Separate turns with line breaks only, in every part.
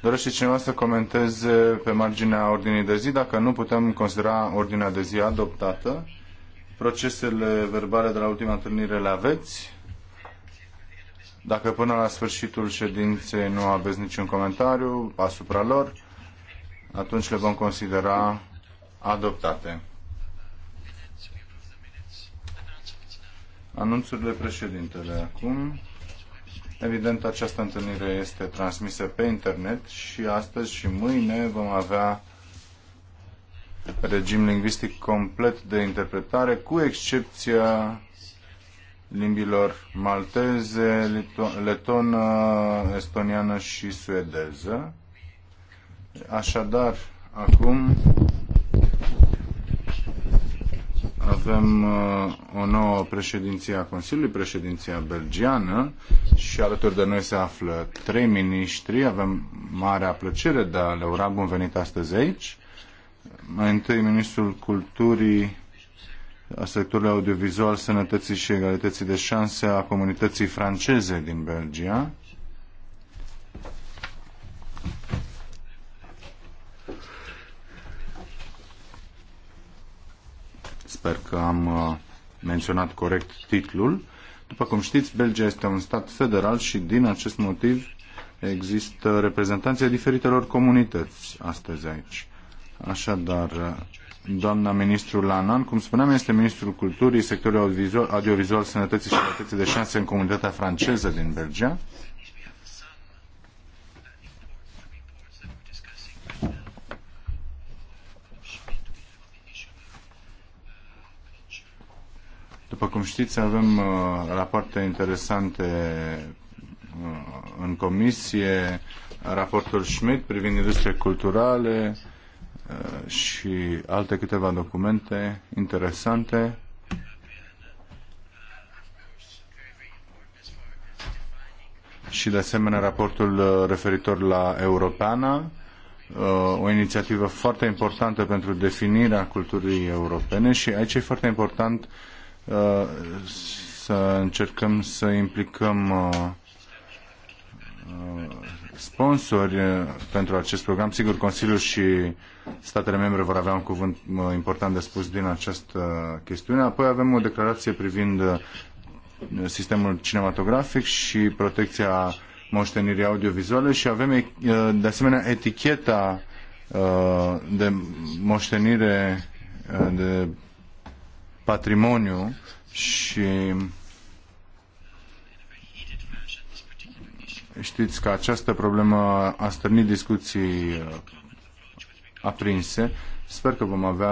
Dorește cineva să comenteze pe marginea ordinii de zi? Dacă nu, putem considera ordinea de zi adoptată. Procesele verbale de la ultima întâlnire le aveți. Dacă până la sfârșitul ședinței nu aveți niciun comentariu asupra lor, atunci le vom considera adoptate. Anunțurile președintele acum. Evident, această întâlnire este transmisă pe internet și astăzi și mâine vom avea regim lingvistic complet de interpretare, cu excepția limbilor malteze, letonă, estoniană și suedeză. Așadar, acum avem uh, o nouă președinție a Consiliului, președinția belgiană și alături de noi se află trei miniștri. Avem marea plăcere de a le ura bun venit astăzi aici. Mai întâi, ministrul culturii a sectorului audiovizual, sănătății și egalității de șanse a comunității franceze din Belgia. Sper că am uh, menționat corect titlul. După cum știți, Belgia este un stat federal și din acest motiv există reprezentanții diferitelor comunități astăzi aici. Așadar, doamna ministru Lanan, cum spuneam, este ministrul culturii, sectorului audiovizual, audiovizual sănătății și libertății de șanse în comunitatea franceză din Belgia. După cum știți, avem uh, rapoarte interesante uh, în comisie, raportul Schmidt privind industrie culturale uh, și alte câteva documente interesante. Și de asemenea raportul referitor la Europeana, o inițiativă foarte importantă pentru definirea culturii europene și aici e foarte important Uh, să încercăm să implicăm uh, uh, sponsori pentru acest program. Sigur, Consiliul și statele membre vor avea un cuvânt important de spus din această chestiune. Apoi avem o declarație privind sistemul cinematografic și protecția moștenirii audiovizuale și avem de asemenea eticheta de moștenire de patrimoniu și știți că această problemă a strânit discuții uh, aprinse. Sper că vom avea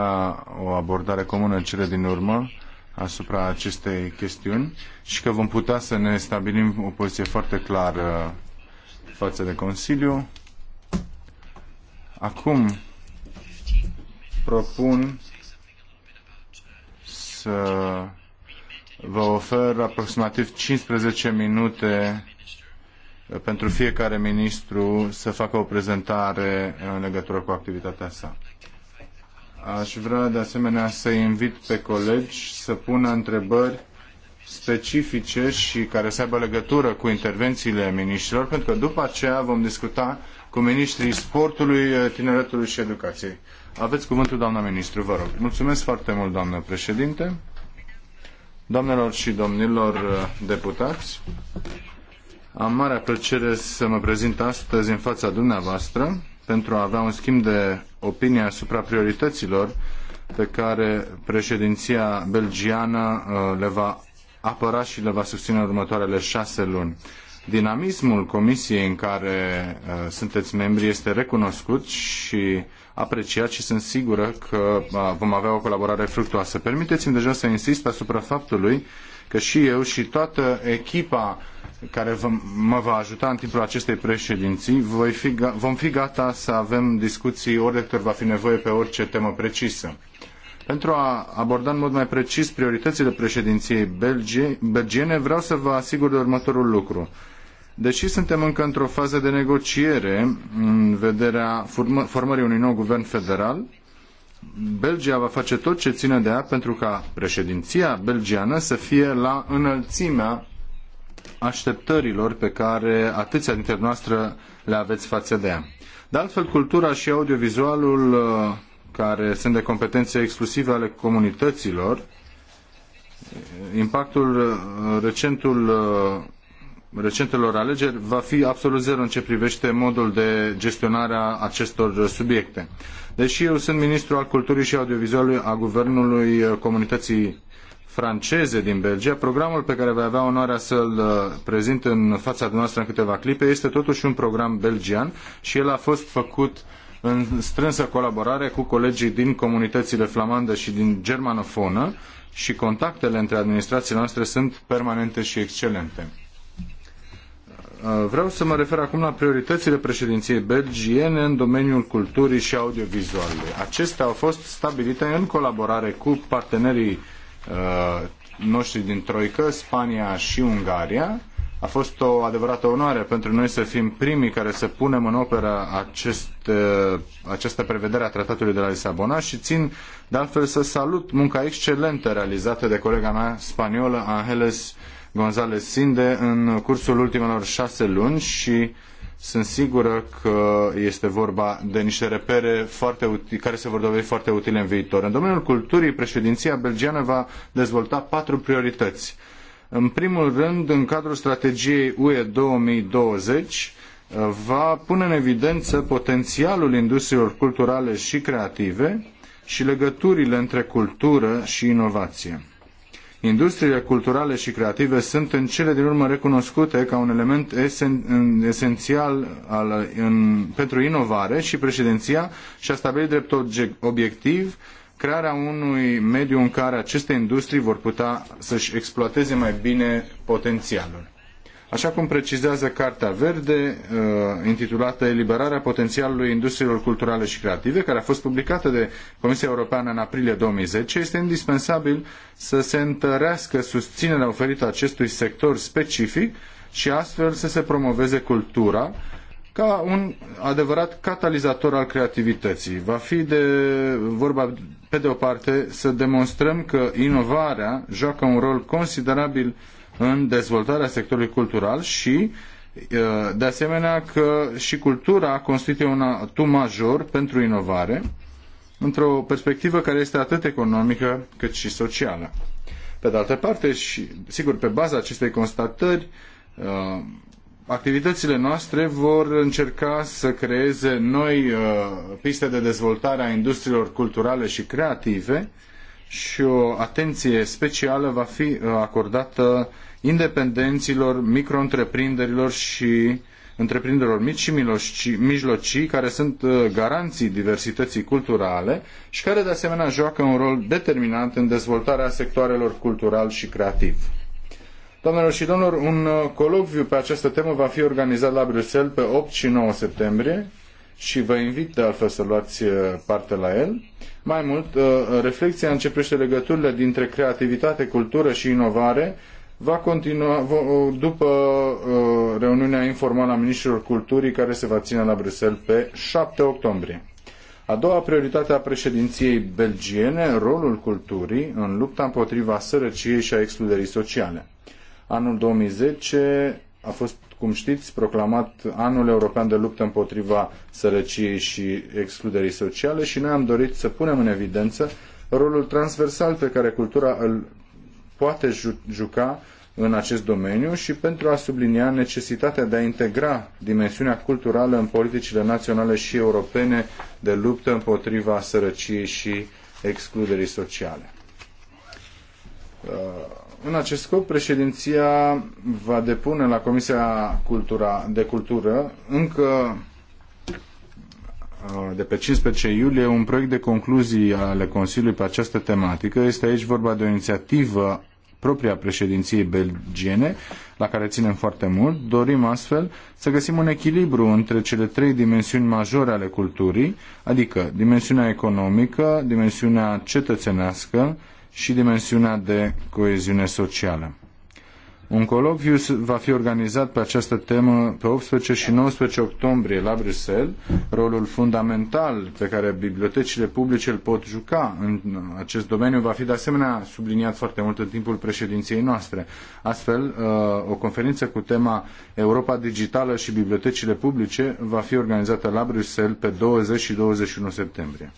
o abordare comună în cele din urmă asupra acestei chestiuni și că vom putea să ne stabilim o poziție foarte clară față de Consiliu. Acum propun să vă ofer aproximativ 15 minute pentru fiecare ministru să facă o prezentare în legătură cu activitatea sa. Aș vrea de asemenea să invit pe colegi să pună întrebări specifice și care să aibă legătură cu intervențiile ministrilor, pentru că după aceea vom discuta cu ministrii sportului, tineretului și educației. Aveți cuvântul, doamna ministru, vă rog. Mulțumesc foarte mult, doamnă președinte. Doamnelor și domnilor uh, deputați, am marea plăcere să mă prezint astăzi în fața dumneavoastră pentru a avea un schimb de opinie asupra priorităților pe care președinția belgiană uh, le va apăra și le va susține în următoarele șase luni. Dinamismul comisiei în care uh, sunteți membri este recunoscut și apreciat și sunt sigură că vom avea o colaborare fructuoasă. Permiteți-mi deja să insist asupra faptului că și eu și toată echipa care mă va ajuta în timpul acestei președinții, voi fi, vom fi gata să avem discuții ori de câte va fi nevoie pe orice temă precisă. Pentru a aborda în mod mai precis prioritățile președinției belgiene, vreau să vă asigur de următorul lucru. Deși suntem încă într-o fază de negociere în vederea formă, formării unui nou guvern federal, Belgia va face tot ce ține de ea pentru ca președinția belgiană să fie la înălțimea așteptărilor pe care atâția dintre noastre le aveți față de ea. De altfel, cultura și audiovizualul, uh, care sunt de competențe exclusive ale comunităților, uh, impactul uh, recentul recentelor alegeri va fi absolut zero în ce privește modul de gestionare a acestor subiecte. Deși eu sunt ministru al culturii și audiovizualului a guvernului comunității franceze din Belgia, programul pe care va avea onoarea să-l uh, prezint în fața dumneavoastră în câteva clipe este totuși un program belgian și el a fost făcut în strânsă colaborare cu colegii din comunitățile flamandă și din germanofonă și contactele între administrațiile noastre sunt permanente și excelente. Uh, vreau să mă refer acum la prioritățile președinției belgiene în domeniul culturii și audiovizualului. Acestea au fost stabilite în colaborare cu partenerii uh, noștri din Troică, Spania și Ungaria. A fost o adevărată onoare pentru noi să fim primii care să punem în operă acest, uh, această prevedere a tratatului de la Lisabona și țin de altfel să salut munca excelentă realizată de colega mea spaniolă Angeles Gonzalez Sinde în cursul ultimelor șase luni și sunt sigură că este vorba de niște repere foarte care se vor dovedi foarte utile în viitor. În domeniul culturii, președinția belgiană va dezvolta patru priorități. În primul rând, în cadrul strategiei UE 2020, va pune în evidență potențialul industriilor culturale și creative și legăturile între cultură și inovație. Industriile culturale și creative sunt în cele din urmă recunoscute ca un element esen, esențial al, în, pentru inovare și președinția și-a stabilit drept obiectiv crearea unui mediu în care aceste industrii vor putea să-și exploateze mai bine potențialul. Așa cum precizează Cartea Verde, uh, intitulată Eliberarea potențialului industriilor culturale și creative, care a fost publicată de Comisia Europeană în aprilie 2010, este indispensabil să se întărească susținerea oferită acestui sector specific și astfel să se promoveze cultura ca un adevărat catalizator al creativității. Va fi de vorba, pe de o parte, să demonstrăm că inovarea joacă un rol considerabil în dezvoltarea sectorului cultural și uh, de asemenea că și cultura constituie un atu major pentru inovare într-o perspectivă care este atât economică cât și socială. Pe de altă parte, și sigur, pe baza acestei constatări, uh, activitățile noastre vor încerca să creeze noi uh, piste de dezvoltare a industriilor culturale și creative, și o atenție specială va fi uh, acordată independenților, micro-întreprinderilor și întreprinderilor mici și mijlocii, care sunt uh, garanții diversității culturale și care de asemenea joacă un rol determinant în dezvoltarea sectoarelor cultural și creativ. Doamnelor și domnilor, un uh, colocviu pe această temă va fi organizat la Bruxelles pe 8 și 9 septembrie și vă invit de altfel să luați uh, parte la el. Mai mult, uh, reflexia începește legăturile dintre creativitate, cultură și inovare va continua după uh, reuniunea informală a ministrilor culturii care se va ține la Bruxelles pe 7 octombrie. A doua prioritate a președinției belgiene, rolul culturii în lupta împotriva sărăciei și a excluderii sociale. Anul 2010 a fost cum știți, proclamat anul european de luptă împotriva sărăciei și excluderii sociale și noi am dorit să punem în evidență rolul transversal pe care cultura îl poate juca în acest domeniu și pentru a sublinia necesitatea de a integra dimensiunea culturală în politicile naționale și europene de luptă împotriva sărăciei și excluderii sociale. Uh în acest scop, președinția va depune la Comisia Cultura, de Cultură încă uh, de pe 15 iulie un proiect de concluzii ale Consiliului pe această tematică. Este aici vorba de o inițiativă propria președinției belgiene, la care ținem foarte mult. Dorim astfel să găsim un echilibru între cele trei dimensiuni majore ale culturii, adică dimensiunea economică, dimensiunea cetățenească și dimensiunea de coeziune socială. Un colocviu va fi organizat pe această temă pe 18 și 19 octombrie la Bruxelles. Rolul fundamental pe care bibliotecile publice îl pot juca în acest domeniu va fi de asemenea subliniat foarte mult în timpul președinției noastre. Astfel, uh, o conferință cu tema Europa Digitală și Bibliotecile Publice va fi organizată la Bruxelles pe 20 și 21 septembrie.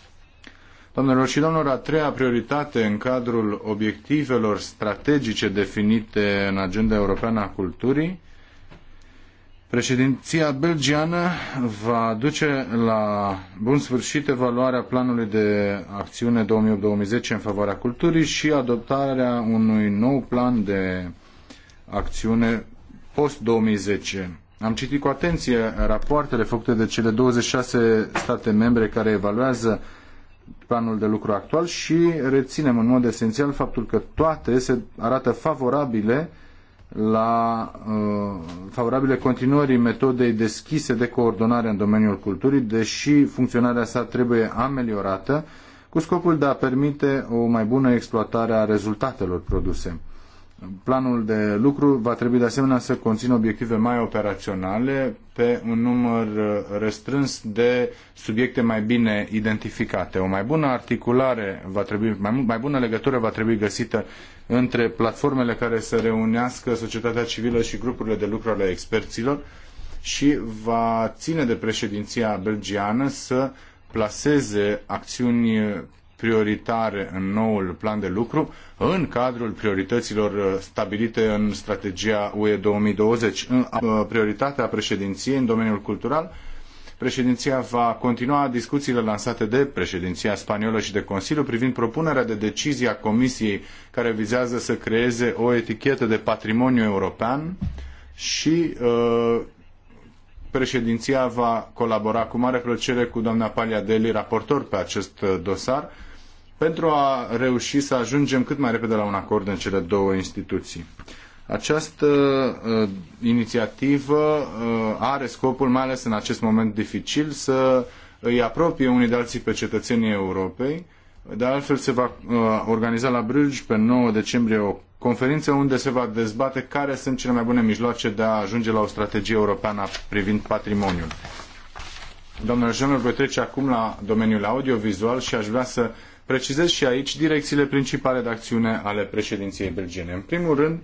Doamnelor și domnilor, a treia prioritate în cadrul obiectivelor strategice definite în agenda europeană a culturii, președinția belgiană va duce la bun sfârșit evaluarea planului de acțiune 2008-2010 în favoarea culturii și adoptarea unui nou plan de acțiune post-2010. Am citit cu atenție rapoartele făcute de cele 26 state membre care evaluează planul de lucru actual și reținem în mod esențial faptul că toate se arată favorabile la uh, favorabile continuării metodei deschise de coordonare în domeniul culturii, deși funcționarea sa trebuie ameliorată cu scopul de a permite o mai bună exploatare a rezultatelor produse. Planul de lucru va trebui de asemenea să conțină obiective mai operaționale pe un număr restrâns de subiecte mai bine identificate. O mai bună articulare va trebui, mai, mai bună legătură va trebui găsită între platformele care să reunească societatea civilă și grupurile de lucru ale experților și va ține de președinția belgiană să plaseze acțiuni prioritare în noul plan de lucru în cadrul priorităților uh, stabilite în strategia UE 2020. Uh, prioritatea președinției în domeniul cultural Președinția va continua discuțiile lansate de președinția spaniolă și de Consiliu privind propunerea de decizie a Comisiei care vizează să creeze o etichetă de patrimoniu european și uh, președinția va colabora cu mare plăcere cu doamna Paliadeli, raportor pe acest uh, dosar, pentru a reuși să ajungem cât mai repede la un acord în cele două instituții. Această uh, inițiativă uh, are scopul, mai ales în acest moment dificil, să îi apropie unii de alții pe cetățenii Europei. De altfel, se va uh, organiza la Bruges pe 9 decembrie o conferință unde se va dezbate care sunt cele mai bune mijloace de a ajunge la o strategie europeană privind patrimoniul. Domnule Jomel, voi trece acum la domeniul audiovizual și aș vrea să Precizez și aici direcțiile principale de acțiune ale președinției belgiene. În primul rând,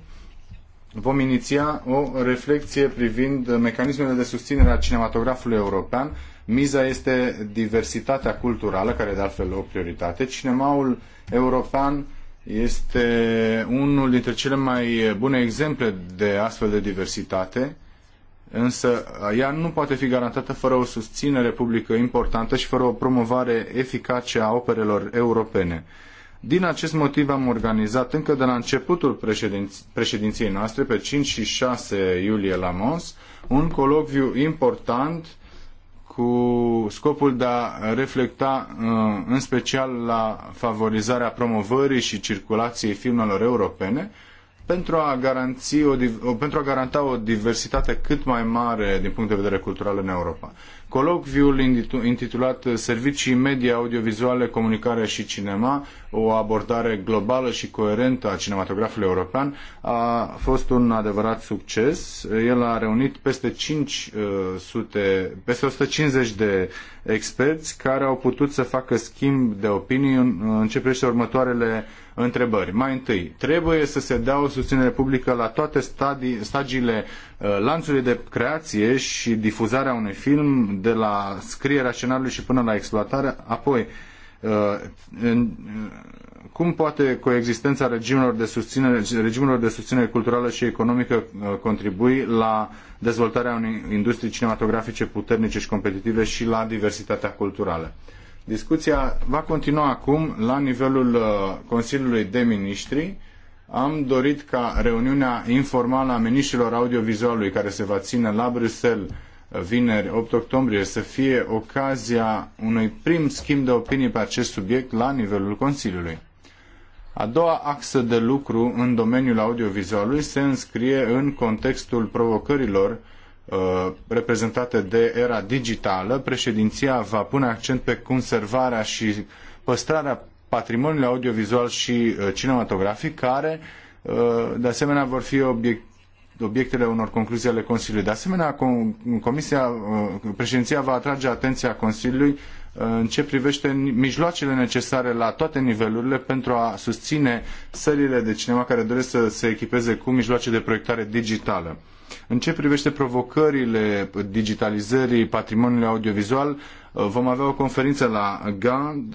vom iniția o reflexie privind mecanismele de susținere a cinematografului european. Miza este diversitatea culturală, care e de altfel o prioritate. Cinemaul european este unul dintre cele mai bune exemple de astfel de diversitate însă ea nu poate fi garantată fără o susținere publică importantă și fără o promovare eficace a operelor europene. Din acest motiv am organizat încă de la începutul președinției noastre, pe 5 și 6 iulie la Mons, un colocviu important cu scopul de a reflecta uh, în special la favorizarea promovării și circulației filmelor europene, pentru a, garanti o, pentru a garanta o diversitate cât mai mare din punct de vedere cultural în Europa. Colocviul intitulat Servicii media audiovizuale, comunicare și cinema, o abordare globală și coerentă a cinematografului european, a fost un adevărat succes. El a reunit peste 500, uh, peste 150 de experți care au putut să facă schimb de opinii în, ce privește următoarele întrebări. Mai întâi, trebuie să se dea o susținere publică la toate stadii, stagiile Uh, lanțului de creație și difuzarea unui film de la scrierea scenariului și până la exploatare, apoi uh, uh, cum poate coexistența regimurilor de susținere, regiunilor de susținere culturală și economică contribui la dezvoltarea unei industrii cinematografice puternice și competitive și la diversitatea culturală? Discuția va continua acum la nivelul Consiliului de Ministri am dorit ca reuniunea informală a miniștrilor audiovizualului care se va ține la Bruxelles uh, vineri 8 octombrie să fie ocazia unui prim schimb de opinii pe acest subiect la nivelul Consiliului. A doua axă de lucru în domeniul audiovizualului se înscrie în contextul provocărilor uh, reprezentate de era digitală. Președinția va pune accent pe conservarea și păstrarea Patrimoniul audiovizual și uh, cinematografic, care uh, de asemenea vor fi obiect obiectele unor concluzii ale Consiliului. De asemenea, comisia, uh, președinția va atrage atenția Consiliului în ce privește mijloacele necesare la toate nivelurile pentru a susține sările de cinema care doresc să se echipeze cu mijloace de proiectare digitală. În ce privește provocările digitalizării patrimoniului audiovizual, Vom avea o conferință la GAND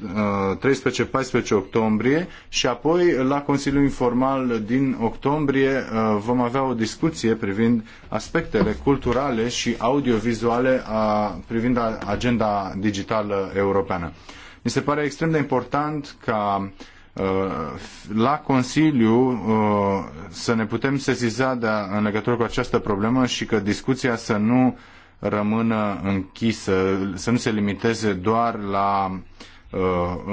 13-14 octombrie și apoi la Consiliul Informal din octombrie vom avea o discuție privind aspectele culturale și audiovizuale privind agenda digitală europeană. Mi se pare extrem de important ca uh, la Consiliu uh, să ne putem sesiza de, în legătură cu această problemă și că discuția să nu rămână închisă, să nu se limiteze doar la uh,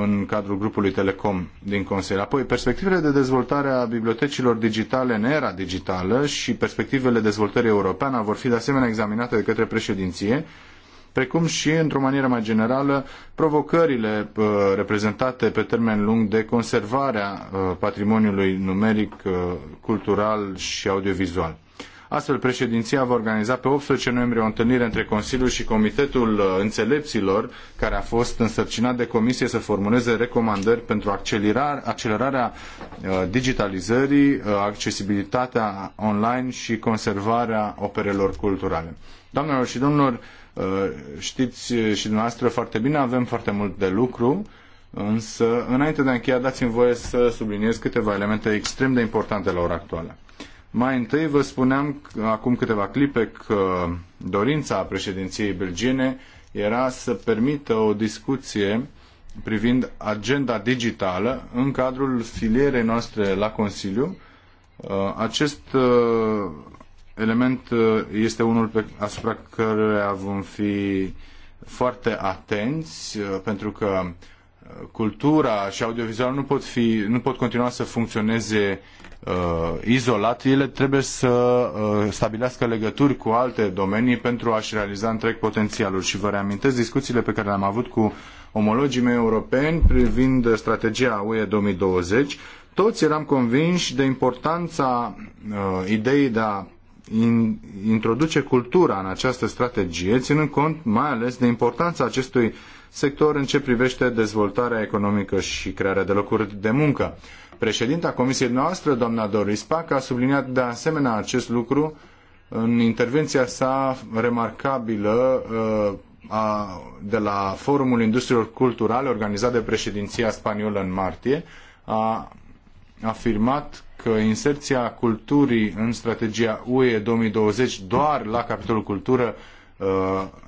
în cadrul grupului Telecom din Consiliu. Apoi, perspectivele de dezvoltare a bibliotecilor digitale în era digitală și perspectivele dezvoltării europeană vor fi de asemenea examinate de către președinție, precum și, într-o manieră mai generală, provocările uh, reprezentate pe termen lung de conservarea uh, patrimoniului numeric, cultural și audiovizual. Astfel, președinția va organiza pe 18 noiembrie o întâlnire între Consiliul și Comitetul uh, Înțelepților, care a fost însărcinat de comisie să formuleze recomandări pentru accelerarea, uh, digitalizării, uh, accesibilitatea online și conservarea operelor culturale. Doamnelor și domnilor, știți și dumneavoastră foarte bine, avem foarte mult de lucru, însă înainte de a încheia dați-mi voie să subliniez câteva elemente extrem de importante la ora actuală. Mai întâi vă spuneam acum câteva clipe că dorința președinției belgiene era să permită o discuție privind agenda digitală în cadrul filierei noastre la Consiliu. Uh, acest uh, element uh, este unul pe, asupra căruia vom fi foarte atenți, pentru că cultura și audiovizual nu pot, fi, nu pot continua să funcționeze uh, izolat, ele trebuie să uh, stabilească legături cu alte domenii pentru a-și realiza întreg potențialul. Și vă reamintesc discuțiile pe care le-am avut cu omologii mei europeni privind strategia UE 2020. Toți eram convinși de importanța uh, ideii de a in, introduce cultura în această strategie, ținând cont mai ales de importanța acestui sector în ce privește dezvoltarea economică și crearea de locuri de muncă. Uh, Președinta Comisiei noastre, doamna Doris Pac, a subliniat de asemenea acest lucru în intervenția sa remarcabilă uh, a, de la Forumul Industriilor Culturale organizat de președinția spaniolă în martie, a afirmat că inserția culturii în strategia UE 2020 doar la capitolul cultură uh,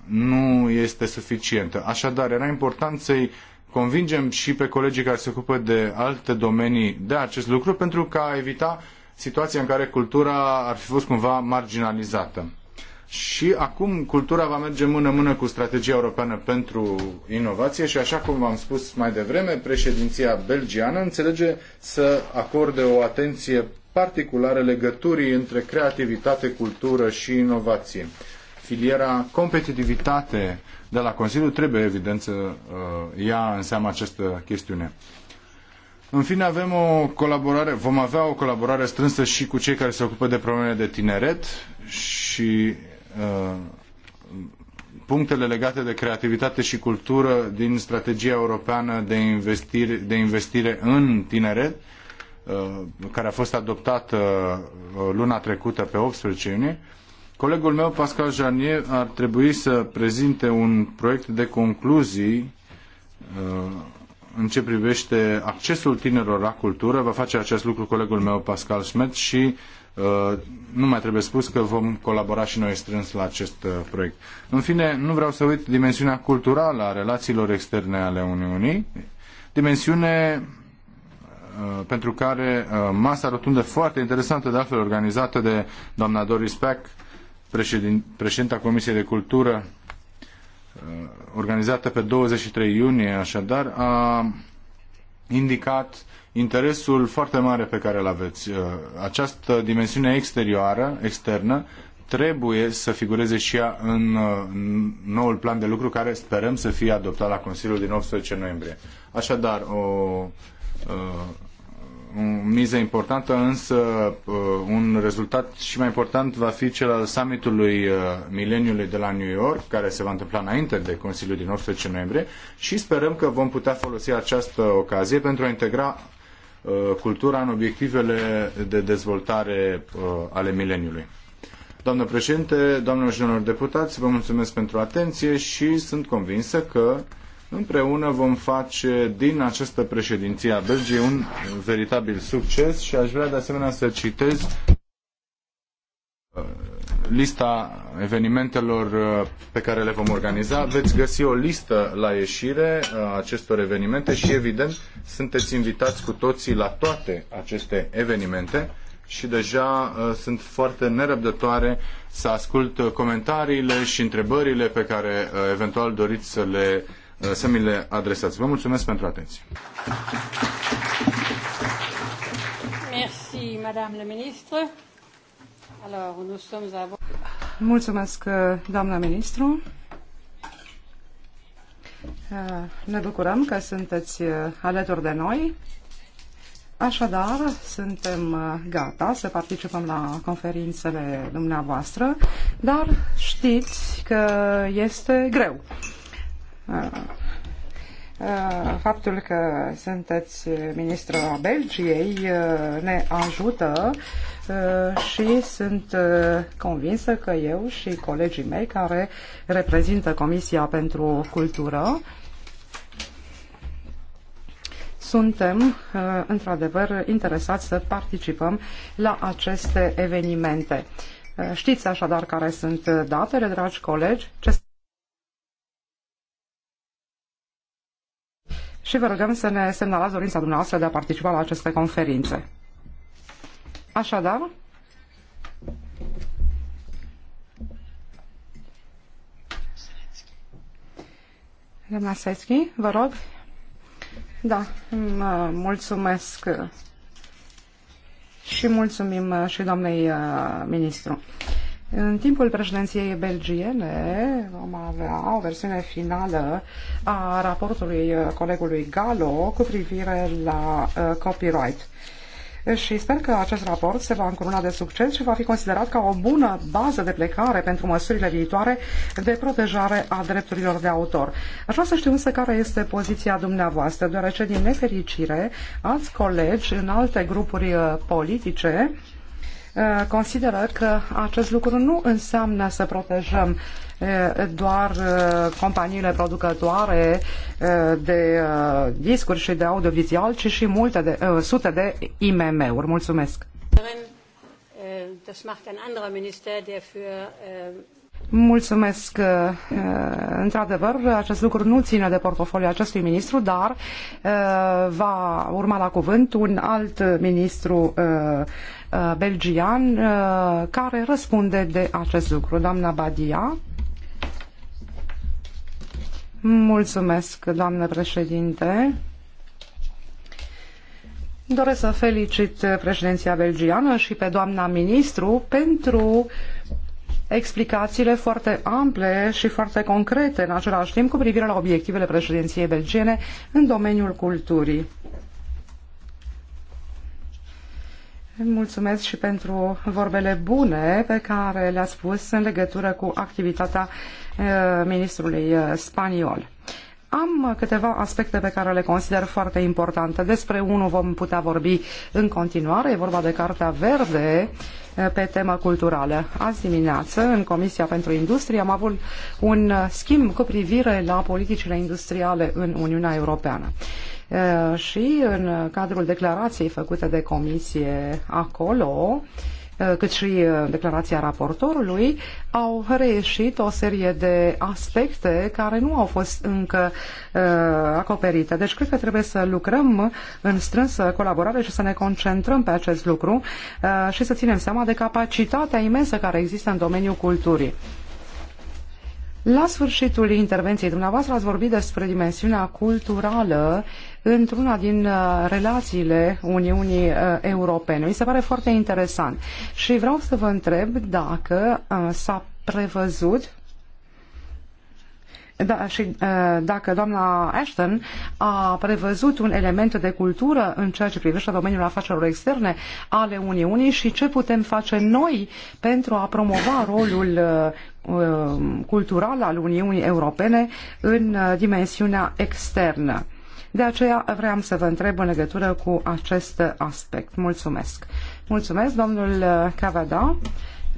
nu este suficientă. Așadar, era important să-i convingem și pe colegii care se ocupă de alte domenii de acest lucru pentru ca a evita situația în care cultura ar fi fost cumva marginalizată. Și acum cultura va merge mână-mână cu strategia europeană pentru inovație și așa cum am spus mai devreme, președinția belgiană înțelege să acorde o atenție particulară legăturii între creativitate, cultură și inovație. Filiera competitivitate de la Consiliu trebuie, evident, să uh, ia în seamă această chestiune. În fine, avem o colaborare, vom avea o colaborare strânsă și cu cei care se ocupă de probleme de tineret și uh, punctele legate de creativitate și cultură din strategia europeană de investire, de investire în tineret, uh, care a fost adoptată uh, luna trecută pe 18 iunie. Colegul meu, Pascal Janier, ar trebui să prezinte un proiect de concluzii uh, în ce privește accesul tinerilor la cultură. Va face acest lucru colegul meu, Pascal Schmidt, și uh, nu mai trebuie spus că vom colabora și noi strâns la acest uh, proiect. În fine, nu vreau să uit dimensiunea culturală a relațiilor externe ale Uniunii, dimensiune pentru care masa rotundă foarte interesantă de altfel organizată de doamna Doris Peck președinta Comisiei de Cultură, uh, organizată pe 23 iunie, așadar, a indicat interesul foarte mare pe care îl aveți. Uh, această dimensiune exterioară, externă, trebuie să figureze și ea uh, în noul plan de lucru care sperăm să fie adoptat la Consiliul din 18 noiembrie. Așadar, o o miză importantă, însă uh, un rezultat și mai important va fi cel al summitului uh, mileniului de la New York, care se va întâmpla înainte de Consiliul din 18 noiembrie și sperăm că vom putea folosi această ocazie pentru a integra uh, cultura în obiectivele de dezvoltare ale mileniului. Doamnă președinte, doamnelor și domnilor deputați, vă mulțumesc pentru atenție și sunt convinsă că Împreună vom face din această președinție a Belgiei un veritabil succes și aș vrea de asemenea să citez uh, lista evenimentelor uh, pe care le vom organiza. Veți găsi o listă la ieșire a uh, acestor evenimente și, evident, sunteți invitați cu toții la toate aceste evenimente și deja sunt foarte nerăbdătoare să ascult comentariile și întrebările pe care eventual doriți să le Uh, să mi le adresați. Vă mulțumesc pentru atenție.
Mulțumesc, uh, doamna ministru. Uh, ne bucurăm că sunteți alături de noi. Așadar, suntem gata să participăm la conferințele dumneavoastră, dar știți că este greu. Ah. Ah, faptul că sunteți ministru a Belgiei ah, ne ajută și sunt convinsă că eu și colegii mei care reprezintă Comisia pentru Cultură suntem într-adevăr interesați să participăm la aceste evenimente. Știți așadar care sunt datele, dragi colegi? Ce și vă rugăm să ne semnalați dorința dumneavoastră de a participa la aceste conferințe. Așadar, Doamna Seschi, vă rog. Da, mulțumesc și mulțumim și doamnei uh, ministru. În timpul președinției belgiene vom avea o versiune finală a raportului uh, colegului Galo cu privire la uh, copyright. Și sper că acest raport se va încuruna de succes și va fi considerat ca o bună bază de plecare pentru măsurile viitoare de protejare a drepturilor de autor. Aș vrea să știu însă care este poziția dumneavoastră, deoarece din nefericire alți colegi în alte grupuri uh, politice Uh, consideră că acest lucru nu înseamnă să protejăm uh, doar uh, companiile producătoare de discuri și de audiovizual, ci și multe de, sute de IMM-uri. Mulțumesc!
Das macht ein anderer Minister, der für äh,
Mulțumesc. Uh, uh, într-adevăr, acest lucru nu ține de portofoliul acestui ministru, dar uh, va urma la cuvânt un alt ministru belgian care răspunde de acest lucru. Doamna Badia. Mulțumesc, doamnă președinte. Doresc să felicit președinția belgiană și pe doamna ministru pentru uh, explicațiile foarte ample și foarte concrete în același timp cu privire la obiectivele președinției belgiene în domeniul culturii. Mulțumesc și pentru vorbele bune pe care le-a spus în legătură cu activitatea eh, ministrului eh, spaniol. Am câteva aspecte pe care le consider foarte importante. Despre unul vom putea vorbi în continuare. E vorba de Cartea Verde eh, pe temă culturală. Azi dimineață, în Comisia pentru Industrie, am avut un schimb cu privire la politicile industriale în Uniunea Europeană. Eh, și în cadrul declarației făcute de Comisie acolo, Eh, cât și eh, declarația raportorului, au reieșit o serie de aspecte care nu au fost încă uh, acoperite. Deci cred că trebuie să lucrăm în strânsă colaborare și să ne concentrăm pe acest lucru uh, și să ținem seama de capacitatea imensă care există în domeniul culturii. La sfârșitul intervenției dumneavoastră ați vorbit despre dimensiunea culturală într-una din uh, relațiile Uniunii uh, Europene. Mi se pare foarte interesant. Și vreau să vă întreb dacă uh, s-a prevăzut da, și dacă doamna Ashton a prevăzut un element de cultură în ceea ce privește domeniul afacerilor externe ale Uniunii și ce putem face noi pentru a promova rolul um, cultural al Uniunii Europene în dimensiunea externă. De aceea vreau să vă întreb în legătură cu acest aspect. Mulțumesc. Mulțumesc, domnul Cavada.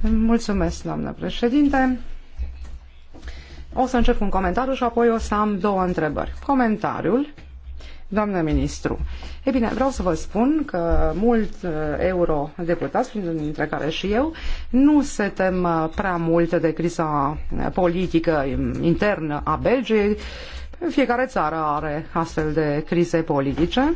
Mulțumesc, doamnă președinte. O să încep cu un comentariu și apoi o să am două întrebări. Comentariul, doamnă ministru. E bine, vreau să vă spun că mult uh, eurodeputați, dintre care și eu, nu se tem uh, prea mult de criza uh, politică um, internă a Belgiei, fiecare țară are astfel de crize politice.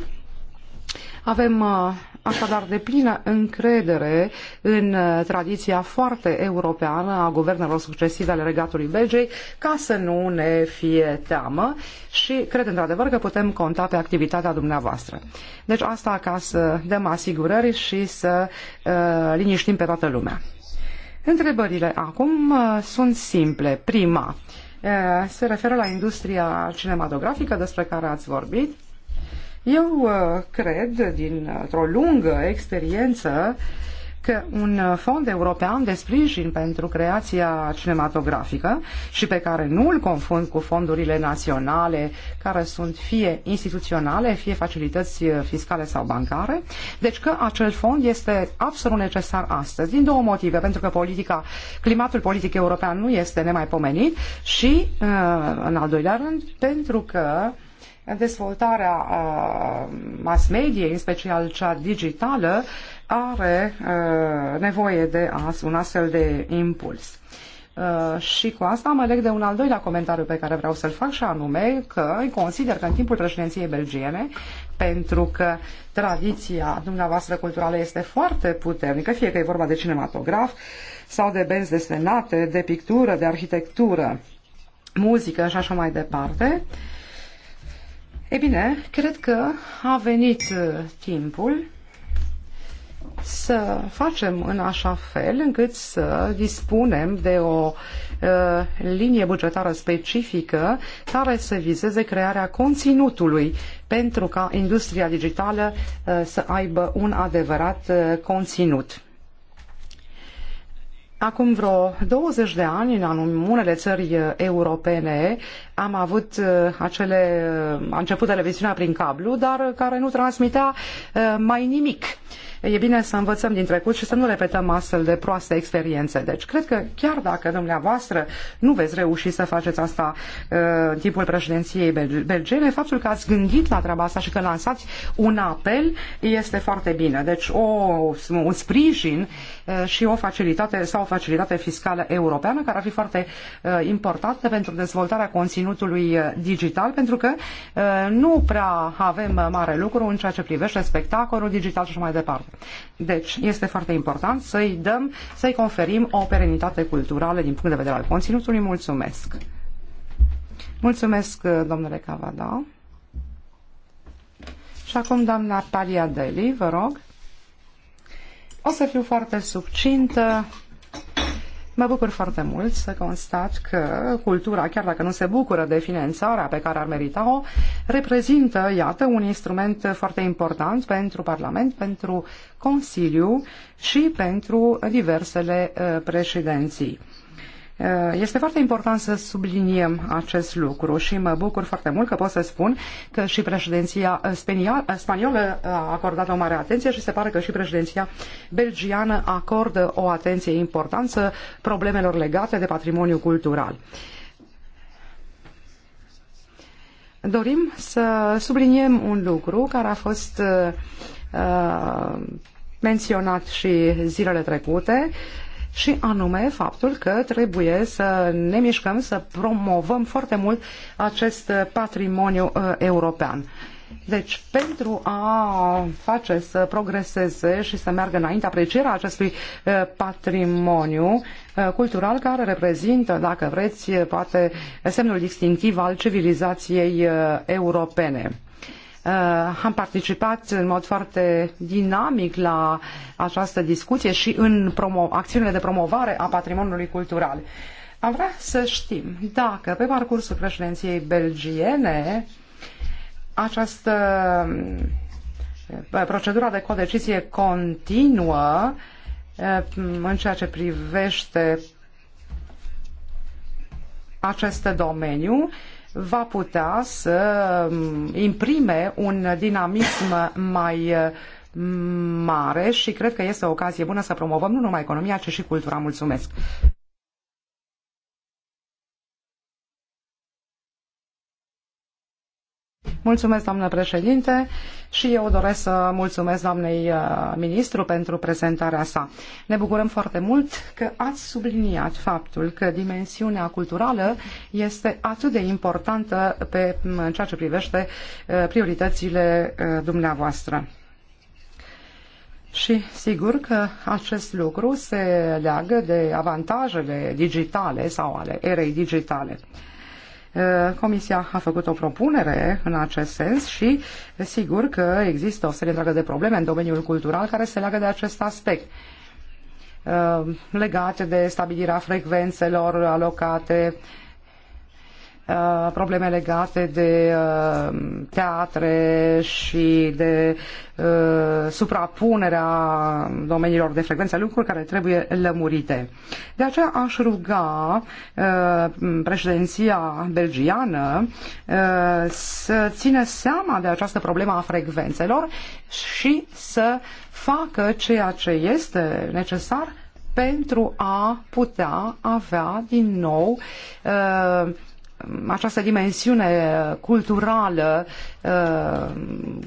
Avem uh, așadar de plină încredere în uh, tradiția foarte europeană a guvernelor succesive ale regatului Belgei ca să nu ne fie teamă și cred într-adevăr că putem conta pe activitatea dumneavoastră. Deci asta ca să dăm asigurări și să uh, liniștim pe toată lumea. Întrebările acum uh, sunt simple. Prima, uh, se referă la industria cinematografică despre care ați vorbit. Eu cred, dintr-o lungă experiență, că un uh, fond european de sprijin pentru creația cinematografică și pe care nu îl confund cu fondurile naționale care sunt fie instituționale, fie facilități uh, fiscale sau bancare, deci că acel fond este absolut necesar astăzi, din două motive, pentru că politica, climatul politic european nu este nemaipomenit și, uh, în al doilea rând, pentru că dezvoltarea mass media, în special cea digitală, are uh, nevoie de un astfel de impuls. Uh, și cu asta mă leg de un al doilea comentariu pe care vreau să-l fac și anume că consider că în timpul președinției belgiene, pentru că tradiția dumneavoastră culturală este foarte puternică, fie că e vorba de cinematograf sau de benzi desenate, de pictură, de arhitectură, muzică și așa mai departe, e bine, cred că a venit uh, timpul să facem în așa fel încât să dispunem de o uh, linie bugetară specifică care să vizeze crearea conținutului pentru ca industria digitală uh, să aibă un adevărat uh, conținut. Acum vreo 20 de ani, în unele țări europene, am avut acele, a început televiziunea prin cablu, dar care nu transmitea mai nimic e bine să învățăm din trecut și să nu repetăm astfel de proaste experiențe. Deci cred că chiar dacă dumneavoastră nu veți reuși să faceți asta uh, în timpul președinției belgene, faptul că ați gândit la treaba asta și că lansați un apel este foarte bine. Deci o, un sprijin uh, și o facilitate sau o facilitate fiscală europeană care ar fi foarte uh, importantă pentru dezvoltarea conținutului digital, pentru că nu prea avem mare lucru în ceea ce privește spectacolul digital și mai departe. Deci, este foarte important să-i dăm, să-i conferim o perenitate culturală din punct de vedere al conținutului. Mulțumesc! Mulțumesc, domnule Cavada. Și acum, doamna Paliadeli, vă rog. O să fiu foarte subcintă. Mă bucur foarte mult să constat că cultura, chiar dacă nu se bucură de finanțarea pe care ar merita-o, reprezintă, iată, un instrument foarte important pentru Parlament, pentru Consiliu și pentru diversele uh, președinții. Eh, este foarte important să subliniem acest lucru și mă bucur foarte mult că pot să spun că și președinția eh, eh, spaniolă a acordat o mare atenție și se pare că și președinția belgiană acordă o atenție importantă problemelor legate de patrimoniu cultural. Dorim să subliniem un lucru care a fost uh, menționat și zilele trecute, uh, și anume faptul că trebuie să ne mișcăm, să promovăm foarte mult acest patrimoniu uh, european. Deci, pentru a face să progreseze și să meargă înainte aprecierea acestui uh, patrimoniu uh, cultural care reprezintă, dacă vreți, poate semnul distinctiv al civilizației europene. Uh, am participat în mod foarte dinamic la această discuție și în promo- acțiunile de promovare a patrimoniului cultural. Am vrea să știm dacă pe parcursul președinției belgiene această uh, procedura de codecizie continuă uh, în ceea ce privește acest domeniu va putea să um, imprime un dinamism mai um, mare și cred că este o ocazie bună să promovăm nu numai economia, ci și cultura. Mulțumesc! Mulțumesc, doamnă președinte, și eu doresc să mulțumesc doamnei uh, ministru pentru prezentarea sa. Ne bucurăm foarte mult că ați subliniat faptul că dimensiunea culturală este atât de importantă pe, în ceea ce privește uh, prioritățile uh, dumneavoastră. Și sigur că acest lucru se leagă de avantajele digitale sau ale erei digitale. Uh, Comisia a făcut o propunere în acest sens și sigur că există o serie întreagă de probleme în domeniul cultural care se leagă de acest aspect uh, legate de stabilirea frecvențelor alocate, Uh, probleme legate de uh, teatre și de uh, suprapunerea domeniilor de frecvență, lucruri care trebuie lămurite. De aceea aș ruga președinția belgiană să țină seama de această problemă a frecvențelor și să facă ceea ce este necesar pentru a putea avea din nou uh, această dimensiune culturală uh,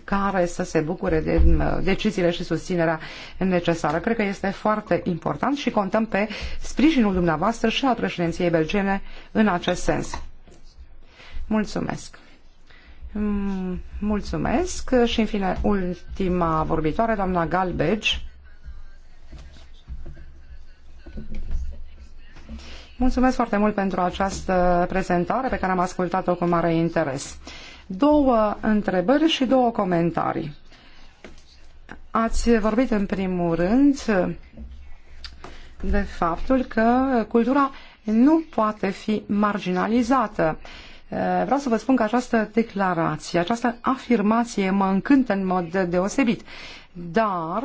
care să se bucure de uh, deciziile și susținerea necesară. Cred că este foarte important și contăm pe sprijinul dumneavoastră și al președinției belgene în acest sens. Mulțumesc! Mm, mulțumesc și în fine ultima vorbitoare, doamna Galbege. Mulțumesc foarte mult pentru această prezentare pe care am ascultat-o cu mare interes. Două întrebări și două comentarii. Ați vorbit în primul rând de faptul că cultura nu poate fi marginalizată. Vreau să vă spun că această declarație, această afirmație mă încântă în mod deosebit, dar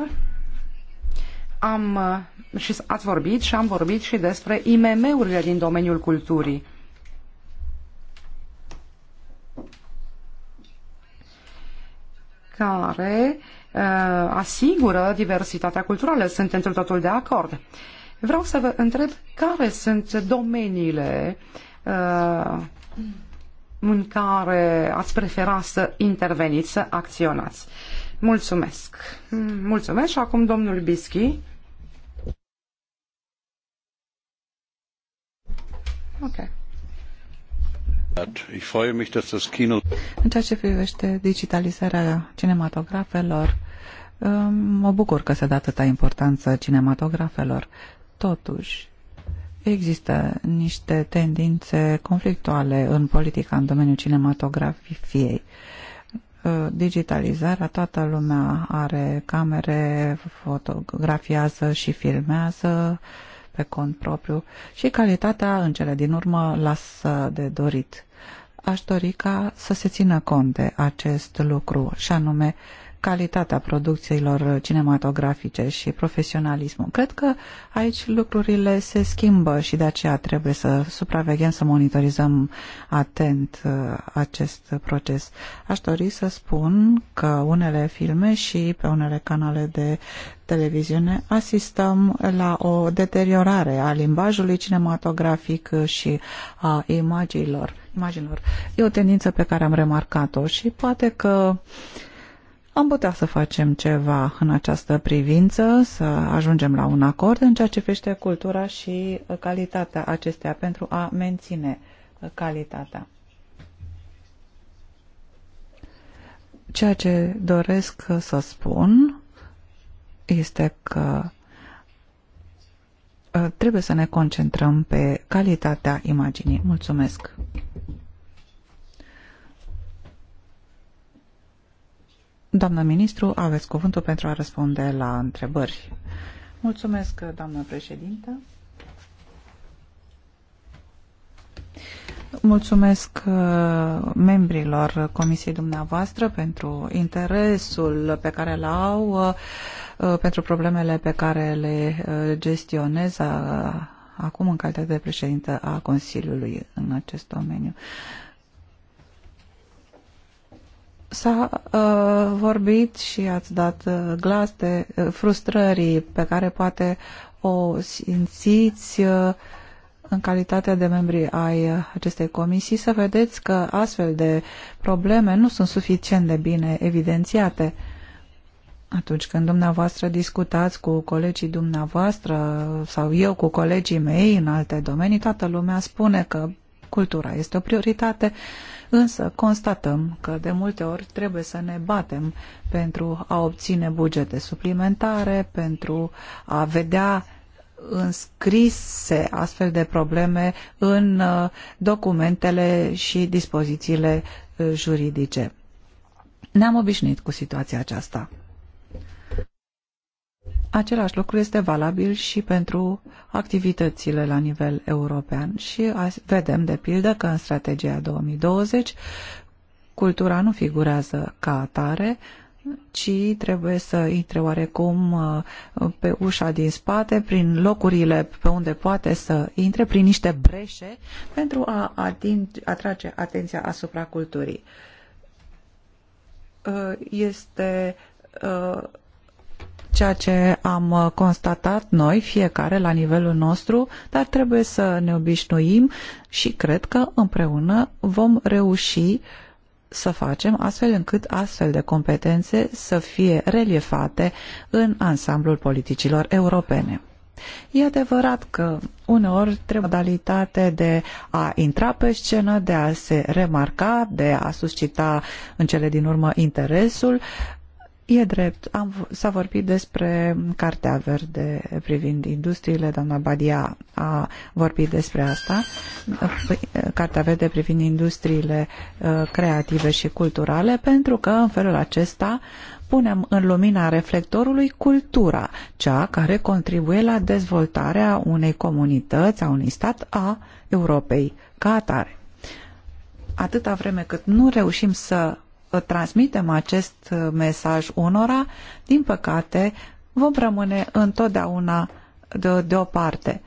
am, uh, și ați vorbit și am vorbit și despre IMM-urile din domeniul culturii. care uh, asigură diversitatea culturală. Sunt într totul de acord. Vreau să vă întreb care sunt domeniile uh, în care ați prefera să interveniți, să acționați. Mulțumesc. Mulțumesc și acum domnul Bischi.
În ceea ce privește digitalizarea cinematografelor, um, mă bucur că se dă atâta importanță cinematografelor. Totuși, există niște tendințe conflictuale în politica în domeniul cinematografiei. Uh, digitalizarea, toată lumea are camere, fotografiază și filmează, uh, pe cont propriu și calitatea în cele din urmă lasă de dorit. Aș dori ca să se țină cont de acest lucru și anume uh, calitatea producțiilor cinematografice și profesionalismul. Cred că aici lucrurile se schimbă și de aceea trebuie să supraveghem, să monitorizăm atent uh, acest proces. Aș dori să spun că unele filme și pe unele canale de televiziune asistăm la o deteriorare a limbajului cinematografic și a imaginilor. imaginilor. E o tendință pe care am remarcat-o și poate că uh, am putea să facem ceva în această privință, să ajungem la un acord în ceea ce privește cultura și calitatea acesteia pentru a menține calitatea. Ceea ce doresc să spun este că uh, trebuie să ne concentrăm pe calitatea imaginii. Mulțumesc! Doamnă ministru, aveți cuvântul pentru a răspunde la întrebări. Mulțumesc, doamnă președintă. Mulțumesc uh, membrilor comisiei dumneavoastră pentru interesul pe care l au, uh, uh, pentru problemele pe care le gestionez acum în calitate de președintă a Consiliului în acest domeniu. S-a uh, vorbit și ați dat uh, glas de uh, frustrării pe care poate o simțiți uh, în calitate de membri ai uh, acestei comisii, să vedeți că astfel de probleme nu sunt suficient de bine evidențiate. Atunci când dumneavoastră discutați cu colegii dumneavoastră sau eu cu colegii mei în alte domenii, toată lumea spune că cultura este o prioritate, uh, însă constatăm că de multe ori trebuie să ne batem pentru a obține bugete suplimentare, pentru a vedea înscrise astfel de probleme în uh, documentele și dispozițiile uh, juridice. Ne-am obișnuit cu situația aceasta. Același lucru este valabil și pentru activitățile la nivel european și vedem, de pildă, că în strategia 2020 cultura nu figurează ca atare, ci trebuie să intre oarecum uh, pe ușa din spate, prin locurile pe unde poate să intre, prin niște breșe, pentru a atrage atenția asupra culturii. Uh, este uh, ceea ce am uh, constatat noi, fiecare la nivelul nostru, dar trebuie să ne obișnuim și cred că împreună vom reuși să facem astfel încât astfel de competențe să fie reliefate în ansamblul politicilor europene. E adevărat că uneori trebuie modalitate de a intra pe scenă, de a se remarca, de a suscita în cele din urmă interesul, E drept, am, s-a vorbit despre Cartea Verde privind industriile, doamna Badia a vorbit despre asta, păi, Cartea Verde privind industriile uh, creative și culturale, pentru că în felul acesta punem în lumina reflectorului cultura, cea care contribuie la dezvoltarea unei comunități, a unui stat, a Europei ca atare. Atâta vreme cât nu reușim să transmitem acest uh, mesaj unora, din păcate, vom rămâne întotdeauna de, deoparte.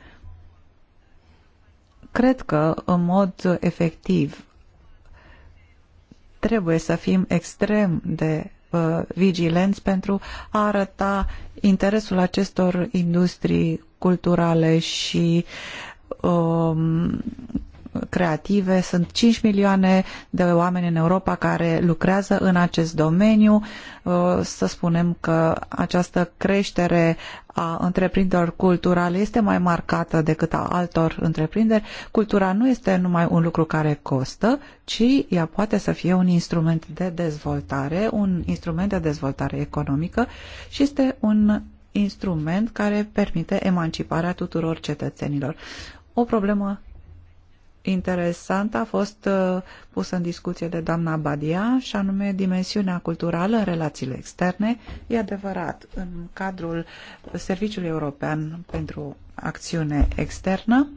Cred că, în mod efectiv, trebuie să fim extrem de uh, vigilenți pentru a arăta interesul acestor industrii culturale și uh, creative. Sunt 5 milioane de oameni în Europa care lucrează în acest domeniu. Uh, să spunem că această creștere a întreprinderilor culturale este mai marcată decât a altor întreprinderi. Cultura nu este numai un lucru care costă, ci ea poate să fie un instrument de dezvoltare, un instrument de dezvoltare economică și este un instrument care permite emanciparea tuturor cetățenilor. O problemă interesantă a fost uh, pusă în discuție de doamna Badia și anume dimensiunea culturală în relațiile externe. E adevărat, în cadrul Serviciului European pentru Acțiune Externă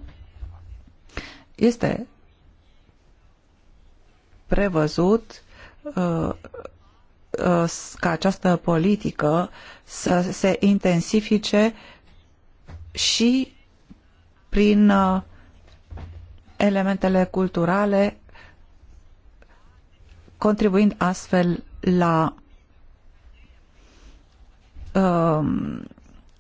este prevăzut uh, uh, ca această politică să se intensifice și prin uh, elementele culturale, contribuind astfel la um,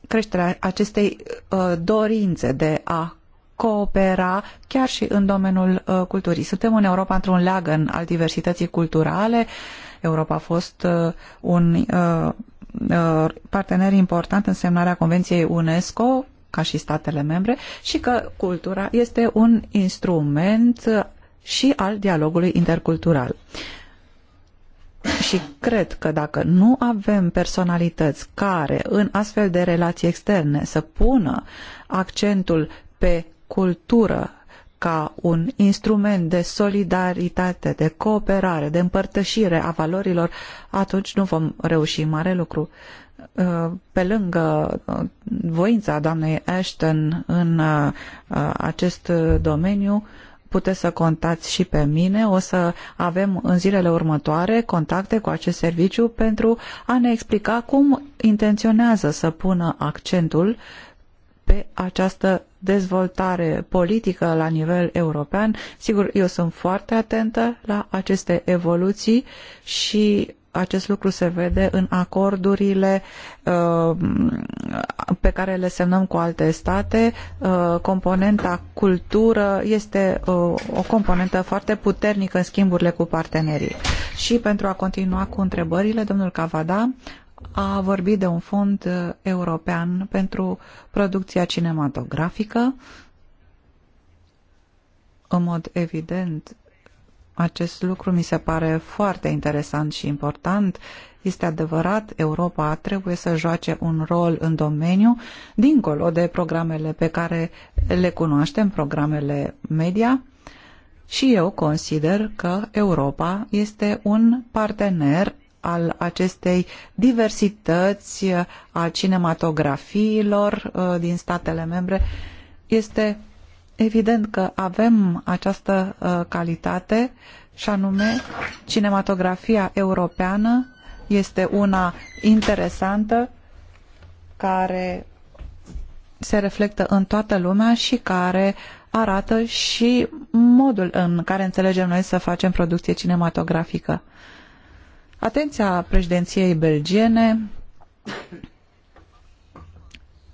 creșterea acestei uh, dorințe de a coopera chiar și în domeniul uh, culturii. Suntem în Europa într-un leagăn al diversității culturale. Europa a fost uh, un partener important în semnarea Convenției UNESCO ca și statele membre, și că cultura este un instrument și al dialogului intercultural. Și cred că dacă nu avem personalități care în astfel de relații externe să pună accentul pe cultură ca un instrument de solidaritate, de cooperare, de împărtășire a valorilor, atunci nu vom reuși mare lucru. Uh, pe lângă uh, voința doamnei Ashton în uh, acest domeniu, puteți să contați și pe mine. O să avem în zilele următoare contacte cu acest serviciu pentru a ne explica cum intenționează să pună accentul pe această dezvoltare politică la nivel european. Sigur, eu sunt foarte atentă la aceste evoluții și acest lucru se vede în acordurile uh, pe care le semnăm cu alte state. Uh, componenta cultură este uh, o componentă foarte puternică în schimburile cu partenerii. Și pentru a continua cu întrebările, domnul Cavada a vorbit de un fond uh, european pentru producția cinematografică. În mod evident, acest lucru mi se pare foarte interesant și important. Este adevărat, Europa trebuie să joace un rol în domeniu, dincolo de programele pe care le cunoaștem, programele media, și eu consider că Europa este un partener al acestei diversități a cinematografiilor uh, din statele membre. Este Evident că avem această uh, calitate și anume cinematografia europeană este una interesantă care se reflectă în toată lumea și care arată și modul în care înțelegem noi să facem producție cinematografică. Atenția președinției belgiene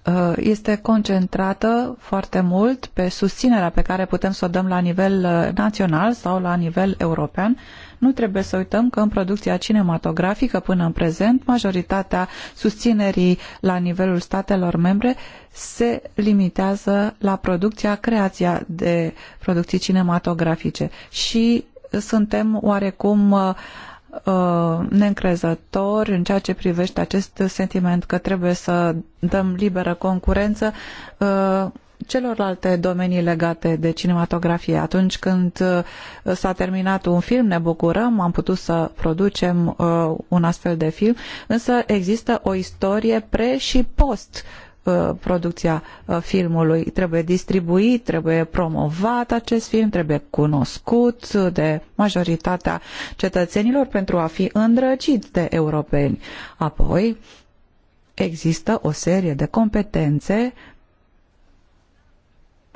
Uh, este concentrată foarte mult pe susținerea pe care putem să o dăm la nivel uh, național sau la nivel european. Nu trebuie să uităm că în producția cinematografică până în prezent, majoritatea susținerii la nivelul statelor membre se limitează la producția, creația de producții cinematografice și suntem oarecum uh, Uh, neîncrezători în ceea ce privește acest sentiment că trebuie să dăm liberă concurență uh, celorlalte domenii legate de cinematografie. Atunci când uh, s-a terminat un film, ne bucurăm, am putut să producem un astfel de film, însă există o istorie pre și post Uh, producția uh, filmului. Trebuie distribuit, trebuie promovat acest film, trebuie cunoscut de majoritatea cetățenilor pentru a fi îndrăgit de europeni. Apoi, există o serie de competențe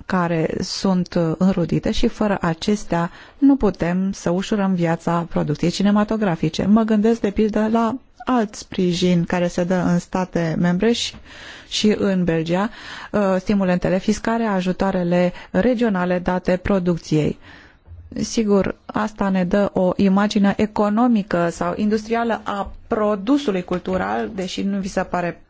care sunt înrudite și fără acestea nu putem să ușurăm viața producției cinematografice. Mă gândesc de pildă la alt sprijin care se dă în state membre și, și în Belgia, uh, stimulentele fiscale, ajutoarele regionale date producției. Sigur, asta ne dă o imagine economică sau industrială a produsului cultural, deși nu vi se pare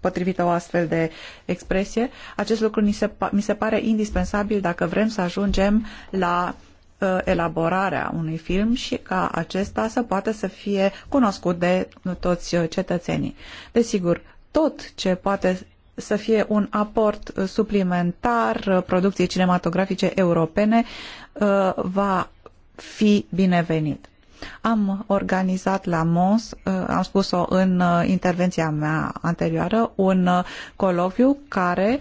potrivită o astfel de expresie. Acest lucru mi se, mi se pare indispensabil dacă vrem să ajungem la Uh, elaborarea unui film și ca acesta să poată să fie cunoscut de toți uh, cetățenii. Desigur, tot ce poate să fie un aport uh, suplimentar producției cinematografice europene va fi binevenit. Am organizat la Mons, uh, am spus-o în uh, intervenția mea anterioară, un uh, coloviu care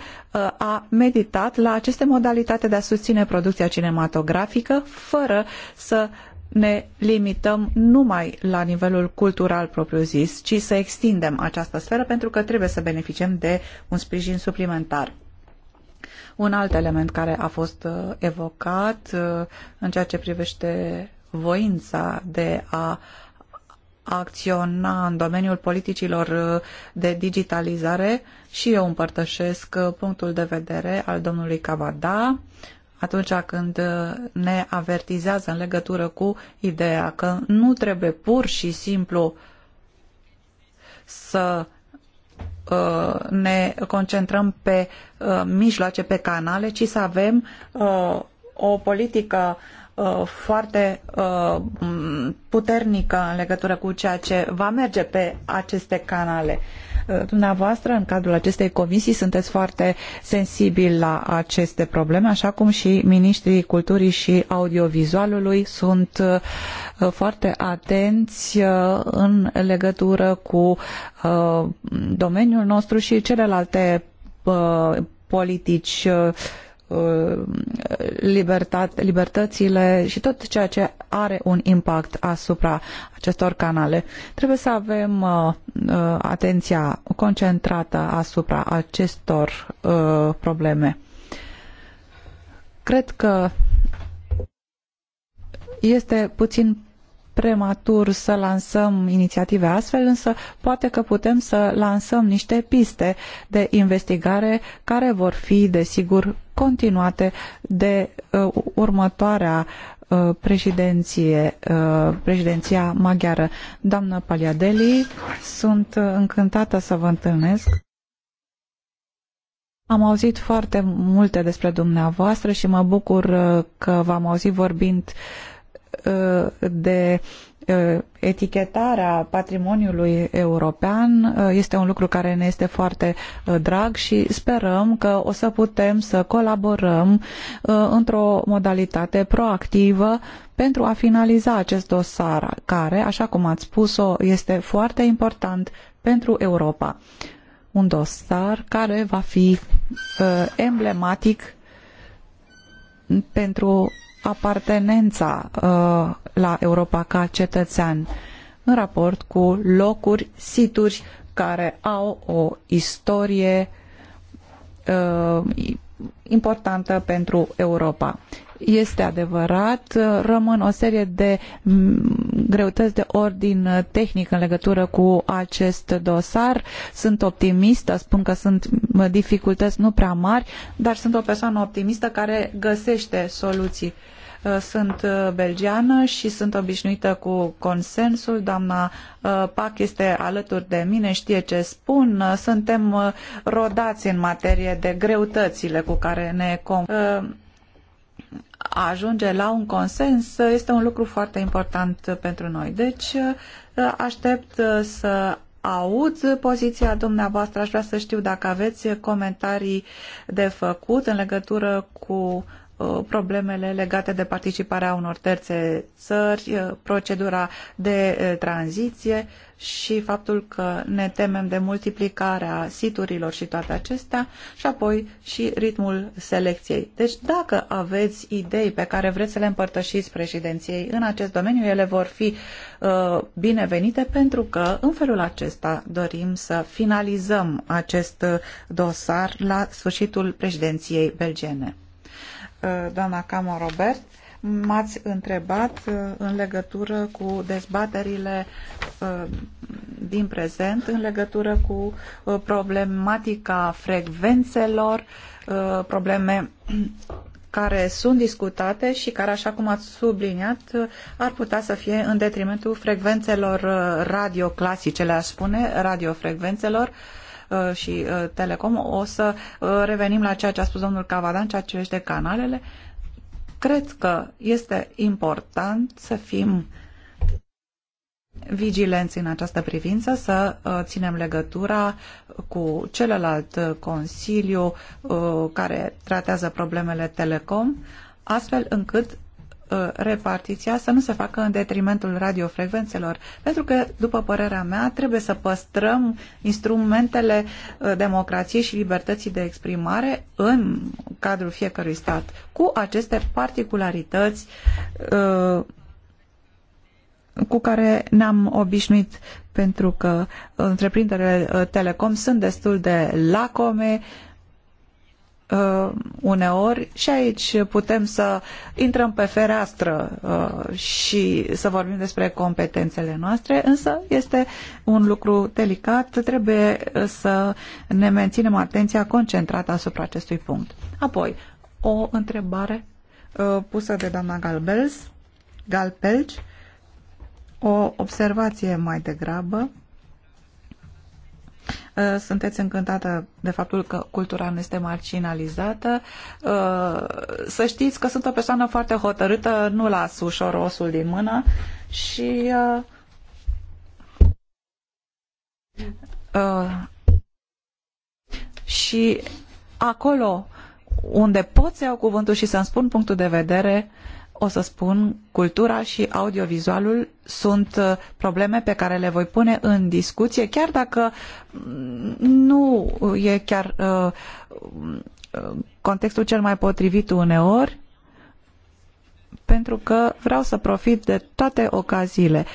a meditat la aceste modalitate de a susține producția cinematografică fără să ne limităm numai la nivelul cultural propriu-zis, ci să extindem această sferă pentru că trebuie să beneficiem de un sprijin suplimentar. Un alt element care a fost evocat în ceea ce privește voința de a acționa în domeniul politicilor de digitalizare și eu împărtășesc punctul de vedere al domnului Cavada atunci când ne avertizează în legătură cu ideea că nu trebuie pur și simplu să uh, ne concentrăm pe uh, mijloace, pe canale, ci să avem uh, o politică uh, Uh, foarte uh, puternică în legătură cu ceea ce va merge pe aceste canale. Uh, dumneavoastră, în cadrul acestei comisii, sunteți foarte sensibil la aceste probleme, așa cum și ministrii culturii și audiovizualului sunt foarte atenți în legătură cu domeniul nostru și celelalte politici Uh, libertate, libertățile și tot ceea ce are un impact asupra acestor canale. Trebuie să avem uh, uh atenția concentrată asupra acestor uh, probleme. Cred că este puțin prematur să lansăm inițiative astfel, însă poate că putem să lansăm niște piste de investigare care vor fi, desigur, continuate de uh, următoarea uh, președinție, uh, președinția maghiară. Doamnă Paliadeli, sunt încântată să vă întâlnesc. Am auzit foarte multe despre dumneavoastră și mă bucur uh, că v-am auzit vorbind uh, Uh, de uh, etichetarea patrimoniului european uh, este un lucru care ne este foarte drag și sperăm că o să putem să colaborăm într-o modalitate proactivă pentru a finaliza acest dosar care, așa cum ați spus-o, este foarte important pentru Europa. Un dosar care va fi emblematic pentru apartenența uh, la Europa ca cetățean în raport cu locuri, situri care au o istorie uh, importantă pentru Europa. Este adevărat, rămân o serie de mm, greutăți de ordin tehnic în legătură cu acest dosar. Sunt optimistă, spun că sunt dificultăți nu prea mari, dar sunt o persoană optimistă care găsește soluții. Uh, Uh, sunt uh, belgiană și sunt obișnuită cu consensul. Doamna uh, Pac este alături de mine, știe ce spun. Suntem rodați în materie de greutățile cu care ne confruntăm a ajunge la un consens este un lucru foarte important pentru noi. Deci aștept să aud poziția dumneavoastră. Aș vrea să știu dacă aveți comentarii de făcut în legătură cu Uh, problemele legate de participarea unor terțe țări, uh, procedura de uh, tranziție și faptul că ne temem de multiplicarea siturilor și toate acestea și apoi și ritmul selecției. Deci dacă aveți idei pe care vreți să le împărtășiți președinției în acest domeniu, ele vor fi binevenite pentru că în felul acesta dorim să finalizăm acest dosar la sfârșitul președinției belgiene. Uh, doamna Camo Robert. M-ați întrebat uh, în legătură cu dezbaterile uh, din prezent, în legătură cu problematica frecvențelor, probleme care sunt discutate și care, așa cum ați subliniat, ar putea să fie în detrimentul frecvențelor radio clasice, le-aș spune, radiofrecvențelor, uh, Uh, și uh, Telecom. O să uh, revenim la ceea ce a spus domnul Cavadan, ceea ce privește canalele. Cred că este important să fim vigilenți în această privință, să ținem legătura cu celălalt consiliu care tratează problemele Telecom, astfel încât Uh, repartiția să nu se facă în detrimentul radiofrecvențelor, pentru că, după părerea mea, trebuie să păstrăm instrumentele uh, democrației și libertății de exprimare în cadrul fiecărui stat, cu aceste particularități uh, cu care ne-am obișnuit pentru că întreprinderile telecom sunt destul de lacome uh, uneori și aici putem să intrăm pe fereastră uh, și să vorbim despre competențele noastre, însă este un lucru delicat, trebuie uh, să ne menținem atenția concentrată asupra acestui punct. Apoi, o întrebare uh, pusă de doamna Galbels, Galpelci, o observație mai degrabă, Uh, sunteți încântată de faptul că cultura nu este marginalizată. Uh, să știți că sunt o persoană foarte hotărâtă, nu las ușor osul din mână și uh, și acolo unde pot să iau cuvântul și să-mi spun punctul de vedere, uh, o să spun, cultura și audiovizualul sunt uh, probleme pe care le voi pune în discuție, chiar dacă mm, nu uh, e chiar uh, contextul cel mai potrivit uneori, pentru că vreau să profit de toate ocaziile.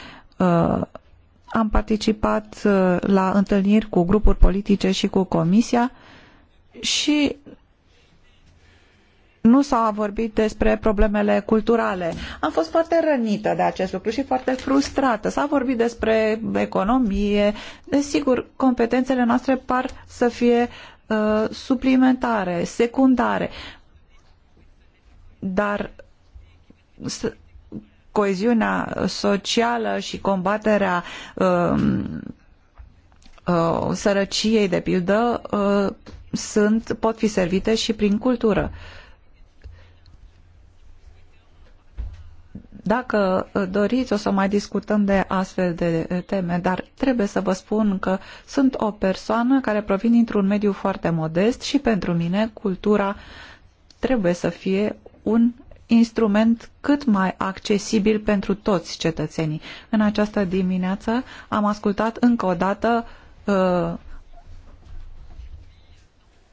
Am participat la întâlniri cu grupuri politice și cu comisia și nu s-a vorbit despre problemele culturale. Am fost foarte rănită de acest lucru și foarte frustrată. S-a vorbit despre economie. Desigur, competențele noastre par să fie uh, suplimentare, secundare. Dar coeziunea socială și combaterea uh, uh, sărăciei, de pildă, uh, sunt, pot fi servite și prin cultură. Uh, Dacă uh, doriți, o să mai discutăm de astfel de uh, teme, dar trebuie să vă spun că sunt o persoană care provin dintr-un mediu foarte modest și pentru mine cultura trebuie să fie un instrument cât mai accesibil pentru toți cetățenii. În această dimineață am ascultat încă o dată, uh,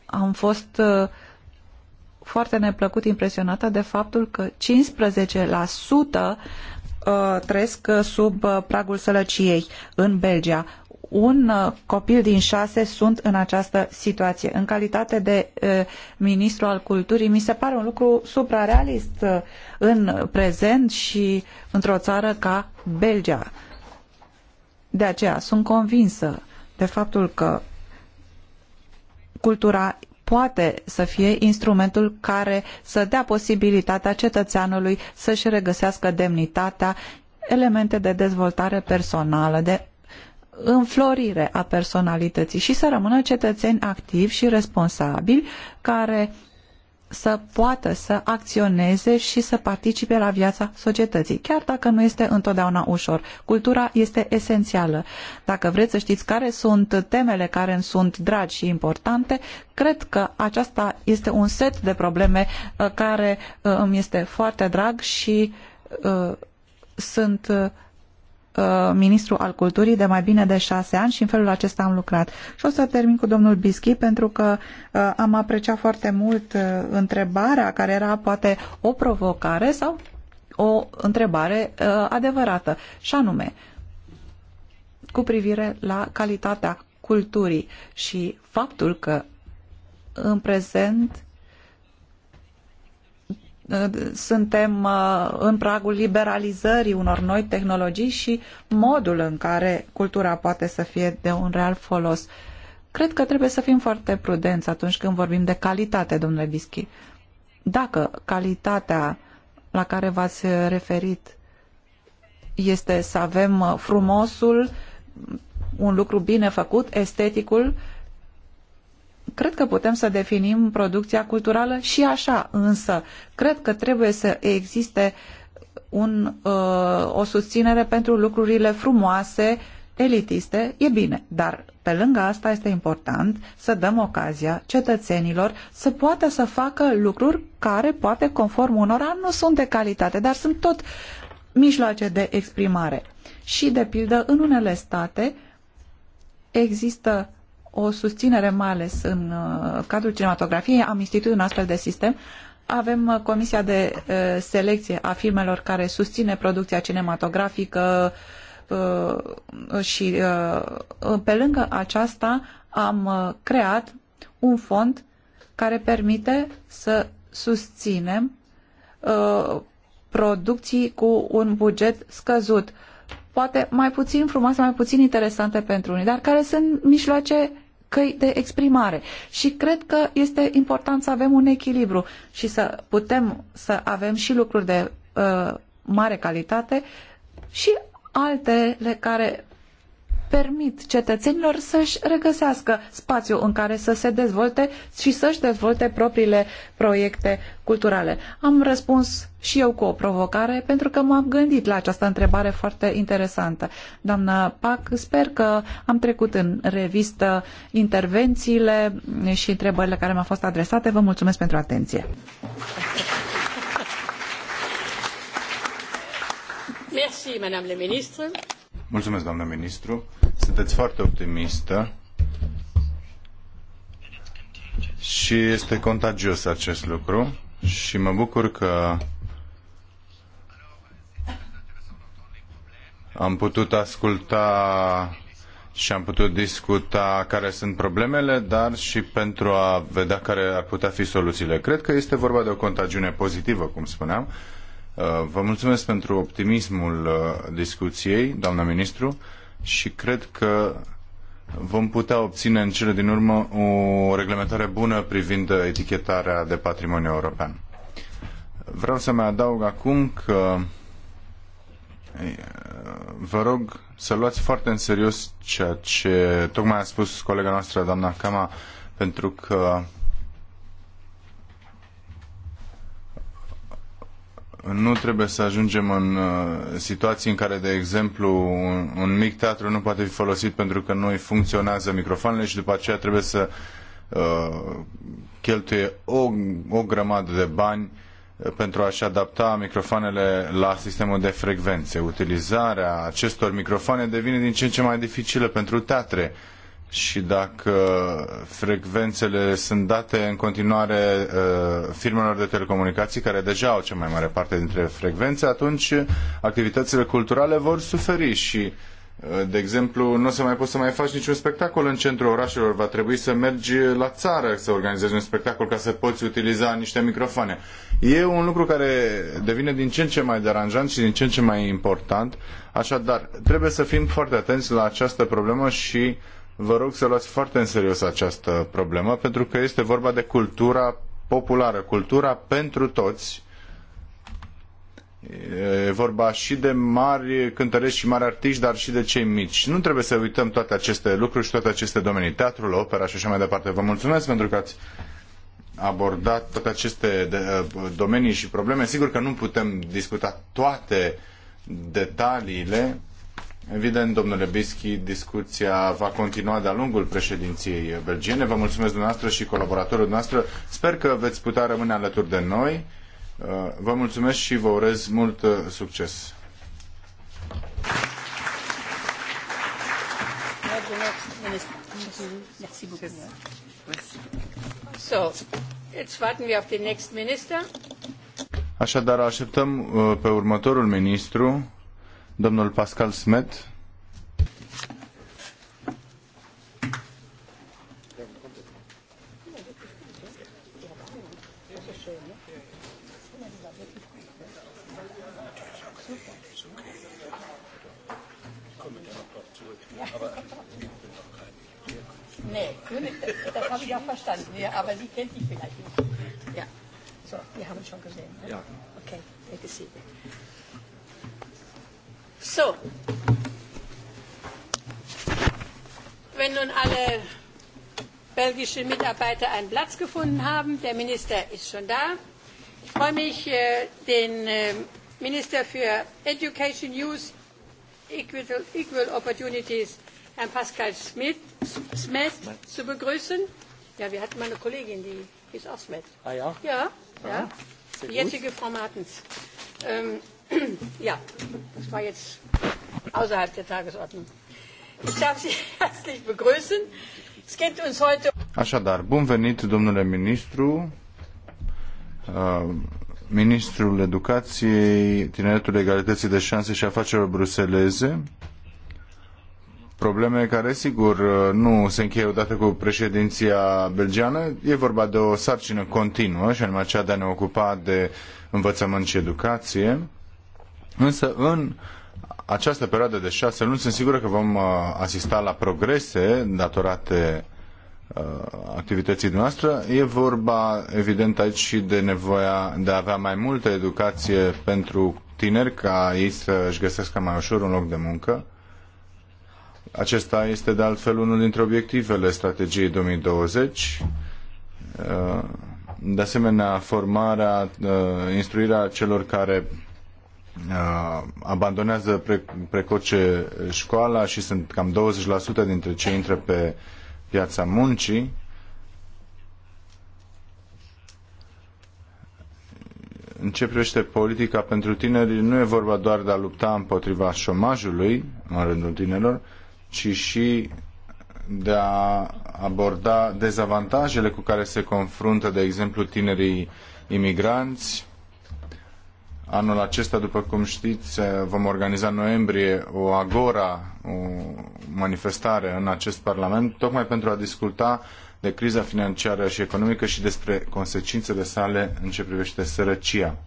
am fost uh, foarte neplăcut impresionată de faptul că 15% uh, trăiesc uh, sub uh, pragul sălăciei în Belgia. Un copil din șase sunt în această situație. În calitate de ministru al culturii, mi se pare un lucru suprarealist în prezent și într-o țară ca Belgia. De aceea sunt convinsă de faptul că cultura poate să fie instrumentul care să dea posibilitatea cetățeanului să-și regăsească demnitatea, elemente de dezvoltare personală, de înflorire a personalității și să rămână cetățeni activi și responsabili care să poată să acționeze și să participe la viața societății, chiar dacă nu este întotdeauna ușor. Cultura este esențială. Dacă vreți să știți care sunt temele care îmi sunt dragi și importante, cred că aceasta este un set de probleme uh, care uh, îmi este foarte drag și uh, sunt uh, ministru al culturii de mai bine de șase ani și în felul acesta am lucrat. Și o să termin cu domnul Bischi pentru că uh, am apreciat foarte mult uh, întrebarea care era poate o provocare sau o întrebare uh, adevărată și anume cu privire la calitatea culturii și faptul că în prezent suntem uh, în pragul liberalizării unor noi tehnologii și modul în care cultura poate să fie de un real folos. Cred că trebuie să fim foarte prudenți atunci când vorbim de calitate, domnule Bischi. Dacă calitatea la care v-ați referit este să avem uh, frumosul, un lucru bine făcut, esteticul, Cred că putem să definim producția culturală și așa, însă cred că trebuie să existe un, uh, o susținere pentru lucrurile frumoase, elitiste, e bine, dar pe lângă asta este important să dăm ocazia cetățenilor să poată să facă lucruri care poate conform unora nu sunt de calitate, dar sunt tot mijloace de exprimare. Și de pildă în unele state există o susținere, mai ales în uh, cadrul cinematografiei, am instituit un astfel de sistem. Avem uh, comisia de uh, selecție a filmelor care susține producția cinematografică și pe lângă aceasta am creat un fond care permite să susținem producții cu un buget scăzut poate mai puțin frumoase, mai puțin interesante pentru unii, dar care sunt mijloace căi de exprimare. Și cred că este important să avem un echilibru și să putem să avem și lucruri de uh, mare calitate și altele care permit cetățenilor să-și regăsească spațiu în care să se dezvolte și să-și dezvolte propriile proiecte culturale. Am răspuns și eu cu o provocare pentru că m-am gândit la această întrebare foarte interesantă. Doamnă Pac, sper că am trecut în revistă intervențiile și întrebările care mi-au fost adresate. Vă mulțumesc pentru atenție.
Merci, Madame la Ministre.
Mulțumesc, doamnă ministru. Sunteți foarte optimistă și este contagios acest lucru și mă bucur că am putut asculta și am putut discuta care sunt problemele, dar și pentru a vedea care ar putea fi soluțiile. Cred că este vorba de o contagiune pozitivă, cum spuneam, Uh, vă mulțumesc pentru optimismul uh, discuției, doamna ministru, și cred că vom putea obține în cele din urmă o reglementare bună privind etichetarea de patrimoniu european. Vreau să mai adaug acum că uh, vă rog să luați foarte în serios ceea ce tocmai a spus colega noastră, doamna Cama, pentru că Nu trebuie să ajungem în uh, situații în care, de exemplu, un, un mic teatru nu poate fi folosit pentru că nu funcționează microfoanele și după aceea trebuie să uh, cheltuie o, o grămadă de bani uh, pentru a-și adapta microfoanele la sistemul de frecvențe. Utilizarea acestor microfoane devine din ce în ce mai dificilă pentru teatre și dacă frecvențele sunt date în continuare uh, firmelor de telecomunicații care deja au cea mai mare parte dintre frecvențe, atunci activitățile culturale vor suferi și uh, de exemplu, nu o să mai poți să mai faci niciun spectacol în centrul orașelor, va trebui să mergi la țară să organizezi un spectacol ca să poți utiliza niște microfoane. E un lucru care devine din ce în ce mai deranjant și din ce în ce mai important, așadar trebuie să fim foarte atenți la această problemă și uh, vă rog să luați foarte în serios această problemă, pentru că este vorba de cultura populară, cultura pentru toți. E vorba și de mari cântărești și mari artiști, dar și de cei mici. Nu trebuie să uităm toate aceste lucruri și toate aceste domenii. Teatrul, opera și așa mai departe. Vă mulțumesc pentru că ați abordat toate aceste uh, domenii și probleme. Sigur că nu putem discuta toate detaliile, Evident, domnule Bischi, discuția va continua de-a lungul președinției belgiene. Vă mulțumesc dumneavoastră și colaboratorul noastră. Sper că veți putea rămâne alături de noi. Uh, vă mulțumesc și vă urez mult uh, succes. Așadar, așteptăm uh, pe următorul ministru. Domnul Pascal Smet.
Nee, das habe ich auch verstanden. Ja, aber Sie kennt die vielleicht nicht. Ja. So, wir haben es schon gesehen. Ne? Ja. Okay, take a seat. So. Wenn nun alle belgischen Mitarbeiter einen Platz gefunden haben, der Minister ist schon da. Ich freue mich, äh, den äh, Minister für Education, Youth, Equal, Equal Opportunities, Herrn Pascal Smith, Smith zu begrüßen. Ja, wir hatten mal eine Kollegin, die hieß auch Smith. Ah ja? Ja, ja. ja. die jetzige Frau Martens. Ähm, ja, das war jetzt außerhalb der Tagesordnung. Ich darf Sie herzlich begrüßen. Es geht uns heute
um Așadar, bun venit, domnule ministru, uh, ministrul Educației, tineretul Egalității de Șanse și Afacerilor Bruseleze. Probleme care, sigur, uh, nu se încheie odată cu președinția belgiană. E vorba de o sarcină continuă, și anume aceea de a ne ocupa de învățământ și educație. Însă în această perioadă de șase luni sunt sigură că vom uh, asista la progrese datorate uh, activității noastre. E vorba, evident, aici și de nevoia de a avea mai multă educație pentru tineri ca ei să-și găsească mai ușor un loc de muncă. Acesta este, de altfel, unul dintre obiectivele strategiei 2020. Uh, de asemenea, formarea, instruirea celor care Uh, abandonează pre, precoce școala și sunt cam 20% dintre cei intră pe piața muncii. În ce privește politica pentru tineri, nu e vorba doar de a lupta împotriva șomajului în rândul tinerilor, ci și de a aborda dezavantajele cu care se confruntă, de exemplu, tinerii imigranți, Anul acesta, după cum știți, eh, vom organiza în noiembrie o agora, o manifestare în acest Parlament, tocmai pentru a discuta de criza financiară și economică și despre consecințele sale în ce privește sărăcia.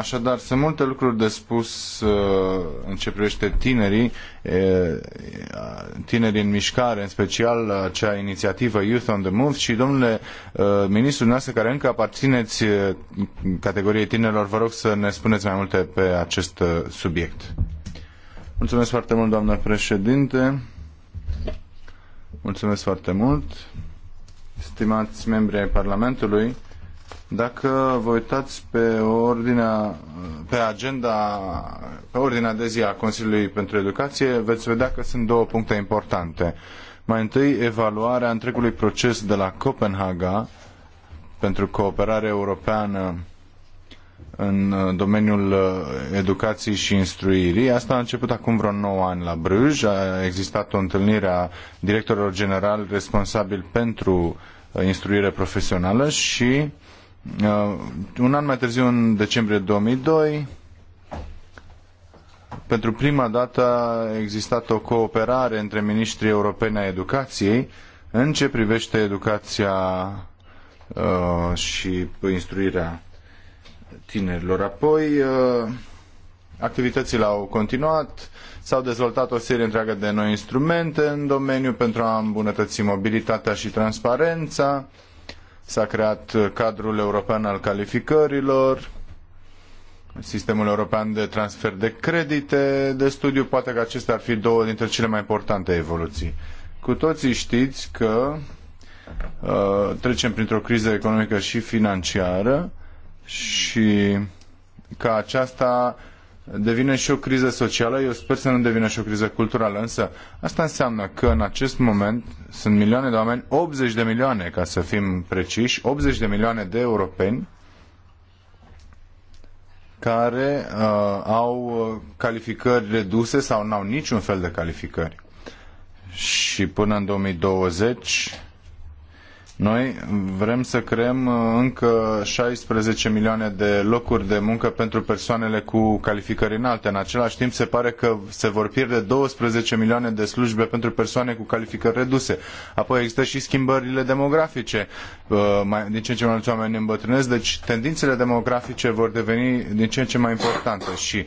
Așadar, sunt multe lucruri de spus uh, în ce privește tinerii, tinerii în mișcare, în special acea inițiativă Youth on the Move și, domnule uh, ministru, noastră care încă aparțineți uh, categoriei tinerilor, vă rog să ne spuneți mai multe pe acest subiect. Mulțumesc foarte mult, doamnă președinte. Mulțumesc foarte mult, stimați membri ai Parlamentului. Dacă vă uitați pe ordinea, pe agenda, pe ordinea de zi a Consiliului pentru Educație, veți vedea că sunt două puncte importante. Mai întâi, evaluarea întregului proces de la Copenhaga pentru cooperare europeană în domeniul educației și instruirii. Asta a început acum vreo 9 ani la Bruj. A existat o întâlnire a directorilor general responsabil pentru instruire profesională și Uh, un an mai târziu, în decembrie 2002, pentru prima dată a existat o cooperare între ministrii europeni ai educației în ce privește educația uh, și instruirea tinerilor. Apoi, uh, activitățile au continuat, s-au dezvoltat o serie întreagă de noi instrumente în domeniu pentru a îmbunătăți mobilitatea și transparența. Uh, S-a creat cadrul european al calificărilor, sistemul european de transfer de credite de studiu, poate că acestea ar fi două dintre cele mai importante evoluții. Cu toții știți că uh, trecem printr-o criză economică și financiară și că aceasta devine și o criză socială, eu sper să nu devină și o criză culturală, însă asta înseamnă că în acest moment sunt milioane de oameni, 80 de milioane ca să fim preciși, 80 de milioane de europeni care uh, au uh, calificări reduse sau n-au niciun fel de calificări. Și până în 2020 noi vrem să creăm uh, încă 16 milioane de locuri de muncă pentru persoanele cu calificări înalte. În același timp, se pare că se vor pierde 12 milioane de slujbe pentru persoane cu calificări reduse. Apoi există și schimbările demografice. Uh, din ce în ce mai mulți oameni îmbătrânesc, deci tendințele demografice vor deveni din ce în ce mai importante și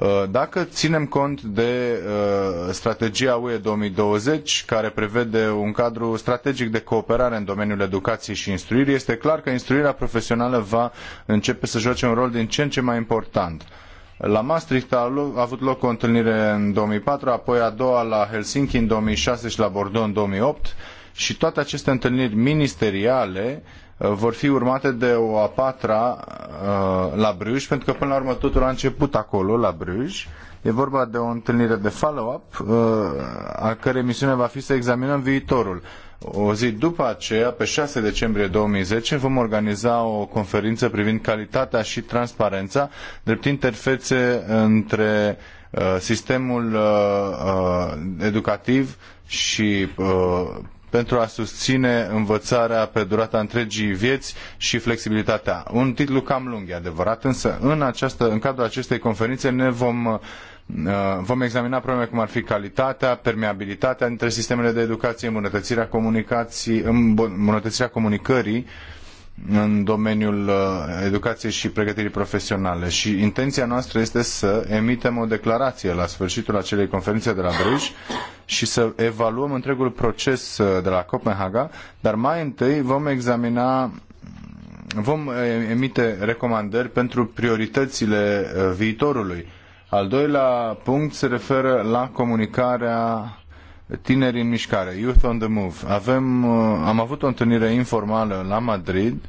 Uh, dacă ținem cont de uh, strategia UE 2020, care prevede un cadru strategic de cooperare în domeniul educației și instruirii, este clar că instruirea profesională va începe să joace un rol din ce în ce mai important. La Maastricht a, avut loc o întâlnire în 2004, apoi a doua la Helsinki în 2006 și la Bordeaux în 2008 și toate aceste întâlniri ministeriale uh, Uh, vor fi urmate de o a patra uh, la Bruges, pentru că până la urmă totul a început acolo, la Bruges. E vorba de o întâlnire de follow-up, uh, a cărei misiune va fi să examinăm viitorul. O zi după aceea, pe 6 decembrie 2010, vom organiza o conferință privind calitatea și transparența, drept interfețe între sistemul educativ și pentru a susține învățarea pe durata întregii vieți și flexibilitatea. Un titlu cam lung, e adevărat, însă în, această, în cadrul acestei conferințe ne vom uh, vom examina probleme cum ar fi calitatea, permeabilitatea dintre sistemele de educație, îmbunătățirea, comunicații, îmbunătățirea comunicării, în domeniul uh, educației și pregătirii profesionale și intenția noastră este să emitem o declarație la sfârșitul acelei conferințe de la Bruj și să evaluăm întregul proces uh, de la Copenhaga, dar mai întâi vom examina vom uh, emite recomandări pentru prioritățile viitorului. Al doilea punct se referă la comunicarea tineri în mișcare, Youth on the Move. Avem, uh, am avut o întâlnire informală la Madrid.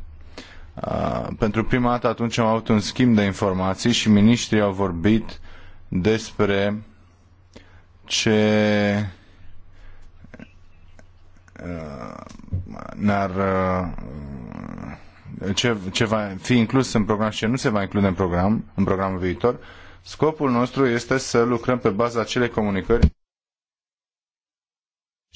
Uh, pentru prima dată atunci am avut un schimb de informații și miniștrii au vorbit despre ce uh, ne-ar ce, ce va fi inclus în program și ce nu se va include în program, în programul viitor. Scopul nostru este să lucrăm pe baza acelei comunicări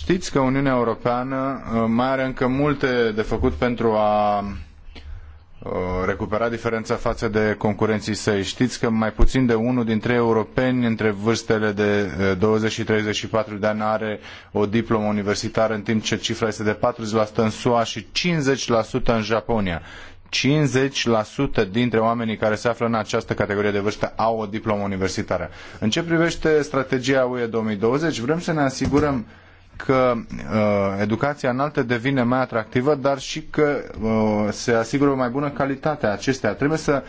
Știți că Uniunea Europeană uh, mai are încă multe de făcut pentru a uh, recupera diferența față de concurenții săi. Știți că mai puțin de unul dintre europeni între vârstele de 20 uh, și 34 de ani are o diplomă universitară, în timp ce cifra este de 40% în SUA și 50% în Japonia. 50% dintre oamenii care se află în această categorie de vârstă au o diplomă universitară. În ce privește strategia UE 2020, vrem să ne asigurăm că uh, educația înaltă devine mai atractivă, dar și că uh, se asigură o mai bună calitate a Trebuie să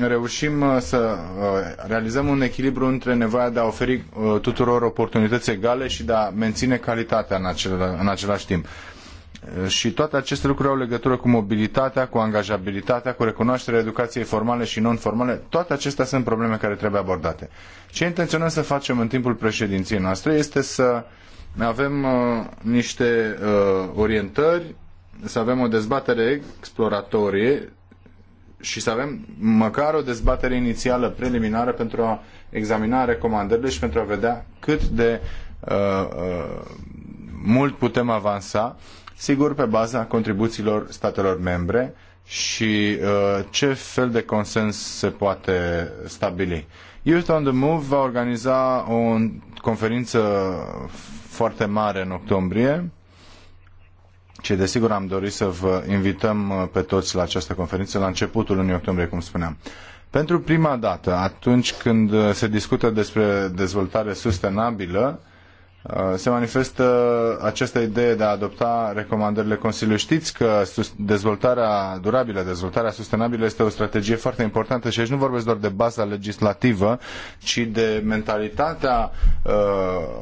reușim uh, să uh, realizăm un echilibru între nevoia de a oferi uh, tuturor oportunități egale și de a menține calitatea în, acel, în același timp. Uh, și toate aceste lucruri au legătură cu mobilitatea, cu angajabilitatea, cu recunoașterea educației formale și non-formale. Toate acestea sunt probleme care trebuie abordate. Ce intenționăm să facem în timpul președinției noastre este să avem uh, niște uh, orientări, să avem o dezbatere exploratorie și să avem măcar o dezbatere inițială, preliminară, pentru a examina recomandările și pentru a vedea cât de uh, uh, mult putem avansa, sigur pe baza contribuțiilor statelor membre și uh, ce fel de consens se poate stabili. Youth on the Move va organiza o conferință foarte mare în octombrie și desigur am dorit să vă invităm uh, pe toți la această conferință la începutul lunii octombrie, cum spuneam. Pentru prima dată, atunci când uh, se discută despre dezvoltare sustenabilă, Uh, se manifestă această idee de a adopta recomandările Consiliului. Știți că dezvoltarea durabilă, dezvoltarea sustenabilă este o strategie foarte importantă și aici nu vorbesc doar de baza legislativă, ci de mentalitatea uh,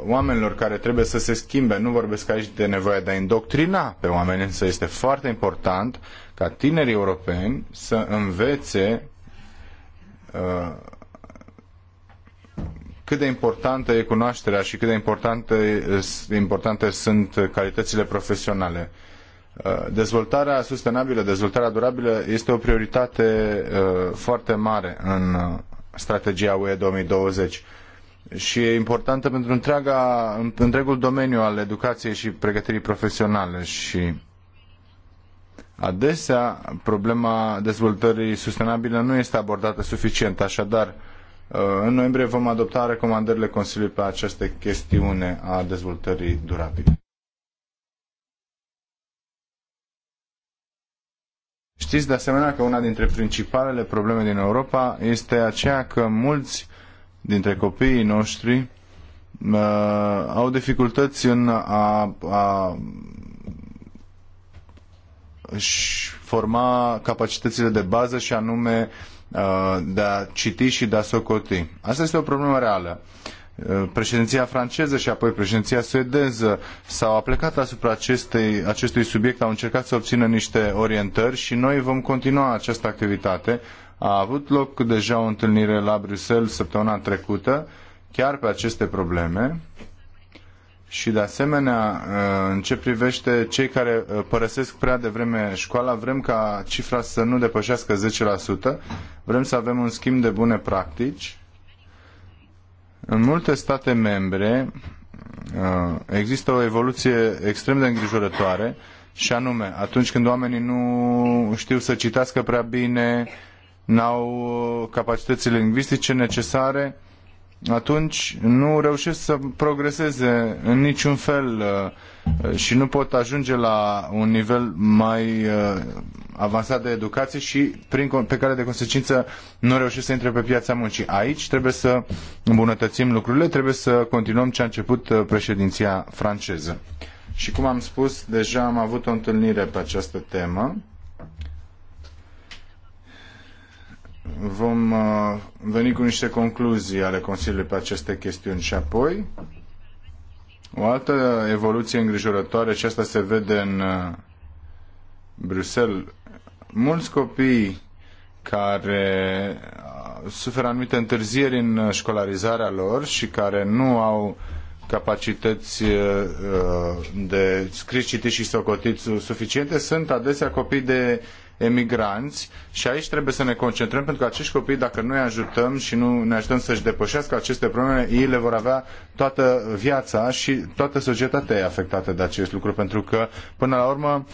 oamenilor care trebuie să se schimbe. Nu vorbesc aici de nevoia de a indoctrina pe oameni, însă este foarte important ca tinerii europeni să învețe uh, cât de importantă e cunoașterea și cât de importante, eh, importante sunt calitățile profesionale. Eh, dezvoltarea sustenabilă, dezvoltarea durabilă este o prioritate eh, foarte mare în strategia UE 2020 și e importantă pentru întreaga, întregul domeniu al educației și pregătirii profesionale și adesea problema dezvoltării sustenabile nu este abordată suficient, așadar Uh, în noiembrie vom adopta recomandările Consiliului pe această chestiune a dezvoltării durabile. Știți de asemenea că una dintre principalele probleme din Europa este aceea că mulți dintre copiii noștri uh, au dificultăți în a, a își forma capacitățile de bază și anume Uh, de a citi și de a socoti. Asta este o problemă reală. Uh, președinția franceză și apoi președinția suedeză s-au aplicat asupra acestei, acestui subiect, au încercat să obțină niște orientări și noi vom continua această activitate. A avut loc deja o întâlnire la Bruxelles săptămâna trecută, chiar pe aceste probleme și de asemenea, uh, în ce privește cei care uh, părăsesc prea devreme școala, vrem ca cifra să nu depășească 10%, vrem să avem un schimb de bune practici. În multe state membre uh, există o evoluție extrem de îngrijorătoare și anume, atunci când oamenii nu știu să citească prea bine, n-au capacitățile lingvistice necesare, atunci nu reușesc să progreseze în niciun fel uh, uh, și nu pot ajunge la un nivel mai uh, avansat de educație și prin, pe care de consecință nu reușesc să intre pe piața muncii. Aici trebuie să îmbunătățim lucrurile, trebuie să continuăm ce a început președinția franceză. Și cum am spus, deja am avut o întâlnire pe această temă vom uh, veni cu niște concluzii ale Consiliului pe aceste chestiuni și apoi o altă evoluție îngrijorătoare și asta se vede în uh, Bruxelles. Mulți copii care uh, suferă anumite întârzieri în școlarizarea lor și care nu au capacități de scris, citit și socotit suficiente sunt adesea copii de emigranți și aici trebuie să ne concentrăm pentru că acești copii, dacă nu îi ajutăm și nu ne ajutăm să-și depășească aceste probleme, ei le vor avea toată viața și toată societatea e afectată de acest lucru, pentru că până la urmă,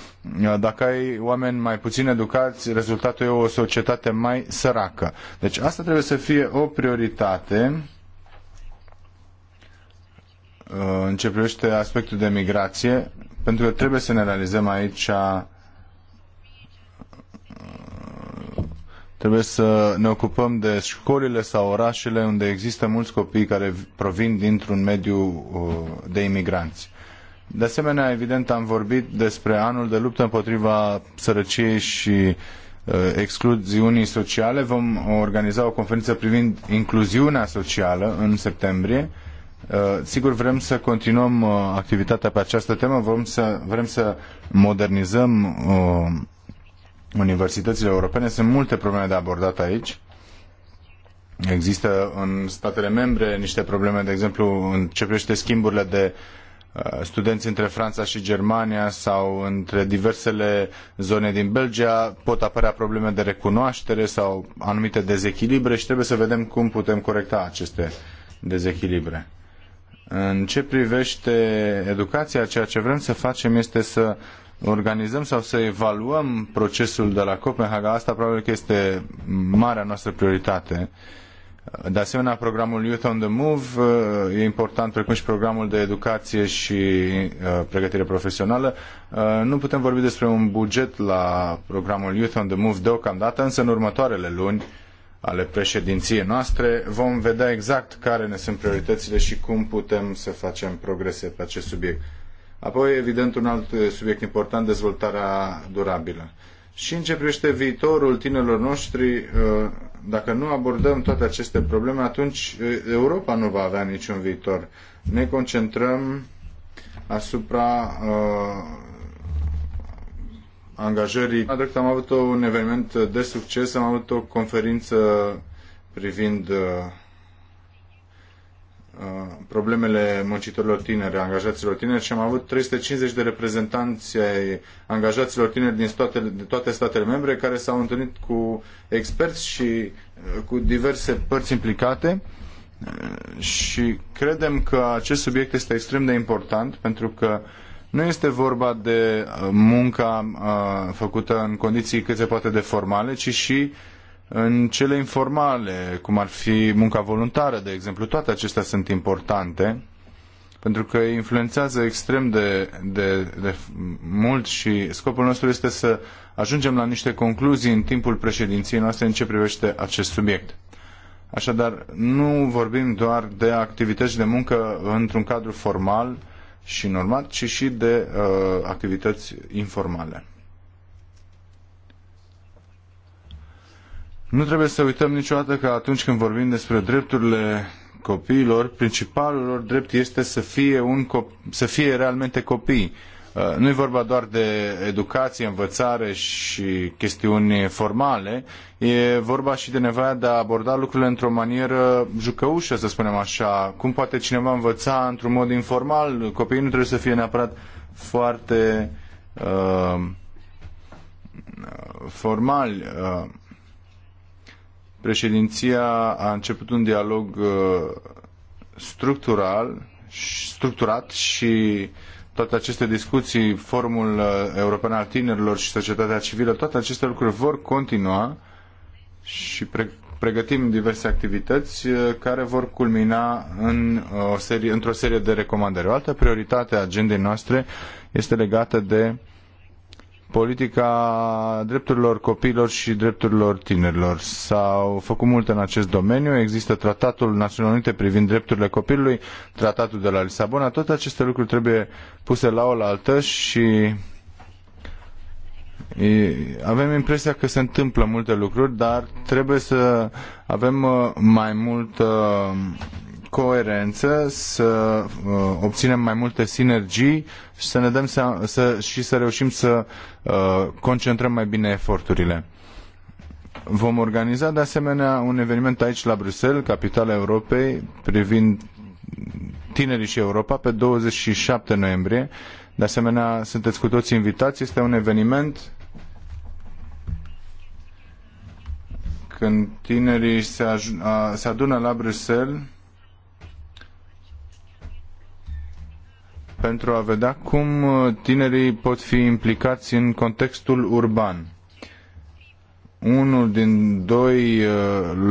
dacă ai oameni mai puțin educați, rezultatul e o societate mai săracă. Deci asta trebuie să fie o prioritate uh, în ce privește aspectul de migrație, pentru că trebuie să ne realizăm aici a Trebuie să ne ocupăm de școlile sau orașele unde există mulți copii care provin dintr-un mediu uh, de imigranți. De asemenea, evident, am vorbit despre anul de luptă împotriva sărăciei și uh, excluziunii sociale. Vom organiza o conferință privind incluziunea socială în septembrie. Uh, sigur, vrem să continuăm activitatea pe această temă, vrem să, vrem să modernizăm universitățile europene. Sunt multe probleme de abordat aici. Există în statele membre niște probleme, de exemplu, în ce privește schimburile de uh, studenți între Franța și Germania sau între diversele zone din Belgia, pot apărea probleme de recunoaștere sau anumite dezechilibre și trebuie să vedem cum putem corecta aceste dezechilibre. În ce privește educația, ceea ce vrem să facem este să organizăm sau să evaluăm procesul de la Copenhaga, asta probabil că este marea noastră prioritate. De asemenea, programul Youth on the Move e important, precum și programul de educație și uh, pregătire profesională. Uh, nu putem vorbi despre un buget la programul Youth on the Move deocamdată, însă în următoarele luni ale președinției noastre vom vedea exact care ne sunt prioritățile și cum putem să facem progrese pe acest subiect. Apoi, evident, un alt subiect important, dezvoltarea durabilă. Și în ce privește viitorul tinerilor noștri, uh, dacă nu abordăm toate aceste probleme, atunci uh, Europa nu va avea niciun viitor. Ne concentrăm asupra uh, angajării. am avut un eveniment de succes, am avut o conferință privind Uh, problemele muncitorilor tineri, angajaților tineri și am avut 350 de reprezentanți ai angajaților tineri din toate, toate statele membre care s-au întâlnit cu experți și uh, cu diverse părți implicate uh, și credem că acest subiect este extrem de important pentru că nu este vorba de munca făcută în condiții cât se poate de formale, ci și uh, în cele informale, cum ar fi munca voluntară, de exemplu. Toate acestea sunt importante pentru că influențează extrem de, de, de mult și scopul nostru este să ajungem la niște concluzii în timpul președinției noastre în ce privește acest subiect. Așadar, nu vorbim doar de activități de muncă într-un cadru formal și normal, ci și de uh, activități informale. Nu trebuie să uităm niciodată că atunci când vorbim despre drepturile copiilor, principalul lor drept este să fie, un cop- să fie realmente copii. Uh, nu e vorba doar de educație, învățare și chestiuni formale, e vorba și de nevoia de a aborda lucrurile într-o manieră jucăușă, să spunem așa. Cum poate cineva învăța într-un mod informal? Copiii nu trebuie să fie neapărat foarte uh, formali. Uh, Președinția a început un dialog uh, structural, structurat și toate aceste discuții, Forumul uh, European al Tinerilor și societatea civilă, toate aceste lucruri vor continua și pre- pregătim diverse activități uh, care vor culmina în o serie, într-o serie de recomandări. O altă prioritate a agendei noastre este legată de uh, politica drepturilor copiilor și drepturilor tinerilor. S-au făcut multe în acest domeniu. Există Tratatul Națiunilor Unite privind drepturile copilului, Tratatul de la Lisabona. Toate aceste lucruri trebuie puse la oaltă și avem impresia că se întâmplă multe lucruri, dar trebuie să avem uh, mai mult uh, coerență, să uh, obținem mai multe sinergii și să ne dăm să, și să reușim să uh, concentrăm mai bine eforturile. Vom organiza de asemenea un eveniment aici la Bruxelles, capitala Europei, privind tinerii și Europa pe 27 noiembrie. De asemenea, sunteți cu toți invitați. Este un eveniment când tinerii se, se adună la Bruxelles pentru a vedea cum uh, tinerii pot fi implicați în contextul urban. Unul din doi uh,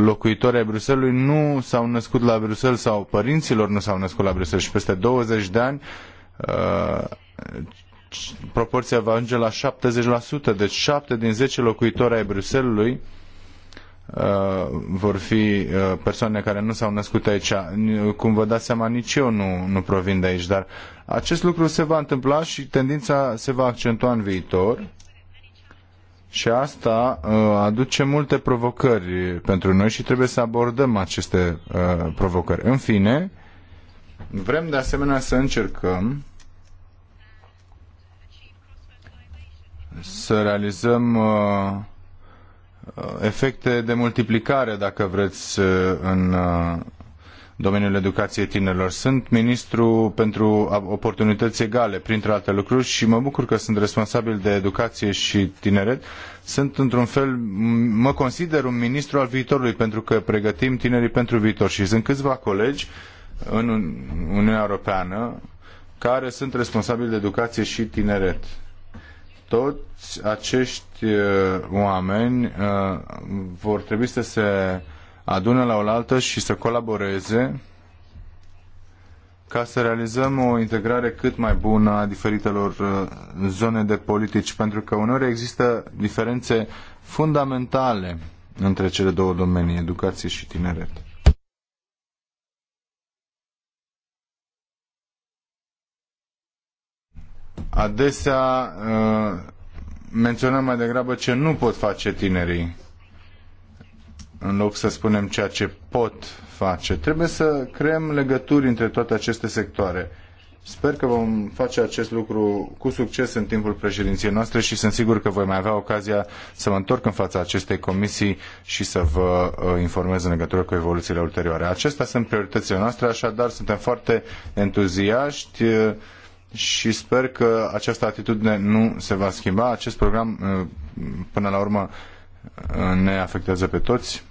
locuitori ai Bruselului nu s-au născut la Bruxelles sau părinților nu s-au născut la Bruxelles și peste 20 de ani uh, proporția va ajunge la 70%, deci 7 din 10 locuitori ai Bruselului Uh, vor fi uh, persoane care nu s-au născut aici. Cum vă dați seama, nici eu nu, nu provin de aici, dar acest lucru se va întâmpla și tendința se va accentua în viitor. Și asta uh, aduce multe provocări pentru noi și trebuie să abordăm aceste provocări. În fine, vrem de asemenea să încercăm să realizăm Uh, efecte de multiplicare, dacă vreți, uh, în uh, domeniul educației tinerilor. Sunt ministru pentru oportunități egale, printre alte lucruri, și mă bucur că sunt responsabil de educație și tineret. Sunt, într-un fel, mă consider un ministru al viitorului, pentru că pregătim tinerii pentru viitor. Și sunt câțiva colegi în Uniunea Europeană care sunt responsabili de educație și tineret toți acești uh, oameni uh, vor trebui să se adune la oaltă și să colaboreze ca să realizăm o integrare cât mai bună a diferitelor uh, zone de politici, pentru că uneori există diferențe fundamentale între cele două domenii, educație și tineret. Adesea uh, menționăm mai degrabă ce nu pot face tinerii în loc să spunem ceea ce pot face. Trebuie să creăm legături între toate aceste sectoare. Sper că vom face acest lucru cu succes în timpul președinției noastre și sunt sigur că voi mai avea ocazia să mă întorc în fața acestei comisii și să vă uh, informez în legătură cu evoluțiile ulterioare. Acestea sunt prioritățile noastre, așadar suntem foarte entuziaști. Uh, și sper că această atitudine nu se va schimba. Acest program, uh, până la urmă, uh, ne afectează pe toți.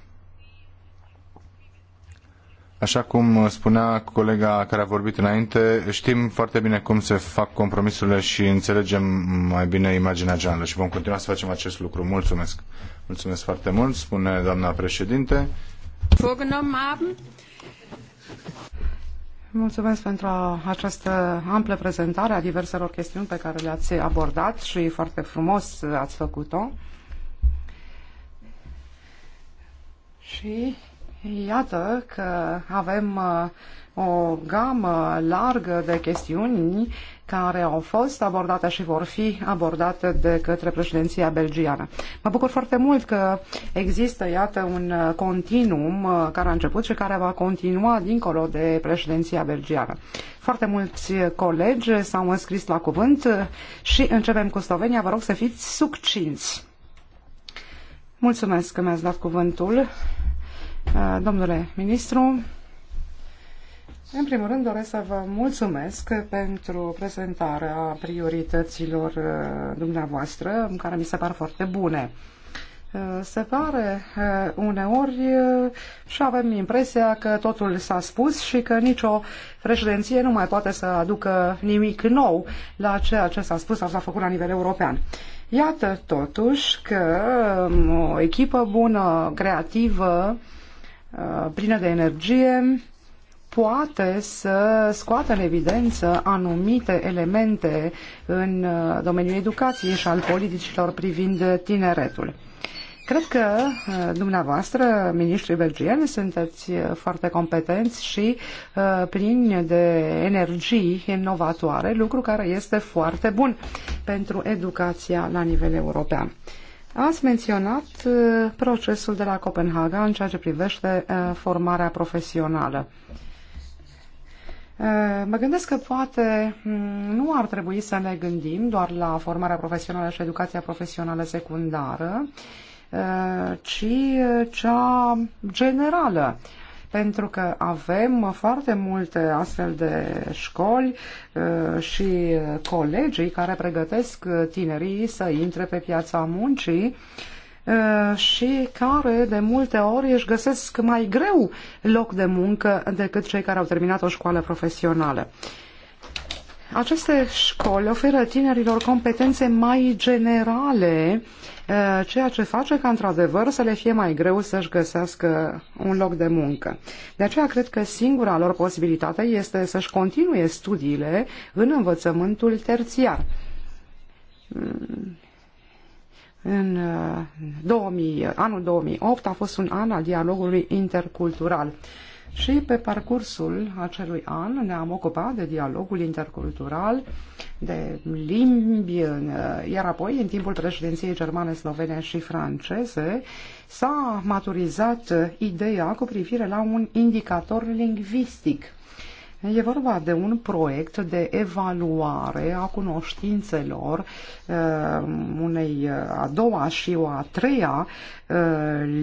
Așa cum uh, spunea colega care a vorbit înainte, știm foarte bine cum se fac compromisurile și înțelegem mai bine imaginea generală și vom continua să facem acest lucru. Mulțumesc! Mulțumesc foarte mult, spune doamna președinte.
Mulțumesc pentru această amplă prezentare a diverselor chestiuni pe care le-ați abordat și foarte frumos ați făcut-o. Și iată că avem uh, o gamă largă de chestiuni care au fost abordate și vor fi abordate de către președinția belgiană. Mă bucur foarte mult că există, iată, un continuum uh, care a început și care va continua dincolo de președinția belgiană. Foarte mulți colegi s-au înscris la cuvânt și începem cu Slovenia. Vă rog să fiți succinți. Mulțumesc că mi-ați dat cuvântul. Uh, domnule ministru, în primul rând doresc să vă mulțumesc pentru prezentarea priorităților uh, dumneavoastră, care mi se par foarte bune. Uh, se pare uh, uneori și avem impresia că totul s-a spus și că nicio președinție nu mai poate să aducă nimic nou la ceea ce s-a spus sau s-a făcut la nivel european. Iată totuși că um, o echipă bună, creativă, plină de energie, poate să scoată în evidență anumite elemente în uh, domeniul educației și al politicilor privind tineretul. Cred că uh, dumneavoastră, ministrii belgieni, sunteți uh, foarte competenți și plini de energii inovatoare, lucru care este foarte bun pentru educația la nivel european. Ați menționat procesul de la Copenhaga în ceea ce privește formarea profesională. Eh, mă gândesc că poate mm, nu ar trebui să ne gândim doar la formarea profesională și educația profesională secundară, eh, ci cea generală. Pentru că avem foarte multe astfel de școli eh, și colegii care pregătesc tinerii să intre pe piața muncii Uh, și care de multe ori își găsesc mai greu loc de muncă decât cei care au terminat o școală profesională. Aceste școli oferă tinerilor competențe mai generale, uh, ceea ce face ca, într-adevăr, să le fie mai greu să-și găsească un loc de muncă. De aceea, cred că singura lor posibilitate este să-și continue studiile în învățământul terțiar mm. În 2000, uh, anul 2008 a fost un an al dialogului intercultural și pe parcursul acelui an ne-am ocupat de dialogul intercultural, de limbi, uh, iar apoi, în timpul președinției germane, slovene și franceze, s-a maturizat uh, ideea cu privire la un indicator lingvistic E vorba de un proiect de evaluare a cunoștințelor uh, unei uh, a doua și o a treia uh,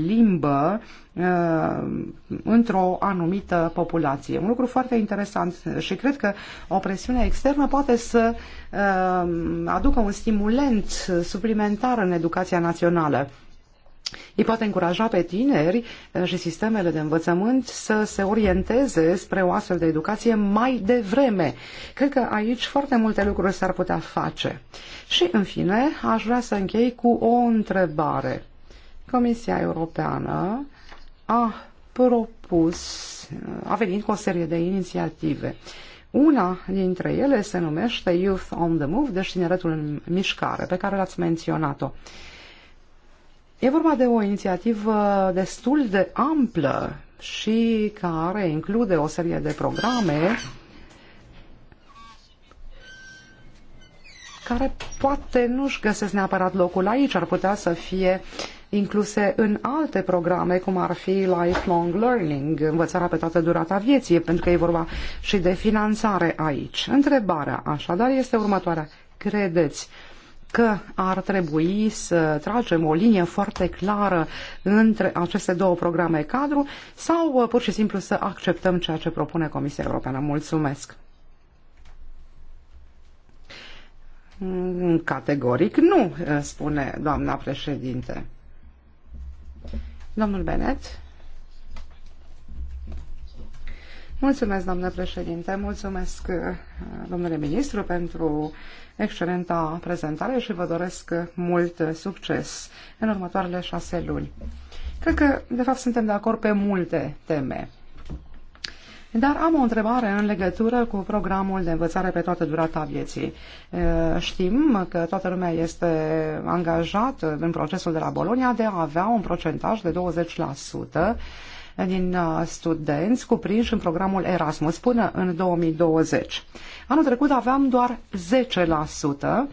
limbă într-o anumită populație. Un lucru foarte interesant și cred că o presiune externă poate să aducă un stimulent suplimentar în educația națională îi poate încuraja pe tineri uh, și sistemele de învățământ să se orienteze spre o astfel de educație mai devreme. Cred că aici foarte multe lucruri s-ar putea face. Și, în fine, aș vrea să închei cu o întrebare. Comisia Europeană a propus, uh, a venit cu o serie de inițiative. Una dintre ele se numește Youth on the Move, deci tineretul în mișcare, pe care l-ați menționat-o. Uh, E vorba de o inițiativă destul de amplă și care include o serie de programe care poate nu-și găsesc neapărat locul aici, ar putea să fie incluse în alte programe, cum ar fi lifelong learning, învățarea pe toată durata vieții, pentru că e vorba și de finanțare aici. Întrebarea așadar este următoarea. Credeți că ar trebui să tragem o linie foarte clară între aceste două programe cadru sau uh, pur și simplu să acceptăm ceea ce propune Comisia Europeană. Mulțumesc! Mm, categoric nu, uh, spune doamna președinte. Domnul Benet. Mulțumesc, doamnă președinte, mulțumesc, uh, domnule ministru, pentru excelenta prezentare și vă doresc mult succes în următoarele șase luni. Cred că, de fapt, suntem de acord pe multe teme. Dar am o întrebare în legătură cu programul de învățare pe toată durata vieții. Știm că toată lumea este angajată în procesul de la Bolonia de a avea un procentaj de 20% din uh, studenți cuprinși în programul Erasmus până în 2020. Anul trecut aveam doar 10%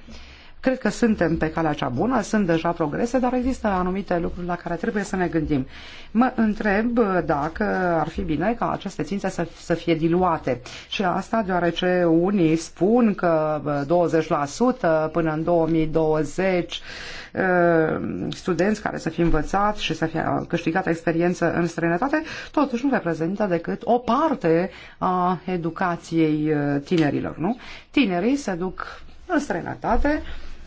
Cred că suntem pe calea cea bună, sunt deja progrese, dar există anumite lucruri la care trebuie să ne gândim. Mă întreb dacă ar fi bine ca aceste ținte să, să fie diluate. Și asta deoarece unii spun că 20% până în 2020 ă, studenți care să fie învățați și să fie câștigat experiență în străinătate, totuși nu reprezintă decât o parte a educației ă, tinerilor. Nu? Tinerii se duc în străinătate,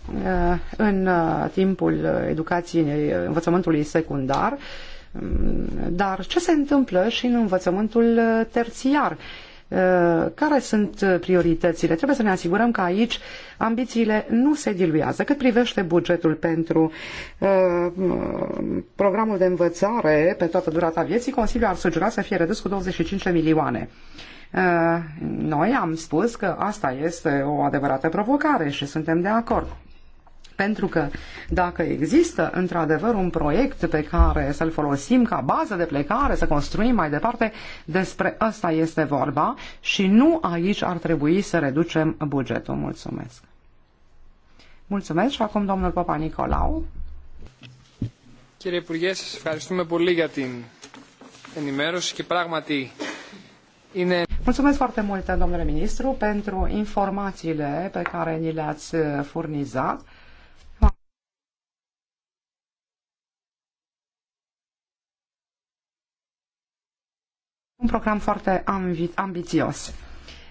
Uh, în uh, timpul educației, învățământului secundar, mm, dar ce se întâmplă și în învățământul uh, terțiar? Care sunt prioritățile? Trebuie să ne asigurăm că aici ambițiile nu se diluează. Cât privește bugetul pentru programul de învățare pe toată durata vieții, Consiliul ar sugera să fie redus cu 25 de milioane. Noi am spus că asta este o adevărată provocare și suntem de acord pentru că dacă există într-adevăr un proiect pe care să-l folosim ca bază de plecare, să construim mai departe, despre asta este vorba și nu aici ar trebui să reducem bugetul. Mulțumesc! Mulțumesc și acum domnul Papa Nicolau.
Κύριε Υπουργέ, σα ευχαριστούμε πολύ για την ενημέρωση και πράγματι
είναι... Mulțumesc foarte mult, domnule ministru, pentru informațiile pe care ni le-ați furnizat. un program foarte ambițios.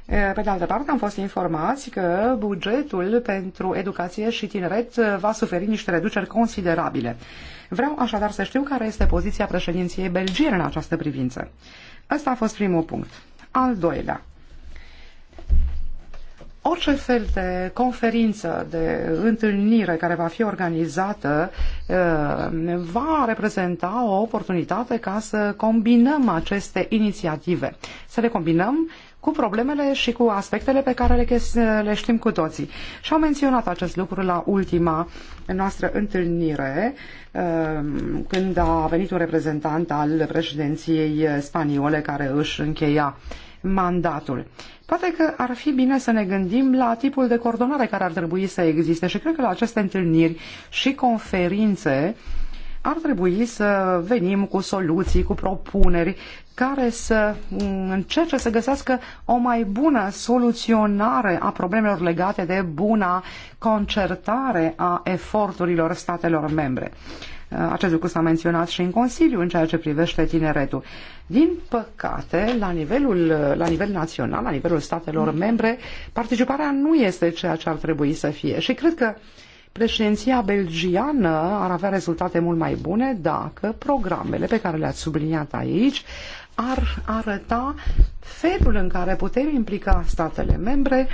Pe de altă parte, am fost informați că bugetul pentru educație și tineret va suferi niște reduceri considerabile. Vreau așadar să știu care este poziția președinției belgiene în această privință. Ăsta a fost primul punct. Al doilea. Orice fel de conferință, de întâlnire care va fi organizată uh, va reprezenta o oportunitate ca să combinăm aceste inițiative, să le combinăm cu problemele și cu aspectele pe care le, știm cu toții. Și am menționat acest lucru la ultima noastră întâlnire, uh, când a venit un reprezentant al președinției spaniole care își încheia mandatul. Poate că ar fi bine să ne gândim la tipul de coordonare care ar trebui să existe și cred că la aceste întâlniri și conferințe ar trebui să venim cu soluții, cu propuneri care să mm, încerce să găsească o mai bună soluționare a problemelor legate de buna concertare a eforturilor statelor membre. Acest lucru s-a menționat și în Consiliu în ceea ce privește tineretul. Din păcate, la, nivelul, la nivel național, la nivelul statelor mm. membre, participarea nu este ceea ce ar trebui să fie. Și cred că președinția belgiană ar avea rezultate mult mai bune dacă programele pe care le-ați subliniat aici ar arăta felul în care putem implica statele membre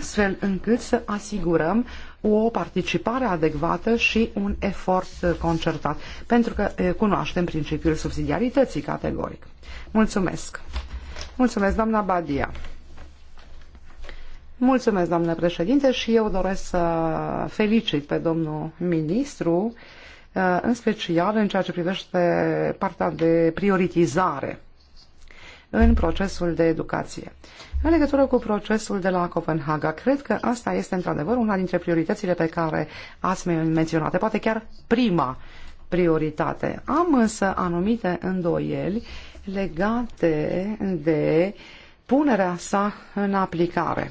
astfel încât să asigurăm o participare adecvată și un efort concertat, pentru că cunoaștem principiul subsidiarității categoric. Mulțumesc! Mulțumesc, doamna Badia! Mulțumesc, doamnă președinte, și eu doresc să felicit pe domnul ministru, în special în ceea ce privește partea de prioritizare în procesul de educație. În legătură cu procesul de la Copenhaga, cred că asta este într-adevăr una dintre prioritățile pe care ați menționat, poate chiar prima prioritate. Am însă anumite îndoieli legate de punerea sa în aplicare.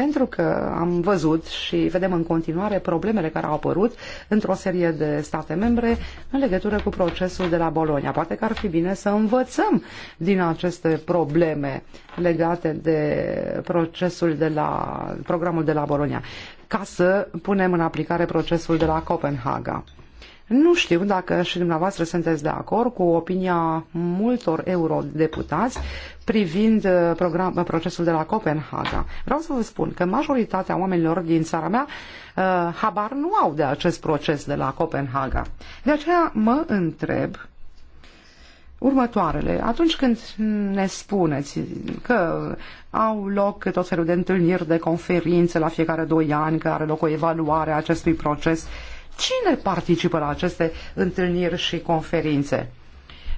Pentru că am văzut și vedem în continuare problemele care au apărut într-o serie de state membre în legătură cu procesul de la Bologna. Poate că ar fi bine să învățăm din aceste probleme legate de procesul de la programul de la Bologna, ca să punem în aplicare procesul de la Copenhaga. Nu știu dacă și dumneavoastră sunteți de acord cu opinia multor eurodeputați privind uh, program, uh, procesul de la Copenhaga. Vreau să vă spun că majoritatea oamenilor din țara mea uh, habar nu au de acest proces de la Copenhaga. De aceea mă întreb următoarele. Atunci când ne spuneți că au loc tot felul de întâlniri, de conferințe la fiecare doi ani, că are loc o evaluare a acestui proces, uh, Cine participă la aceste întâlniri și conferințe?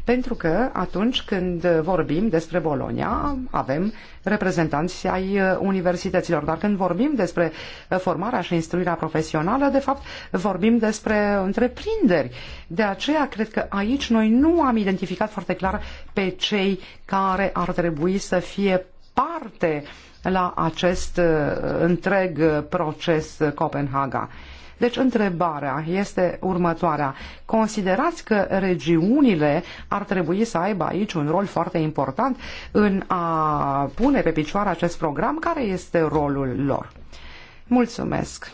Pentru că atunci când vorbim despre Bolonia, avem reprezentanți ai universităților, dar când vorbim despre formarea și instruirea profesională, de fapt vorbim despre întreprinderi. De aceea cred că aici noi nu am identificat foarte clar pe cei care ar trebui să fie parte la acest uh, întreg proces Copenhaga. Deci întrebarea este următoarea. Considerați că regiunile ar trebui să aibă aici un rol foarte important în a pune pe picioare acest program? Care este rolul lor? Mulțumesc.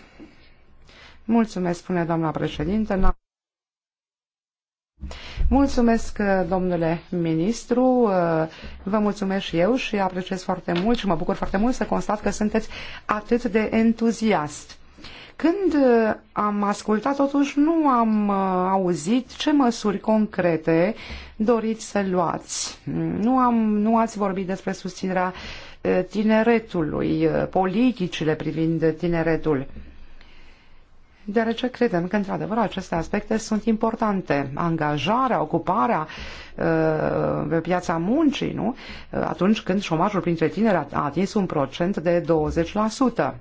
Mulțumesc, spune doamna președinte. Mulțumesc, domnule ministru, vă mulțumesc și eu și apreciez foarte mult și mă bucur foarte mult să constat că sunteți atât de entuziast. Când uh, am ascultat, totuși nu am uh, auzit ce măsuri concrete doriți să luați. Nu, am, nu ați vorbit despre susținerea uh, tineretului, politicile privind tineretul deoarece credem că, într-adevăr, aceste aspecte sunt importante. Angajarea, ocuparea pe piața muncii, nu? Atunci când șomajul printre tineri a atins un procent de 20%.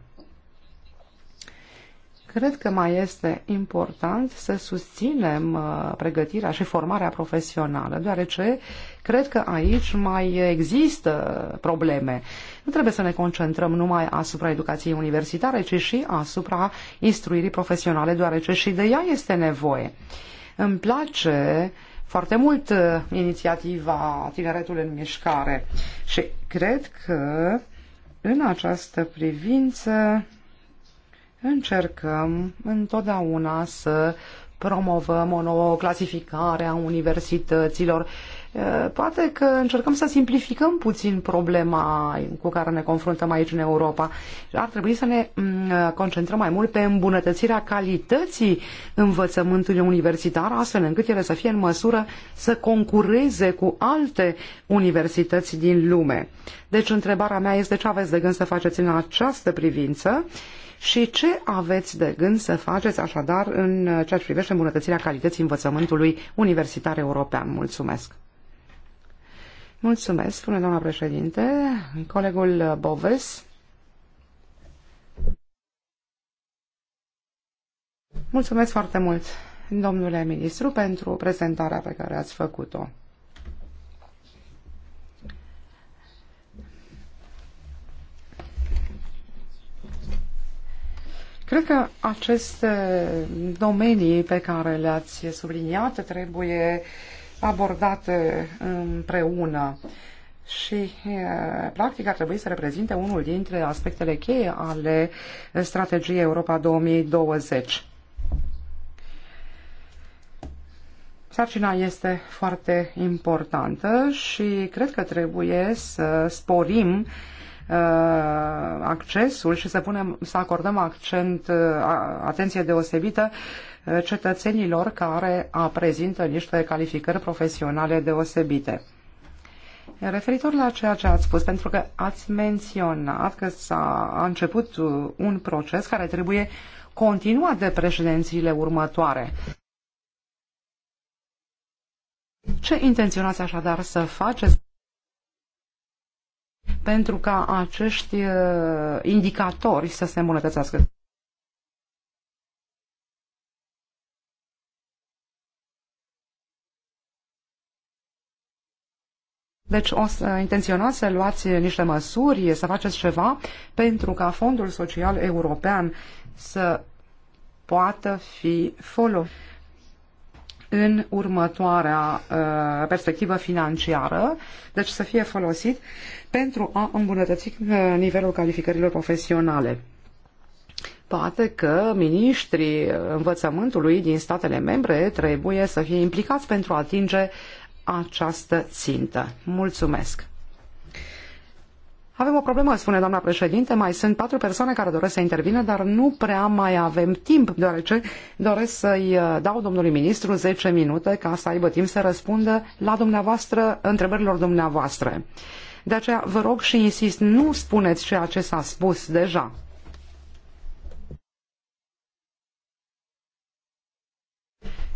Cred că mai este important să susținem uh, pregătirea și formarea profesională, deoarece cred că aici mai există probleme. Nu trebuie să ne concentrăm numai asupra educației universitare, ci și asupra instruirii profesionale, deoarece și de ea este nevoie. Îmi place foarte mult uh, inițiativa Tineretul în Mișcare și cred că în această privință încercăm întotdeauna să promovăm o nouă clasificare a universităților. Poate că încercăm să simplificăm puțin problema cu care ne confruntăm aici în Europa. Ar trebui să ne concentrăm mai mult pe îmbunătățirea calității învățământului universitar, astfel încât ele să fie în măsură să concureze cu alte universități din lume. Deci întrebarea mea este ce aveți de gând să faceți în această privință și ce aveți de gând să faceți așadar în uh, ceea ce privește îmbunătățirea calității învățământului universitar european. Mulțumesc! Mulțumesc, spune doamna președinte. Colegul uh, Boves. Mulțumesc foarte mult, domnule ministru, pentru prezentarea pe care ați făcut-o. Cred că aceste domenii pe care le-ați subliniat trebuie abordate împreună și practic ar trebui să reprezinte unul dintre aspectele cheie ale strategiei Europa 2020. Sarcina este foarte importantă și cred că trebuie să sporim uh, Uh, accesul și să, punem, să acordăm accent, uh, atenție deosebită uh, cetățenilor care prezintă niște calificări profesionale deosebite. Referitor la ceea ce ați spus, pentru că ați menționat că s-a a început un proces care trebuie continuat de președințiile următoare. Ce intenționați așadar să faceți? pentru ca acești uh, indicatori să se îmbunătățească. Deci o să intenționați să luați niște măsuri, să faceți ceva pentru ca Fondul Social European să poată fi folosit în următoarea uh, perspectivă financiară, deci să fie folosit pentru a îmbunătăți uh, nivelul calificărilor profesionale. Poate că miniștrii învățământului din statele membre trebuie să fie implicați pentru a atinge această țintă. Mulțumesc! Avem o problemă, spune doamna președinte, mai sunt patru persoane care doresc să intervină, dar nu prea mai avem timp, deoarece doresc să-i uh, dau domnului ministru 10 minute ca să aibă timp să răspundă la dumneavoastră întrebărilor dumneavoastră. De aceea vă rog și insist, nu spuneți ceea ce s-a spus deja.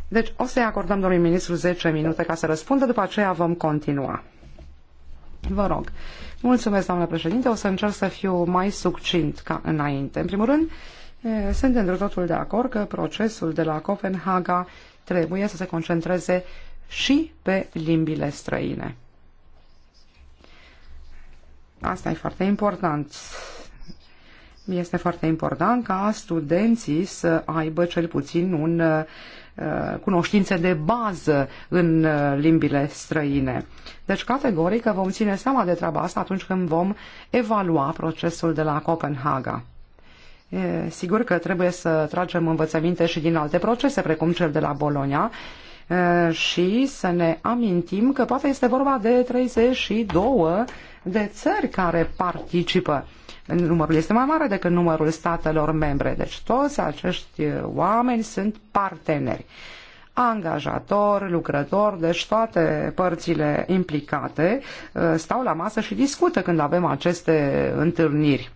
Deci o să-i acordăm domnului ministru 10 minute ca să răspundă, după aceea vom continua. Vă rog. Mulțumesc, doamnă președinte. O să încerc să fiu mai succint ca înainte. În primul rând, sunt într totul de acord că procesul de la Copenhaga trebuie să se concentreze și pe limbile străine. Asta e foarte important. Este foarte important ca studenții să aibă cel puțin un uh, Uh, cunoștințe de bază în uh, limbile străine. Deci, categoric, vom ține seama de treaba asta atunci când vom evalua procesul de la Copenhaga. E, sigur că trebuie să tragem învățăminte și din alte procese, precum cel de la Bologna, e, și să ne amintim că poate este vorba de 32 de țări care participă numărul este mai mare decât numărul statelor membre. Deci toți acești oameni sunt parteneri angajator, lucrător, deci toate părțile implicate uh, stau la masă și discută când avem aceste întâlniri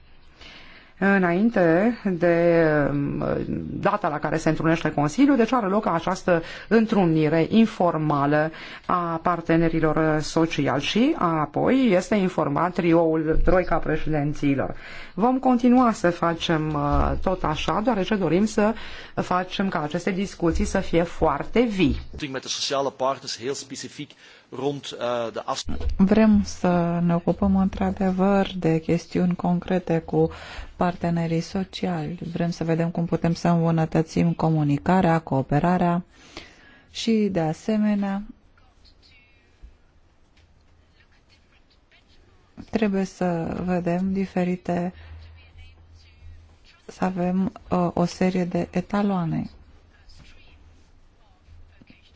înainte de um, data la care se întrunește Consiliul, deci are loc această întrunire informală a partenerilor sociali și apoi este informat trioul Troica președinților. Vom continua să facem uh, tot așa, deoarece dorim să facem ca aceste discuții să fie foarte vii. Eh,
Vrem să ne ocupăm într-adevăr de chestiuni concrete cu partenerii sociali. Vrem să vedem cum putem să îmbunătățim comunicarea, cooperarea și, de asemenea, trebuie să vedem diferite să avem eh, o serie de etaloane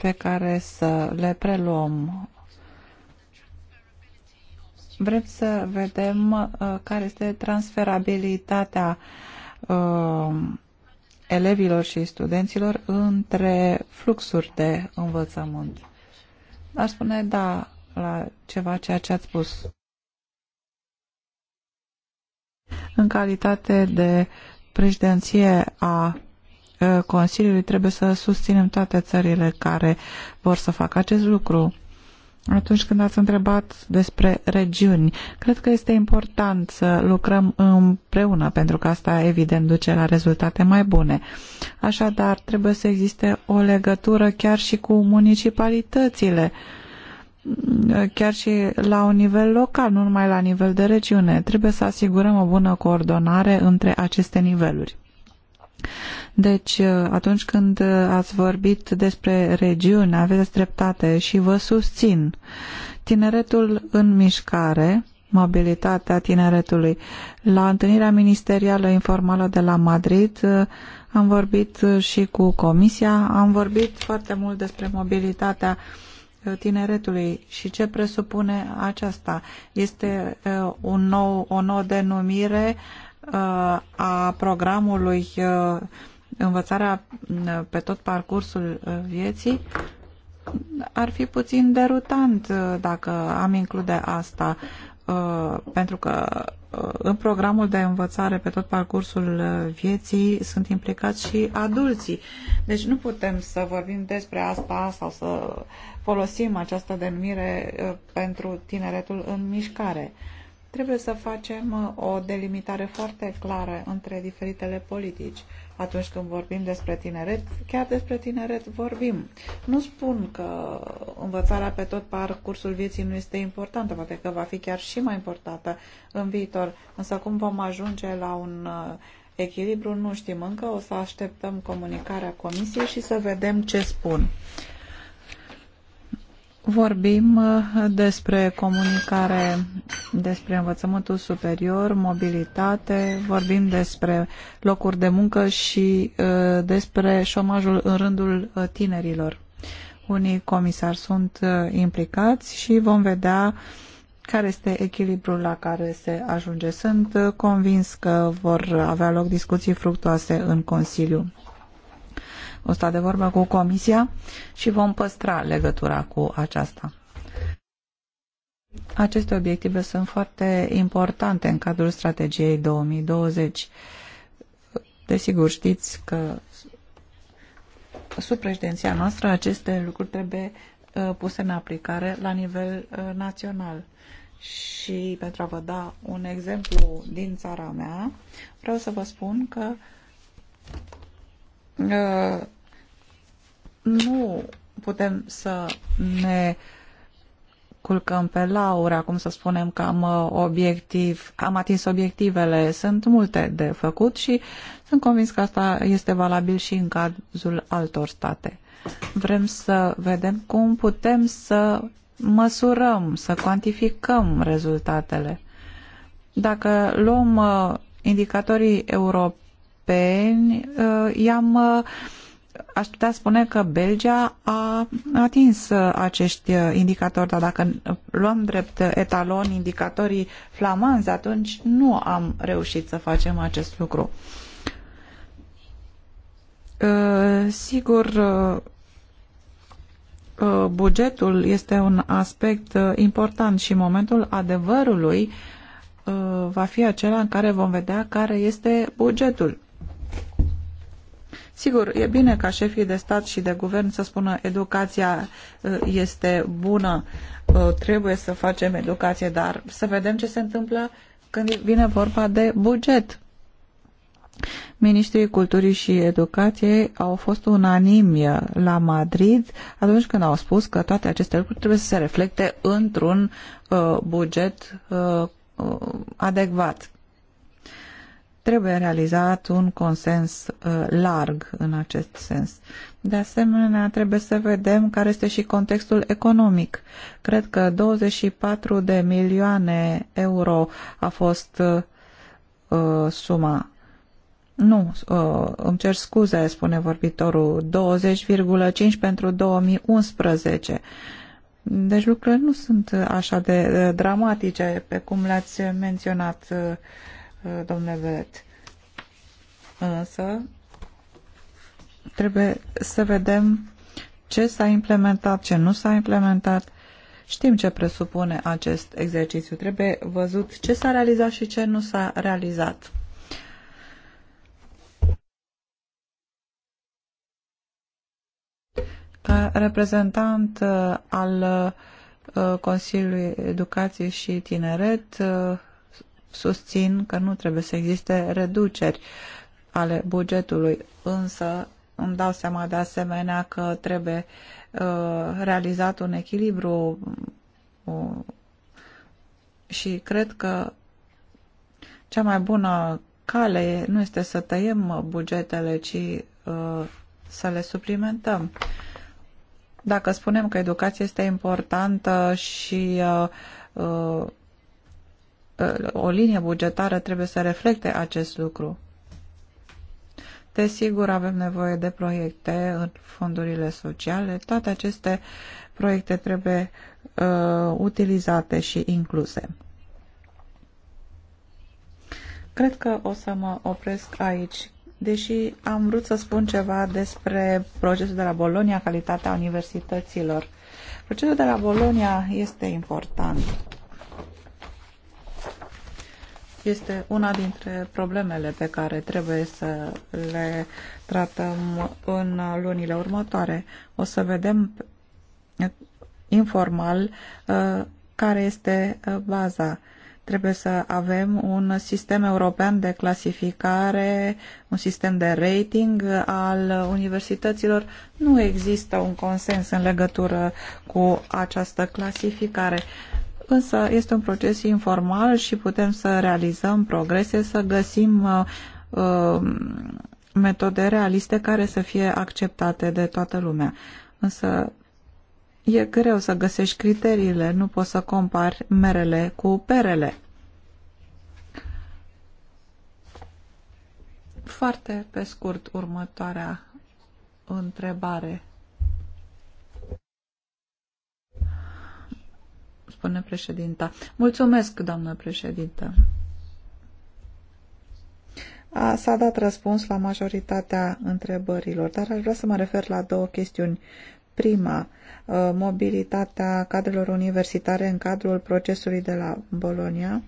pe care să le preluăm. Vrem să vedem uh, care este transferabilitatea uh, elevilor și studenților între fluxuri de învățământ. Aș spune da la ceva ceea ce ați spus. În calitate de președinție a Uh, Consiliului trebuie să susținem toate țările care vor să facă acest lucru. Atunci când ați întrebat despre regiuni, cred că este important să lucrăm împreună, pentru că asta evident duce la rezultate mai bune. Așadar, trebuie să existe o legătură chiar și cu municipalitățile, chiar și la un nivel local, nu numai la nivel de regiune. Trebuie să asigurăm o bună coordonare între aceste niveluri. Deci, uh, atunci când uh, ați vorbit despre regiune aveți dreptate și vă susțin. Tineretul în mișcare, mobilitatea tineretului. La întâlnirea ministerială informală de la Madrid uh, am vorbit și cu Comisia, am vorbit foarte mult despre mobilitatea tineretului și ce presupune aceasta. Este un nou, o nouă denumire uh, Uh, a programului uh, învățarea uh, pe tot parcursul vieții ar fi puțin derutant dacă am include asta pentru că în programul de învățare pe tot parcursul vieții sunt implicați și adulții. Deci nu putem să vorbim despre asta sau să folosim această denumire pentru tineretul în mișcare. Uh, Trebuie să facem uh, o delimitare foarte clară între diferitele politici. Atunci când vorbim despre tineret, chiar despre tineret vorbim. Nu spun că învățarea pe tot parcursul vieții nu este importantă, poate că va fi chiar și mai importantă în viitor. Însă cum vom ajunge la un uh, echilibru, nu știm încă. O să așteptăm comunicarea comisiei și să vedem ce spun. Vorbim uh, despre comunicare, despre învățământul superior, mobilitate, vorbim despre locuri de muncă și uh, despre șomajul în rândul uh, tinerilor. Unii comisari sunt implicați și vom vedea care este echilibrul la care se ajunge. Sunt convins că vor avea loc discuții fructoase în Consiliu. O sta de vorbă cu Comisia și vom păstra legătura cu aceasta. Aceste obiective sunt foarte importante în cadrul strategiei 2020. Desigur, știți că sub președinția noastră aceste lucruri trebuie uh, puse în aplicare la nivel uh, național. Și pentru a vă da un exemplu din țara mea, vreau să vă spun că
uh,
nu putem să ne culcăm pe lauri, acum să spunem că am uh, obiectiv, am atins obiectivele, sunt multe de făcut și sunt convins că asta este valabil și în cazul altor state. Vrem să vedem cum putem să măsurăm, să cuantificăm rezultatele. Dacă luăm uh, indicatorii europeni, uh, i-am aș putea spune că Belgia a atins uh, acești uh, indicatori, dar dacă luăm drept etalon indicatorii flamanzi, atunci nu am reușit să facem acest lucru. Uh, sigur, bugetul este un aspect important și momentul adevărului va fi acela în care vom vedea care este bugetul Sigur, e bine ca șefii de stat și de guvern să spună educația uh, este bună, uh, trebuie să facem educație, dar să vedem ce se întâmplă când vine vorba de buget. Ministrii Culturii și Educației au fost unanimi la Madrid atunci când au spus că toate aceste lucruri trebuie să se reflecte într-un uh, buget uh, uh adecvat. Trebuie realizat un consens uh, larg în acest sens. De asemenea, trebuie să vedem care este și contextul economic. Cred că 24 de milioane euro a fost uh, uh suma nu, uh, îmi cer scuze, spune vorbitorul, 20,5 pentru 2011. Deci lucrurile nu sunt așa de dramatice pe cum le-ați menționat Uh, domnule Velet. Însă, trebuie să vedem ce s-a implementat, ce nu s-a implementat. Știm ce presupune acest exercițiu. Trebuie văzut ce s-a realizat și ce nu s-a realizat. Ca reprezentant uh, al uh, Consiliului Educației și Tineret, susțin că nu trebuie să existe reduceri ale bugetului, însă îmi dau seama de asemenea că trebuie uh, realizat un echilibru uh, și cred că cea mai bună cale nu este să tăiem bugetele, ci uh, să le suplimentăm. Dacă spunem că educația este importantă și uh, uh o linie bugetară trebuie să reflecte acest lucru. Desigur, avem nevoie de proiecte în fondurile sociale. Toate aceste proiecte trebuie uh, utilizate și incluse. Cred că o să mă opresc aici, deși am vrut să spun ceva despre procesul de la Bolonia, calitatea universităților. Procesul de la Bolonia este important este una dintre problemele pe care trebuie să le tratăm în lunile următoare. O să vedem informal uh, care este uh, baza. Trebuie să avem un sistem european de clasificare, un sistem de rating al universităților. Nu există un consens în legătură cu această clasificare însă este un proces informal și putem să realizăm progrese, să găsim uh, uh, metode realiste care să fie acceptate de toată lumea. Însă e greu să găsești criteriile, nu poți să compari merele cu perele. Foarte pe scurt următoarea întrebare. spune președinta. Mulțumesc, doamnă președintă. S-a dat răspuns la majoritatea întrebărilor, dar aș vrea să mă refer la două chestiuni. Prima, uh, mobilitatea cadrelor universitare în cadrul procesului de la Bolonia.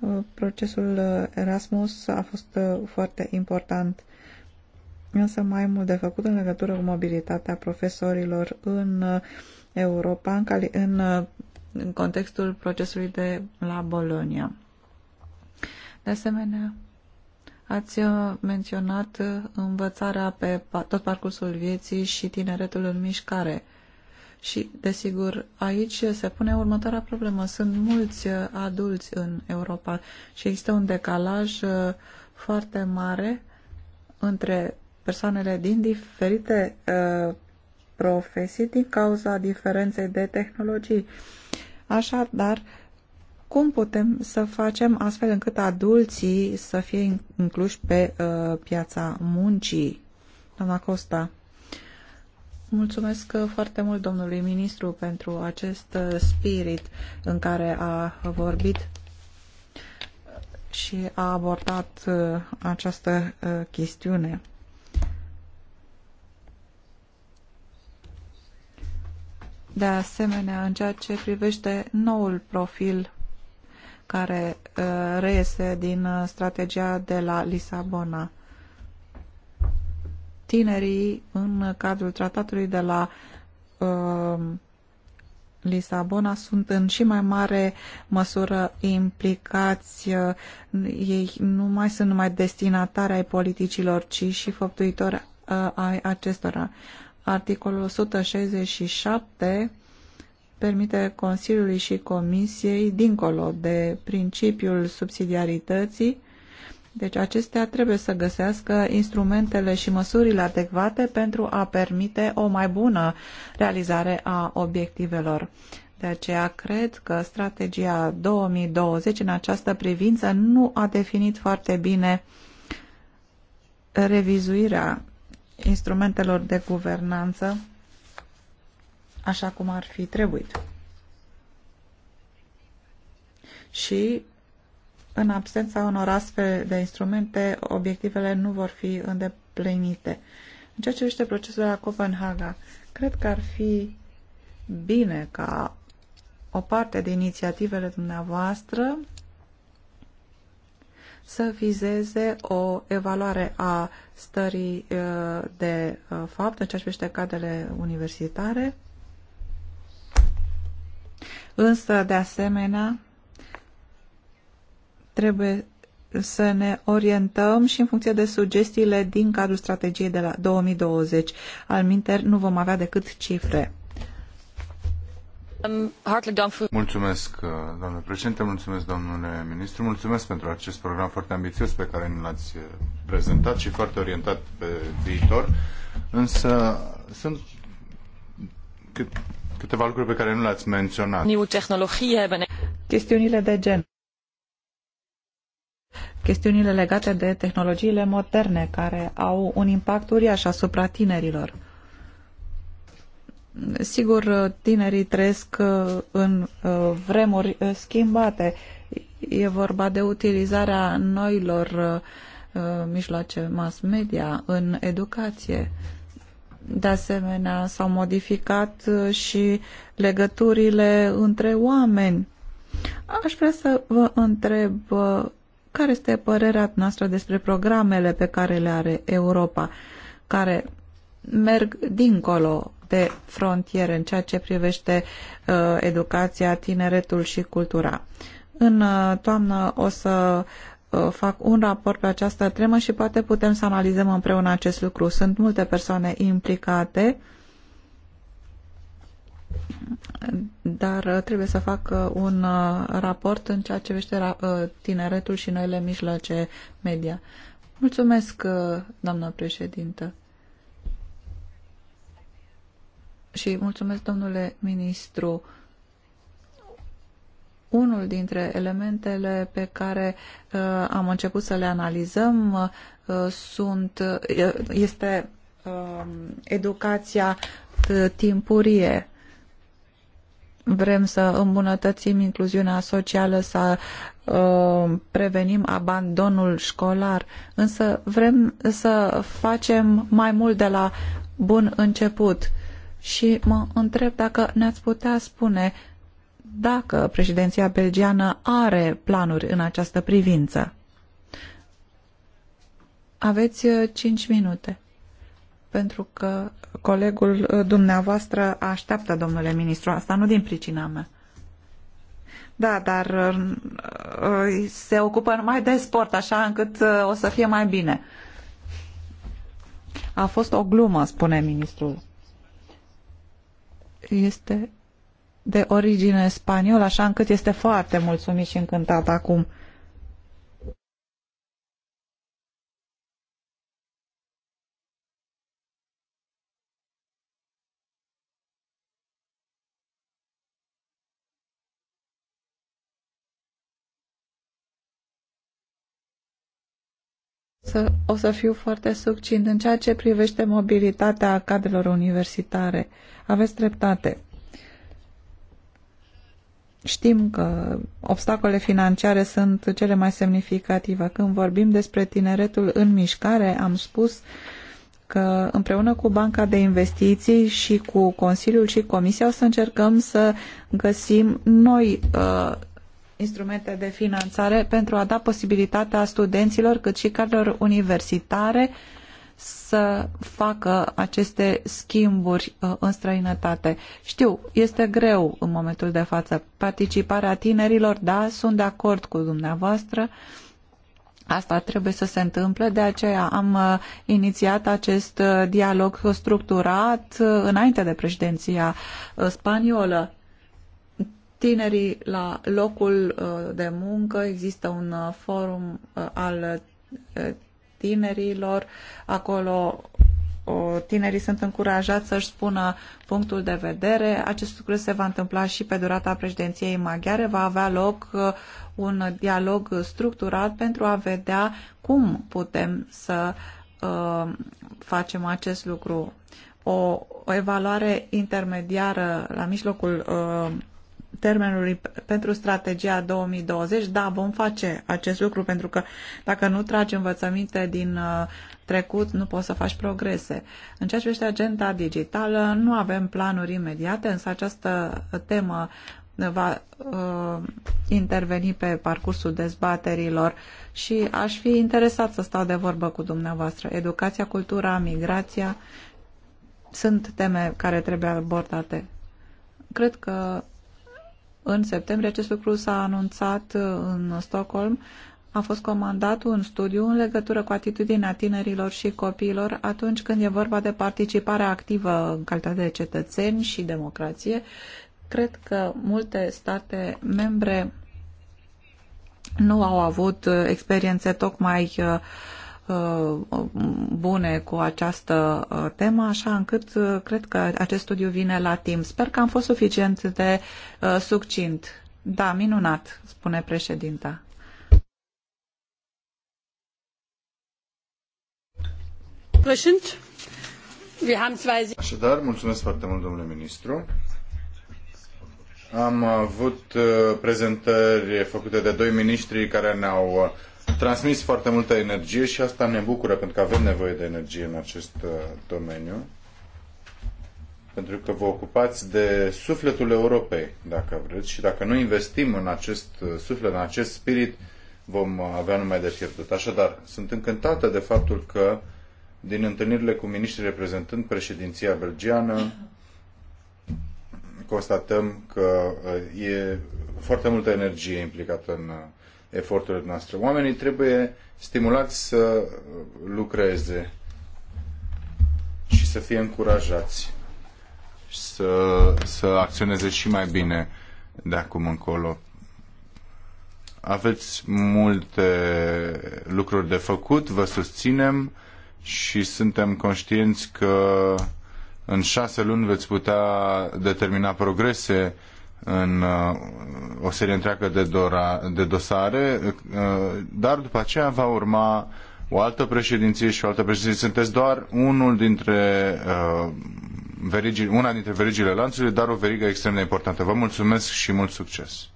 Uh, procesul uh, Erasmus a fost foarte important, însă mai mult de făcut în legătură cu mobilitatea profesorilor în Europa, în, în în contextul procesului de la Bolonia. De asemenea, ați uh, menționat uh, învățarea pe tot parcursul vieții și tineretul în mișcare. Și, desigur, aici se pune următoarea problemă. Sunt mulți uh, adulți în Europa și există un decalaj foarte mare între persoanele din diferite uh, profesii din cauza diferenței de tehnologii. Uh, Așadar, cum putem să facem astfel încât adulții să fie incluși pe uh, piața muncii? Doamna Costa. Mulțumesc uh, foarte mult domnului ministru pentru acest uh, spirit în care a vorbit și a abordat uh, această chestiune. De asemenea, în ceea ce privește noul profil care uh, reiese din uh, strategia de la Lisabona. Tinerii, în cadrul tratatului de la uh, Lisabona, sunt în și mai mare măsură implicați. Uh, ei nu mai sunt numai destinatari ai politicilor, ci și făptuitori uh, ai acestora. Articolul 167 permite Consiliului și Comisiei, dincolo de principiul subsidiarității, deci acestea trebuie să găsească instrumentele și măsurile adecvate pentru a permite o mai bună realizare a obiectivelor. De aceea cred că strategia 2020 în această privință nu a definit foarte bine revizuirea instrumentelor de guvernanță așa cum ar fi trebuit. Și în absența unor astfel de instrumente, obiectivele nu vor fi îndeplinite. În ceea ce este procesul la Copenhaga, cred că ar fi bine ca o parte de inițiativele dumneavoastră să vizeze o evaluare a stării uh, de uh, fapt în ceea ce privește cadrele universitare, însă, de asemenea, trebuie să ne orientăm și în funcție de sugestiile din cadrul strategiei de la 2020. Al minter, nu vom avea decât cifre.
Ehm,
mulțumesc, eh, doamnă președinte, mulțumesc, domnule ministru, mulțumesc pentru acest program foarte ambițios pe care ni l-ați eh, prezentat și foarte orientat pe viitor, însă sunt câteva lucruri pe care nu le-ați menționat.
Chestiunile de gen. Chestiunile legate de tehnologiile moderne care au un impact uriaș asupra tinerilor Sigur, tinerii trăiesc uh, în uh, vremuri uh, schimbate. E vorba de utilizarea noilor mijloace mass media în educație. De asemenea, s-au modificat și legăturile între oameni. Aș vrea să vă întreb care este părerea noastră despre programele pe care le are Europa, care merg dincolo aceste frontiere în ceea ce privește uh, educația, tineretul și cultura. În uh, toamnă o să uh, fac un raport pe această temă și poate putem să analizăm împreună acest lucru. Sunt multe persoane implicate, dar uh, trebuie să fac uh, un uh, raport în ceea ce privește tineretul și noile mijloace media. Mulțumesc, doamnă președintă. și mulțumesc, domnule ministru, unul dintre elementele pe care uh, am început să le analizăm uh, sunt, uh, este um, uh, educația timpurie. Vrem să îmbunătățim incluziunea socială, să uh, prevenim abandonul școlar, însă vrem să facem mai mult de la bun început. Uh, și mă întreb dacă ne-ați putea spune dacă președinția belgiană are planuri în această privință. Aveți 5 uh, minute, pentru că colegul uh, dumneavoastră așteaptă, domnule ministru, asta nu din pricina mea. Da, dar uh, se ocupă numai de sport, așa încât o să fie mai bine. A fost o glumă, spune ministrul este de origine spaniolă, așa încât este foarte mulțumit și încântat acum. să, o să fiu foarte succint în ceea ce privește mobilitatea cadrelor universitare. Aveți dreptate. Știm că obstacole financiare sunt cele mai semnificative. Când vorbim despre tineretul în mișcare, am spus că împreună cu Banca de Investiții și cu Consiliul și Comisia o să încercăm să găsim noi uh, instrumente de finanțare pentru a da posibilitatea studenților cât și cadrelor universitare să facă aceste schimburi uh, în străinătate. Știu, este greu în momentul de față. Participarea tinerilor, da, sunt de acord cu dumneavoastră, Asta trebuie să se întâmple, de aceea am uh, inițiat acest uh, dialog structurat înainte de președinția spaniolă tinerii la locul uh, de muncă, există un uh, forum uh, al tinerilor, acolo tinerii sunt încurajați să-și spună punctul de vedere. Acest lucru se va întâmpla și pe durata președinției maghiare. Va avea loc un dialog structurat pentru a vedea cum putem să uh, facem acest lucru. O, o evaluare intermediară la mijlocul uh, termenului pentru strategia 2020, da, vom face acest lucru, pentru că dacă nu tragi învățăminte din uh, trecut, nu poți să faci progrese. În ceea ce privește agenda digitală, nu avem planuri imediate, însă această temă va uh, interveni pe parcursul dezbaterilor și aș fi interesat să stau de vorbă cu dumneavoastră. Educația, cultura, migrația sunt teme care trebuie abordate. Cred că în septembrie acest lucru s-a anunțat uh, în Stockholm. A fost comandat un studiu în legătură cu atitudinea tinerilor și copiilor atunci când e vorba de participare activă în calitate de cetățeni și democrație. Cred că multe state membre nu au avut uh, experiențe tocmai uh, Uh, bune cu această uh, temă, așa încât uh, cred că acest studiu vine la timp. Sper că am fost suficient de succint. Da, minunat, spune președinta.
Așadar, mulțumesc foarte mult, domnule ministru. Am avut prezentări făcute de doi ministri care ne-au transmis foarte multă energie și asta ne bucură pentru că avem nevoie de energie în acest uh, domeniu. Pentru că vă ocupați de sufletul Europei, dacă vreți, și dacă nu investim în acest uh, suflet, în acest spirit, vom uh, avea numai de pierdut. Așadar, sunt încântată de faptul că din întâlnirile cu miniștri reprezentând președinția belgiană, constatăm că e foarte multă energie implicată în eforturile noastre. Oamenii trebuie stimulați să lucreze și să fie încurajați să, să acționeze și mai bine de acum încolo. Aveți multe lucruri de făcut, vă susținem și suntem conștienți că în șase luni veți putea determina progrese în uh, o serie întreagă de, dora, de dosare, uh, dar după aceea va urma o altă președinție și o altă președinție. Sunteți doar unul dintre uh, verigi, una dintre verigile lanțului, dar o verigă extrem de importantă. Vă mulțumesc și mult succes!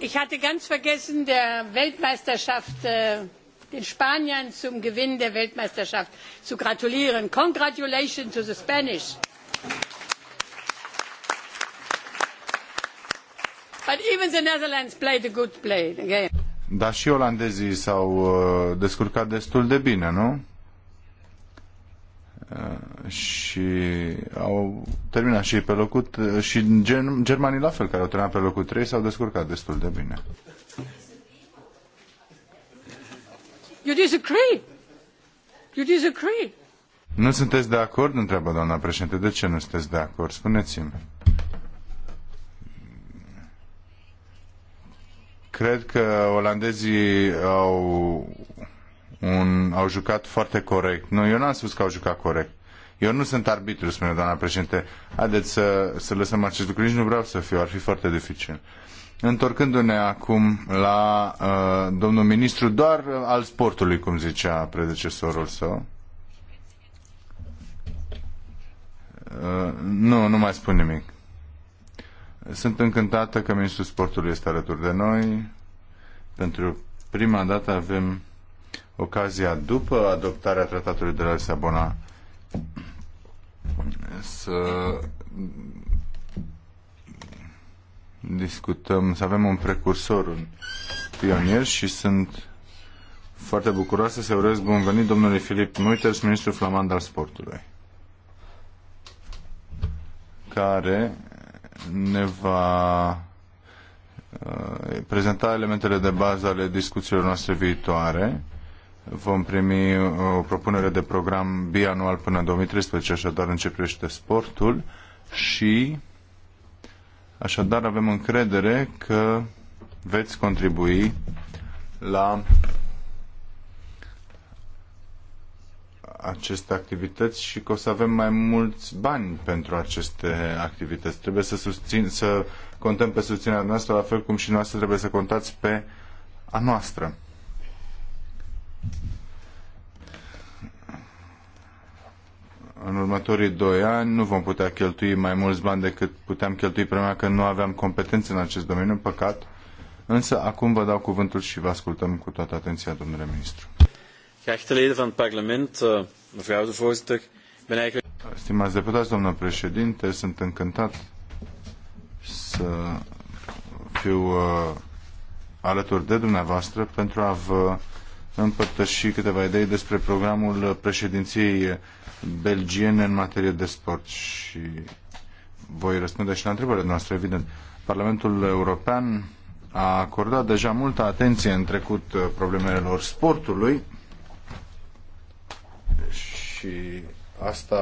ich hatte ganz vergessen, der Weltmeisterschaft, äh, den Spaniern zum Gewinn der Weltmeisterschaft zu gratulieren. Congratulations to the Spanish. But even the Netherlands played a good play. Again.
Dar și olandezii s-au uh, descurcat destul de bine, nu? Uh, și au terminat și pe locul și germanii la fel care au terminat pe locul 3 s-au descurcat destul de bine.
You disagree. You disagree.
Nu sunteți de acord? Întreabă doamna președinte. De ce nu sunteți de acord? Spuneți-mi. Cred că olandezii au un, au jucat foarte corect. Nu, eu n-am spus că au jucat corect. Eu nu sunt arbitru, spune doamna președinte. Haideți să, să lăsăm acest lucru. Nici nu vreau să fiu, ar fi foarte dificil. Întorcându-ne acum la uh, domnul ministru, doar al sportului, cum zicea predecesorul său. Uh, nu, nu mai spun nimic. Sunt încântată că ministrul sportului este alături de noi. Pentru prima dată avem ocazia după adoptarea tratatului de la Lisabona să discutăm, să avem un precursor, un pionier și sunt foarte bucuroasă să urez bun venit domnului Filip Muiters, ministrul flamand al sportului, care ne va uh, prezenta elementele de bază ale discuțiilor noastre viitoare Vom primi uh, o propunere de program bianual până în 2013, așadar începește sportul și așadar avem încredere că veți contribui la aceste activități și că o să avem mai mulți bani pentru aceste activități. Trebuie să susțin, să contăm pe susținerea noastră, la fel cum și noastră trebuie să contați pe a noastră în următorii doi ani nu vom putea cheltui mai mulți bani decât puteam cheltui pe că nu aveam competențe în acest domeniu, păcat. Însă acum vă dau cuvântul și vă ascultăm cu toată atenția, domnule ministru.
Äh, de
Stimați deputați, domnule președinte, sunt încântat să fiu äh, alături de dumneavoastră pentru a vă împărtăși câteva idei despre programul președinției belgiene în materie de sport și voi răspunde și la întrebările noastre, evident. Parlamentul European a acordat deja multă atenție în trecut problemelor sportului și asta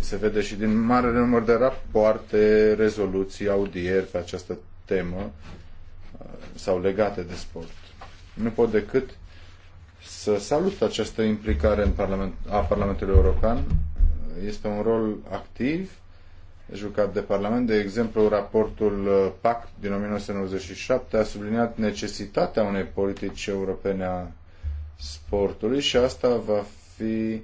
se vede și din mare număr de rapoarte, rezoluții, audieri pe această temă uh, sau legate de sport. Nu pot decât să salut această implicare în Parlament, a Parlamentului European. Este un rol activ jucat de Parlament. De exemplu, raportul uh, PAC din 1997 a subliniat necesitatea unei politici europene a sportului și asta va fi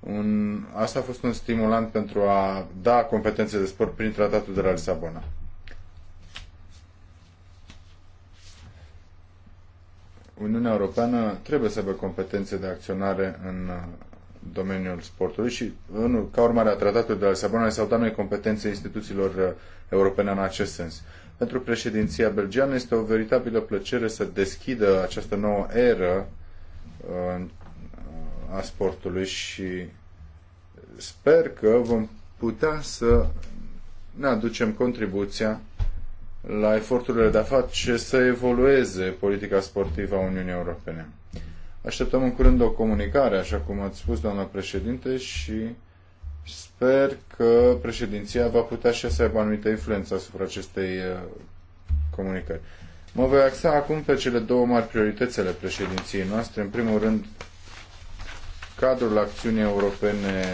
un, asta a fost un stimulant pentru a da competențe de sport prin tratatul de la Lisabona. Uniunea Europeană trebuie să aibă competențe de acționare în uh, domeniul sportului și în, ca urmare a tratatului de la Lisabona s-au dat noi competențe instituțiilor uh, europene în acest sens. Pentru președinția belgiană este o veritabilă plăcere să deschidă această nouă eră uh, a sportului și sper că vom putea să ne aducem contribuția la eforturile de a face să evolueze politica sportivă a Uniunii Europene. Așteptăm în curând o comunicare, așa cum ați spus, doamna președinte, și sper că președinția va putea și să aibă anumită influență asupra acestei uh, comunicări. Mă voi axa acum pe cele două mari priorități ale președinției noastre. În primul rând, cadrul acțiunii europene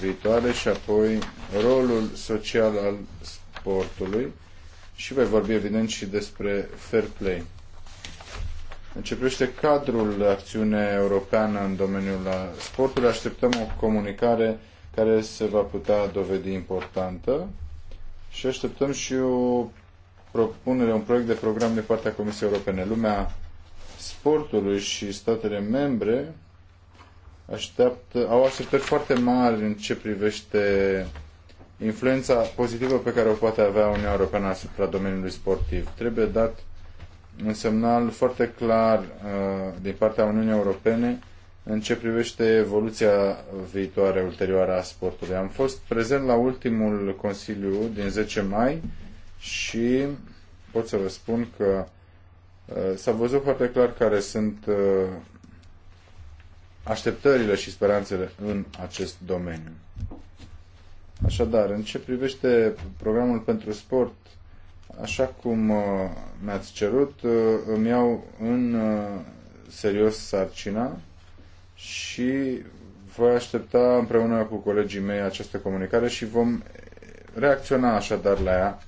viitoare și apoi rolul social al sportului și vei vorbi, evident, și despre fair play. În ce privește cadrul acțiune europeană în domeniul sportului. Așteptăm o comunicare care se va putea dovedi importantă și așteptăm și o propunere, un proiect de program de partea Comisiei Europene. Lumea sportului și statele membre așteaptă, au așteptări foarte mari în ce privește influența pozitivă pe care o poate avea Uniunea Europeană asupra domeniului sportiv. Trebuie dat un semnal foarte clar uh, din partea Uniunii Europene în ce privește evoluția viitoare ulterioară a sportului. Am fost prezent la ultimul Consiliu din 10 mai și pot să vă spun că uh, s-a văzut foarte clar care sunt uh, așteptările și speranțele în acest domeniu. Așadar, în ce privește programul pentru sport, așa cum uh, mi-ați cerut, uh, îmi iau în uh, serios sarcina și voi aștepta împreună cu colegii mei această comunicare și vom reacționa așadar la ea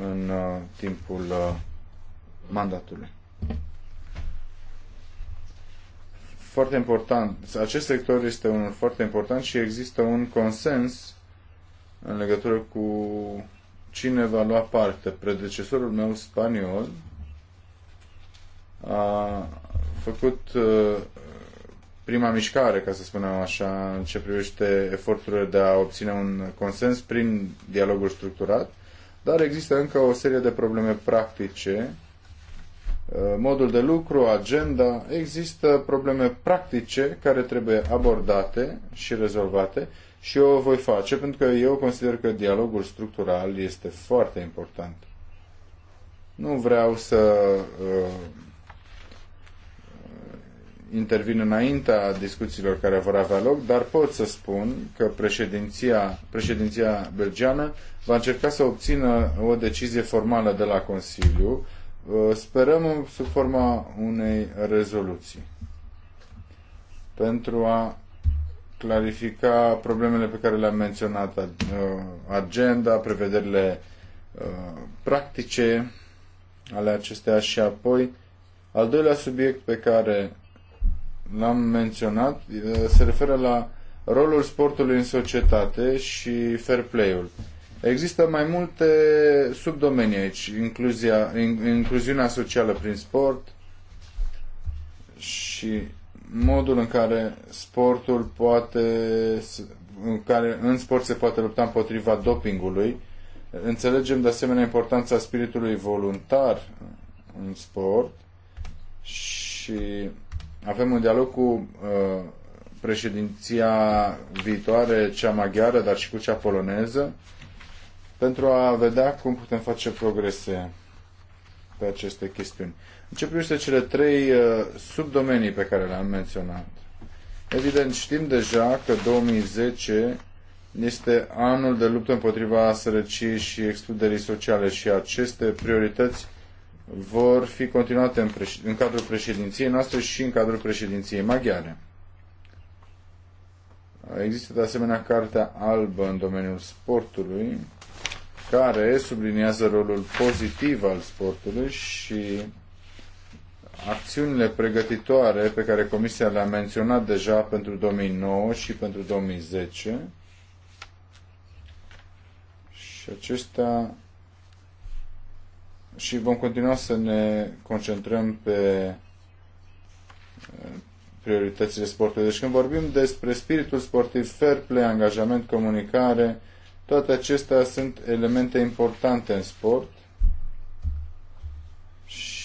în timpul mandatului. Foarte important. Acest sector este unul foarte important și există un consens în legătură cu cine va lua parte. Predecesorul meu spaniol a făcut uh, prima mișcare, ca să spunem așa, în ce privește eforturile de a obține un consens prin dialogul structurat, dar există încă o serie de probleme practice, uh, modul de lucru, agenda, există probleme practice care trebuie abordate și rezolvate și eu o voi face pentru că eu consider că dialogul structural este foarte important. Nu vreau să uh, intervin înaintea discuțiilor care vor avea loc, dar pot să spun că președinția, președinția belgeană va încerca să obțină o decizie formală de la Consiliu, uh, sperăm sub forma unei rezoluții pentru a clarifica problemele pe care le-am menționat, uh, agenda, prevederile uh, practice ale acestea și apoi al doilea subiect pe care l-am menționat uh, se referă la rolul sportului în societate și fair play-ul. Există mai multe subdomenii aici, incluzia, incluziunea socială prin sport și modul în care sportul poate, în care în sport se poate lupta împotriva dopingului. Înțelegem de asemenea importanța spiritului voluntar în sport și avem un dialog cu uh, președinția viitoare, cea maghiară, dar și cu cea poloneză, pentru a vedea cum putem face progrese pe aceste chestiuni. În ce privește cele trei uh, subdomenii pe care le-am menționat, evident știm deja că 2010 este anul de luptă împotriva sărăciei și excluderii sociale și aceste priorități vor fi continuate în, preș- în cadrul președinției noastre și în cadrul președinției maghiare. Există de asemenea Cartea Albă în domeniul sportului, care subliniază rolul pozitiv al sportului și acțiunile pregătitoare pe care Comisia le-a menționat deja pentru 2009 și pentru 2010 și acestea și vom continua să ne concentrăm pe eh, prioritățile sportului. Deci când vorbim despre spiritul sportiv, fair play, angajament, comunicare, toate acestea sunt elemente importante în sport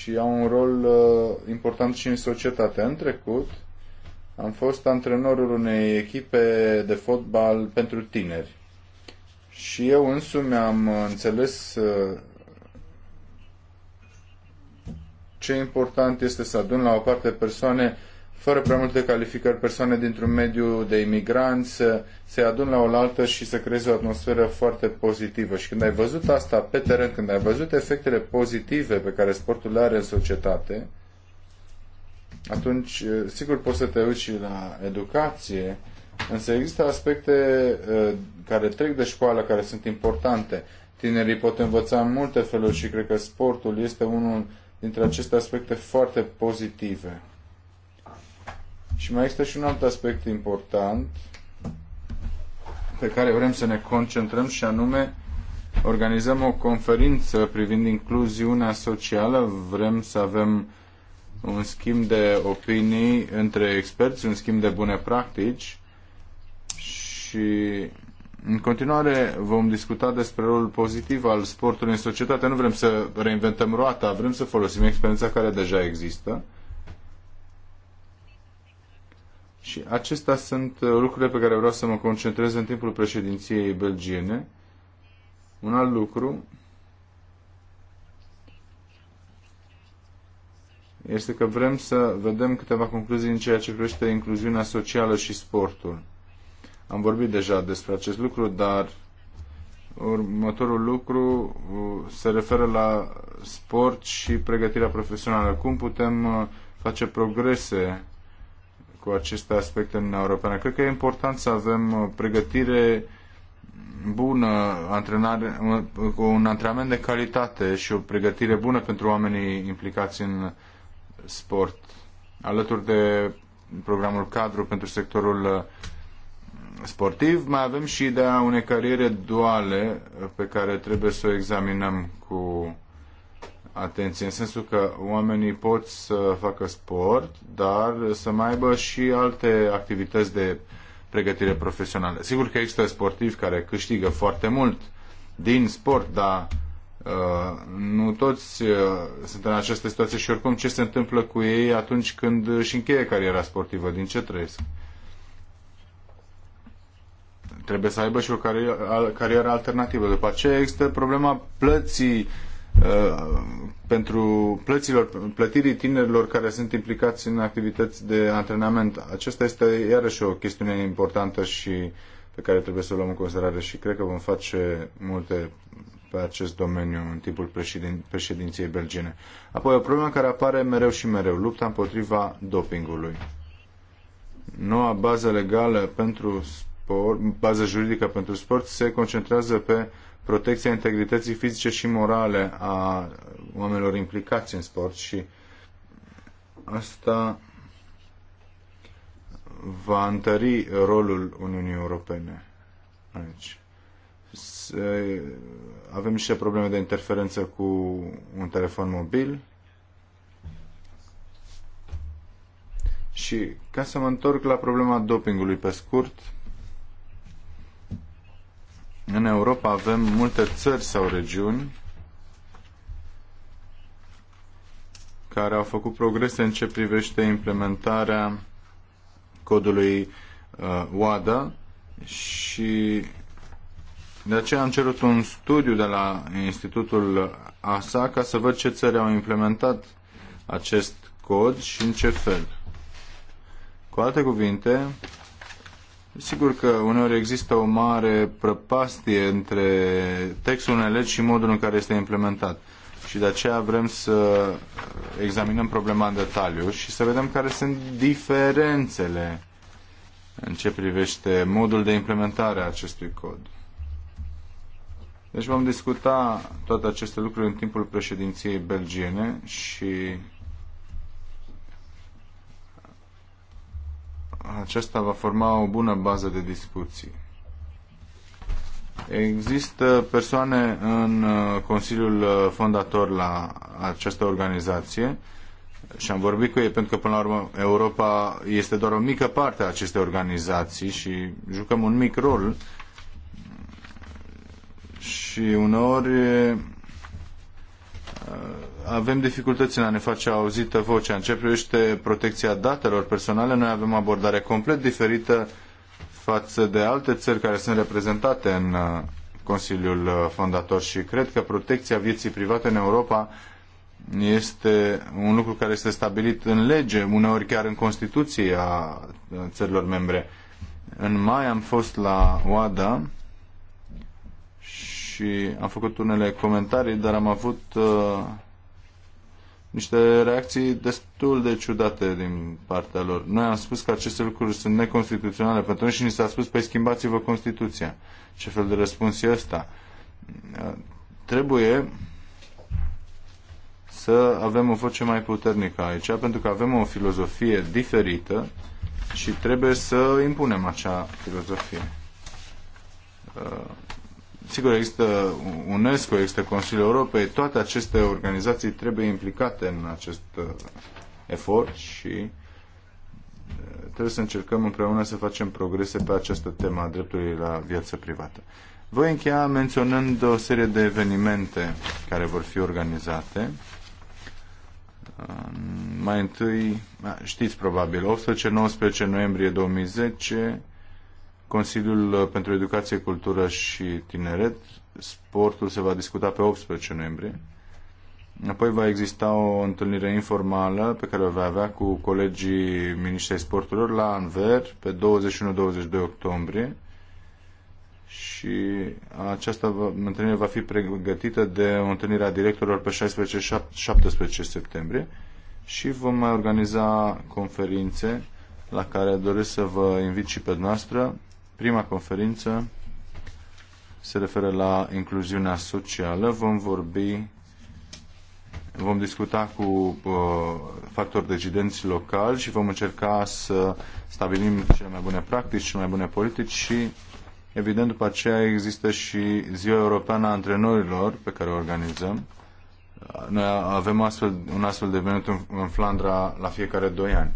și au un rol uh, important și în societate. În trecut am fost antrenorul unei echipe de fotbal pentru tineri și eu însumi am înțeles uh, ce important este să adun la o parte persoane fără prea multe calificări, persoane dintr-un mediu de imigranți să se adun la oaltă și să creeze o atmosferă foarte pozitivă. Și când ai văzut asta pe teren, când ai văzut efectele pozitive pe care sportul le are în societate, atunci, eh, sigur, poți să te uiți și la educație, însă există aspecte eh, care trec de școală, care sunt importante. Tinerii pot învăța în multe feluri și cred că sportul este unul dintre aceste aspecte foarte pozitive. Și mai există și un alt aspect important pe care vrem să ne concentrăm și anume organizăm o conferință privind incluziunea socială. Vrem să avem un schimb de opinii între experți, un schimb de bune practici și în continuare vom discuta despre rolul pozitiv al sportului în societate. Nu vrem să reinventăm roata, vrem să folosim experiența care deja există Și acestea sunt uh, lucrurile pe care vreau să mă concentrez în timpul președinției belgiene. Un alt lucru este că vrem să vedem câteva concluzii în ceea ce privește incluziunea socială și sportul. Am vorbit deja despre acest lucru, dar următorul lucru uh, se referă la sport și pregătirea profesională. Cum putem uh, face progrese cu aceste aspecte în Uniunea Europeană. Cred că e important să avem uh, pregătire bună, antrenare, uh, un antrenament de calitate și o pregătire bună pentru oamenii implicați în sport, alături de programul cadru pentru sectorul uh, sportiv, mai avem și ideea unei cariere duale pe care trebuie să o examinăm cu atenție, în sensul că oamenii pot să facă sport, dar să mai aibă și alte activități de pregătire profesională. Sigur că există sportivi care câștigă foarte mult din sport, dar uh, nu toți uh, sunt în această situație și oricum ce se întâmplă cu ei atunci când își încheie cariera sportivă, din ce trăiesc. Trebuie să aibă și o carieră, alternativă. După aceea există problema plății uh, Uh, pentru plăților, plătirii tinerilor care sunt implicați în activități de antrenament. Acesta este iarăși o chestiune importantă și pe care trebuie să o luăm în considerare și cred că vom face multe pe acest domeniu în timpul președin, președinției belgiene. Apoi o problemă care apare mereu și mereu, lupta împotriva dopingului. Noua bază legală pentru sport, bază juridică pentru sport se concentrează pe protecția integrității fizice și morale a oamenilor implicați în sport și asta va întări rolul Uniunii Europene aici. Avem niște probleme de interferență cu un telefon mobil și ca să mă întorc la problema dopingului pe scurt, în Europa avem multe țări sau regiuni care au făcut progrese în ce privește implementarea codului uh, WADA și de aceea am cerut un studiu de la Institutul ASA ca să văd ce țări au implementat acest cod și în ce fel. Cu alte cuvinte, Sigur că uneori există o mare prăpastie între textul unei legi și modul în care este implementat. Și de aceea vrem să examinăm problema în detaliu și să vedem care sunt diferențele în ce privește modul de implementare a acestui cod. Deci vom discuta toate aceste lucruri în timpul președinției belgiene și aceasta va forma o bună bază de discuții. Există persoane în uh, Consiliul uh, Fondator la această organizație și am vorbit cu ei pentru că, până la urmă, Europa este doar o mică parte a acestei organizații și jucăm un mic rol și uneori Uh, avem dificultăți în a ne face auzită vocea. În ce privește protecția datelor personale, noi avem abordare complet diferită față de alte țări care sunt reprezentate în uh, Consiliul uh, Fondator și cred că protecția vieții private în Europa este un lucru care este stabilit în lege, uneori chiar în Constituție a țărilor membre. În mai am fost la OADA, și am făcut unele comentarii, dar am avut uh, niște reacții destul de ciudate din partea lor. Noi am spus că aceste lucruri sunt neconstituționale pentru că și ni s-a spus, păi schimbați-vă Constituția. Ce fel de răspuns e ăsta? Uh, trebuie să avem o voce mai puternică aici, pentru că avem o filozofie diferită și trebuie să impunem acea filozofie. Uh, Sigur, există UNESCO, există Consiliul Europei, toate aceste organizații trebuie implicate în acest uh, efort și uh, trebuie să încercăm împreună să facem progrese pe această temă a dreptului la viață privată. Voi încheia menționând o serie de evenimente care vor fi organizate. Mai întâi, știți probabil, 18-19 noiembrie 2010 Consiliul uh, pentru Educație, Cultură și Tineret. Sportul se va discuta pe 18 noiembrie. Apoi va exista o întâlnire informală pe care o va avea cu colegii Ministrei Sporturilor la Anver pe 21-22 octombrie și această întâlnire va fi pregătită de o întâlnire a directorilor pe 16-17 septembrie și vom mai organiza conferințe la care doresc să vă invit și pe noastră Prima conferință se referă la incluziunea socială. Vom vorbi, vom discuta cu uh, factori decidenți locali și vom încerca să stabilim cele mai bune practici, cele mai bune politici și, evident, după aceea există și Ziua Europeană a Antrenorilor pe care o organizăm. Noi avem astfel, un astfel de venit în, în Flandra la fiecare doi ani.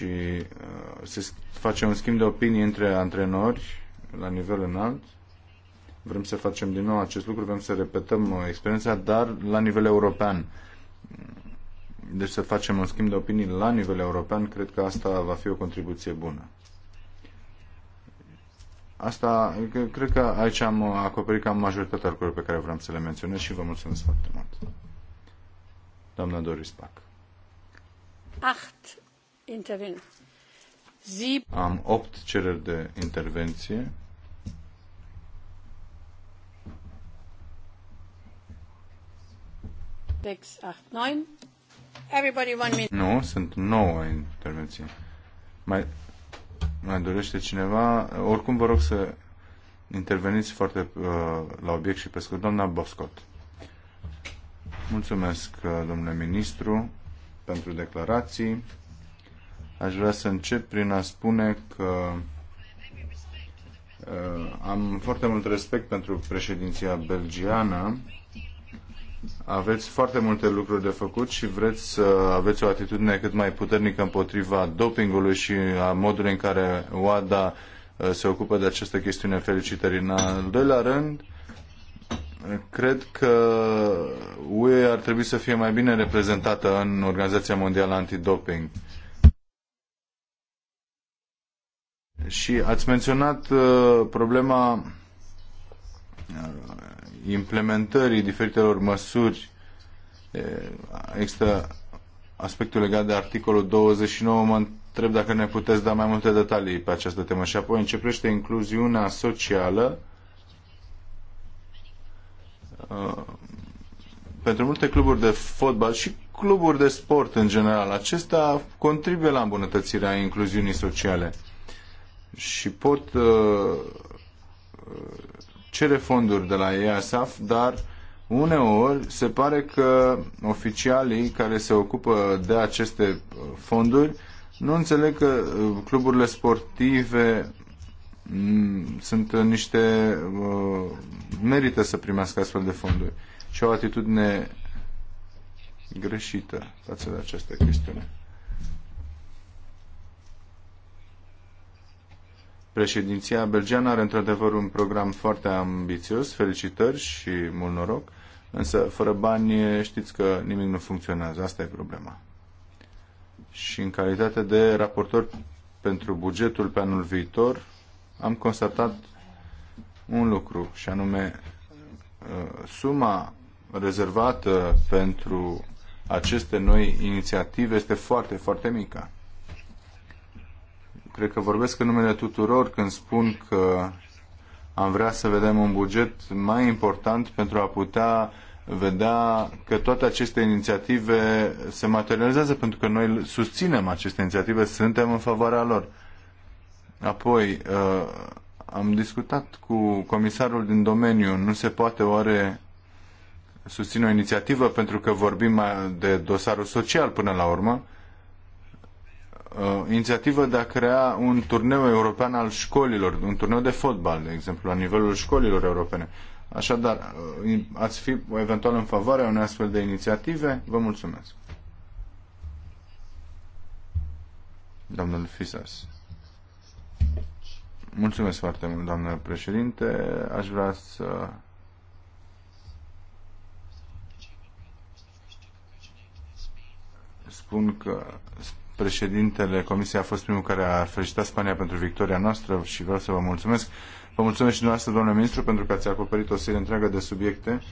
și uh, se face un schimb de opinii între antrenori la nivel înalt. Vrem să facem din nou acest lucru, vrem să repetăm uh, experiența, dar la nivel european. Deci să facem un schimb de opinii la nivel european, cred că asta va fi o contribuție bună. Asta, cred că aici am acoperit cam majoritatea lucrurilor pe care vreau să le menționez și vă mulțumesc foarte mult. Doamna Doris Pac.
Acht intervin. Zi...
Am opt cereri de intervenție.
Sechs, 8, 9. Everybody one minute. Nu,
sunt nouă intervenții. Mai, mai dorește cineva? Oricum vă rog să interveniți foarte uh, la obiect și pe scurt. Doamna Boscot. Mulțumesc, uh, domnule ministru, pentru declarații. Aș vrea să încep prin a spune că uh, am foarte mult respect pentru președinția belgiană. Aveți foarte multe lucruri de făcut și vreți să aveți o atitudine cât mai puternică împotriva dopingului și a modului în care OADA uh, se ocupă de această chestiune. Felicitări. În al doilea rând, cred că UE ar trebui să fie mai bine reprezentată în Organizația Mondială Antidoping. Uh, Și ați menționat uh, problema uh, implementării diferitelor măsuri. Uh, există aspectul legat de articolul 29. Mă întreb dacă ne puteți da mai multe detalii pe această temă. Și apoi începește incluziunea socială. Pentru multe cluburi de fotbal și cluburi de sport în general, acestea contribuie la îmbunătățirea incluziunii sociale și pot uh, uh, cere fonduri de la EASAF, dar uneori se pare că oficialii care se ocupă de aceste uh, fonduri nu înțeleg că uh, cluburile sportive mm, sunt niște merită să primească astfel de fonduri și au o atitudine greșită față de această chestiune. Președinția belgeană are într-adevăr un program foarte ambițios, felicitări și mult noroc, însă fără bani știți că nimic nu funcționează, asta e problema. Și în calitate de raportor pentru bugetul pe anul viitor, am constatat un lucru, și anume uh, suma rezervată pentru aceste noi inițiative este foarte, foarte mică. Cred că vorbesc în numele tuturor când spun că am vrea să vedem un buget mai important pentru a putea vedea că toate aceste inițiative se materializează pentru că noi susținem aceste inițiative, suntem în favoarea lor. Apoi, uh, am discutat cu comisarul din domeniu, nu se poate oare susține o inițiativă pentru că vorbim de dosarul social până la urmă, uh, inițiativă de a crea un turneu european al școlilor, un turneu de fotbal, de exemplu, la nivelul școlilor europene. Așadar, uh, ați fi eventual în favoarea unei astfel de inițiative? Vă mulțumesc. Domnul Fisas. Mulțumesc foarte mult, doamnă președinte. Aș vrea să spun că președintele Comisiei a fost primul care a felicitat Spania pentru victoria noastră și vreau să vă mulțumesc. Vă mulțumesc și dumneavoastră, domnule ministru, pentru că ați acoperit o serie întreagă de subiecte.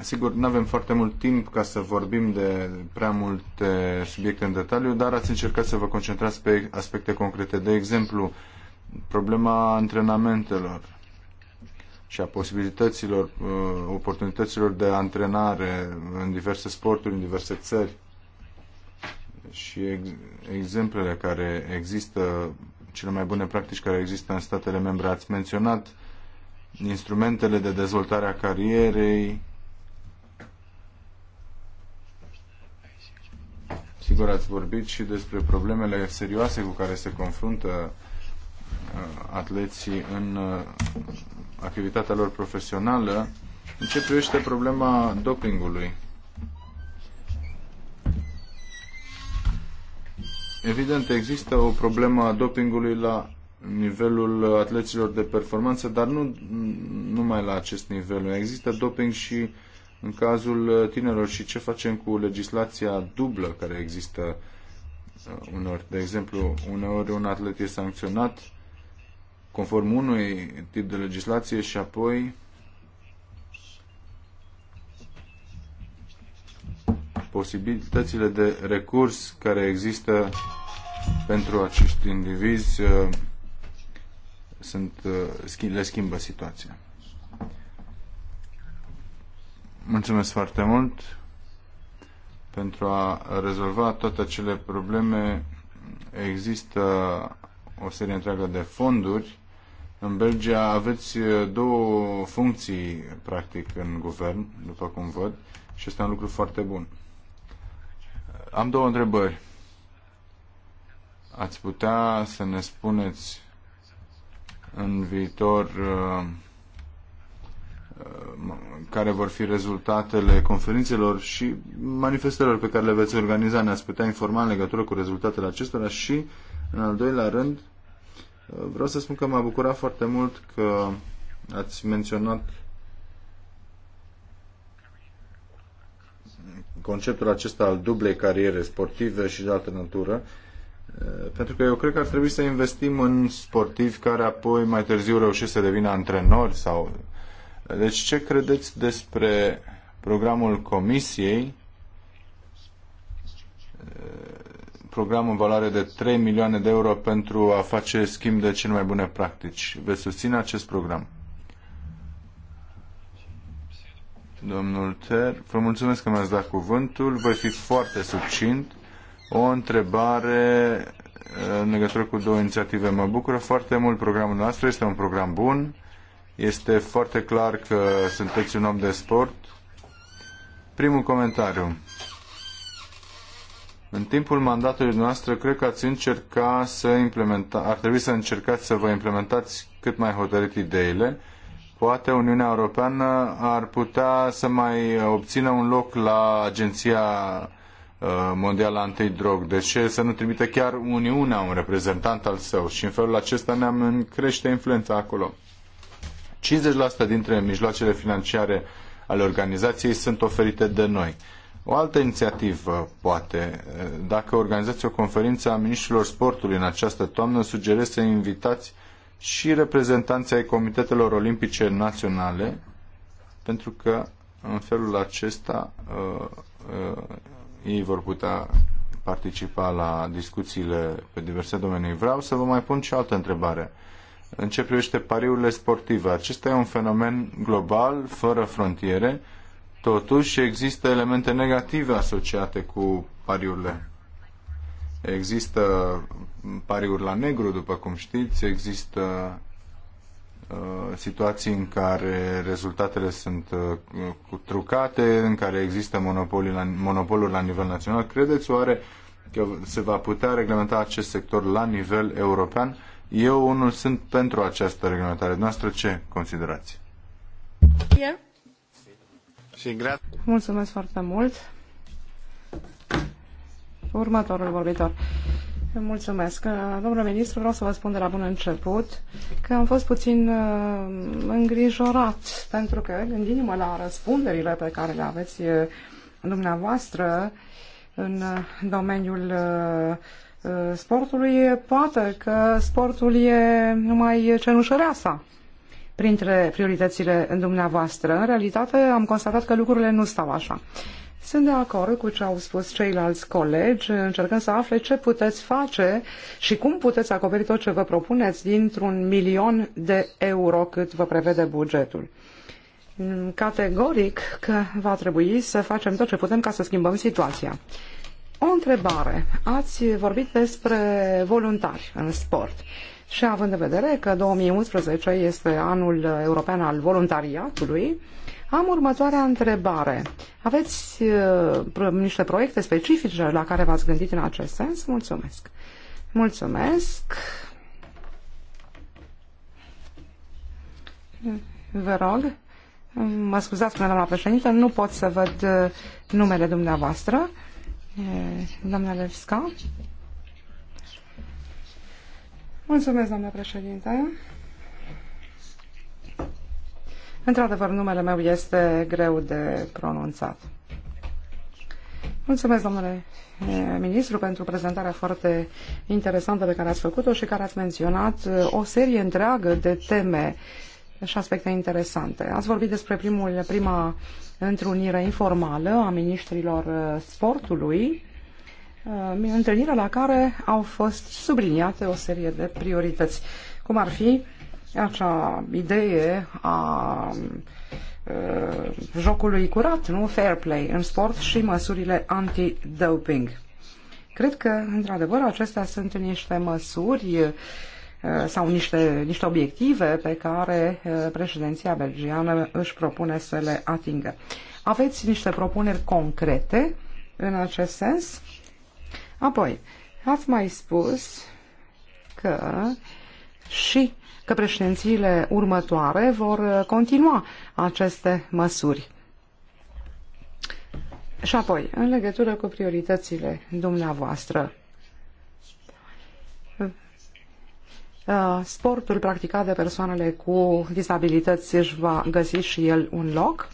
Sigur, nu avem foarte mult timp ca să vorbim de prea multe subiecte în detaliu, dar ați încercat să vă concentrați pe aspecte concrete. De exemplu, problema antrenamentelor și a posibilităților, uh, oportunităților de antrenare în diverse sporturi, în diverse țări și exemplele care există, cele mai bune practici care există în statele membre. Ați menționat instrumentele de dezvoltare a carierei. Sigur, ați vorbit și despre problemele serioase cu care se confruntă uh, atleții în uh, activitatea lor profesională. În ce privește problema dopingului? Evident, există o problemă a dopingului la nivelul atleților de performanță, dar nu numai la acest nivel. Există doping și în cazul tinerilor și ce facem cu legislația dublă care există uh, uneori. De exemplu, uneori un atlet e sancționat conform unui tip de legislație și apoi posibilitățile de recurs care există pentru acești indivizi uh, sunt, uh, le schimbă situația. Mulțumesc foarte mult pentru a rezolva toate acele probleme. Există o serie întreagă de fonduri. În Belgia aveți uh, două funcții, practic, în guvern, după cum văd, și este un lucru foarte bun. Am două întrebări. Ați putea să ne spuneți în viitor uh, uh, care vor fi rezultatele conferințelor și manifestărilor pe care le veți organiza. Ne-ați putea informa în legătură cu rezultatele acestora și, în al doilea rând, uh, vreau să spun că m-a bucurat foarte mult că ați menționat conceptul acesta al dublei cariere sportive și de altă natură, eh, pentru că eu cred că ar trebui să investim în sportivi care apoi mai târziu reușesc să devină antrenori sau... Deci ce credeți despre programul comisiei, eh, program în valoare de 3 milioane de euro pentru a face schimb de cele mai bune practici? Veți susține acest program? domnul Ter. Vă mulțumesc că mi-ați dat cuvântul. Voi fi foarte succint. O întrebare uh, în legătură cu două inițiative. Mă bucură foarte mult programul nostru. Este un program bun. Este foarte clar că sunteți un om de sport. Primul comentariu. În timpul mandatului noastră, cred că ați încerca să implementa, ar trebui să încercați să vă implementați cât mai hotărât ideile Poate Uniunea Europeană ar putea să mai obțină un loc la Agenția uh, Mondială Antidrog. De ce să nu trimite chiar Uniunea un reprezentant al său? Și în felul acesta ne-am crește influența acolo. 50% dintre mijloacele financiare ale organizației sunt oferite de noi. O altă inițiativă, poate, uh, dacă organizați o conferință a ministrilor sportului în această toamnă, sugerez să invitați și reprezentanții ai Comitetelor Olimpice Naționale, pentru că în felul acesta uh, uh, ei vor putea participa la discuțiile pe diverse domenii. Vreau să vă mai pun și altă întrebare. În ce privește pariurile sportive, acesta e un fenomen global, fără frontiere, totuși există elemente negative asociate cu pariurile. Există pariuri la negru, după cum știți. Există uh, situații în care rezultatele sunt uh, trucate, în care există monopolii la, monopoluri la nivel național. Credeți oare că se va putea reglementa acest sector la nivel european? Eu unul sunt pentru această reglementare. Noastră ce considerați?
Yeah.
Mulțumesc foarte mult. Următorul vorbitor. Mulțumesc. Uh, domnule ministru, vreau să vă spun de la bun început că am fost puțin uh, îngrijorat pentru că, gândindu-mă la răspunderile pe care le aveți uh, dumneavoastră în domeniul sportului, poate că sportul e numai cenușăreasa printre prioritățile în dumneavoastră. În realitate am constatat că lucrurile nu stau așa. Sunt de acord cu ce au spus ceilalți colegi, încercând să afle ce puteți face și cum puteți acoperi tot ce vă propuneți dintr-un milion de euro cât vă prevede bugetul. Categoric că va trebui să facem tot ce putem ca să schimbăm situația. O întrebare. Ați vorbit despre voluntari în sport. Și având în vedere că 2011 este anul european al voluntariatului, am următoarea întrebare. Aveți uh, niște proiecte specifice la care v-ați gândit în acest sens? Mulțumesc. Mulțumesc. Vă rog. Mă scuzați, până doamna președintă, nu pot să văd uh, numele dumneavoastră. Uh, doamna Levska. Mulțumesc, doamna președinte. Într-adevăr, numele meu este greu de pronunțat. Mulțumesc, domnule eh, ministru, pentru prezentarea foarte interesantă pe care ați făcut-o și care ați menționat eh, o serie întreagă de teme și aspecte interesante. Ați vorbit despre primul, prima întrunire informală a ministrilor eh, sportului, întâlnire la care au fost subliniate o serie de priorități, cum ar fi acea idee a jocului curat, nu fair play în sport și măsurile anti-doping. Cred că, într-adevăr, acestea sunt niște măsuri sau niște, niște obiective pe care președinția belgiană își propune să le atingă. Aveți niște propuneri concrete în acest sens? Apoi, ați mai spus că și că președințiile următoare vor uh, continua aceste măsuri. Și apoi, în legătură cu prioritățile dumneavoastră, uh, sportul practicat de persoanele cu dizabilități își va găsi și el un loc.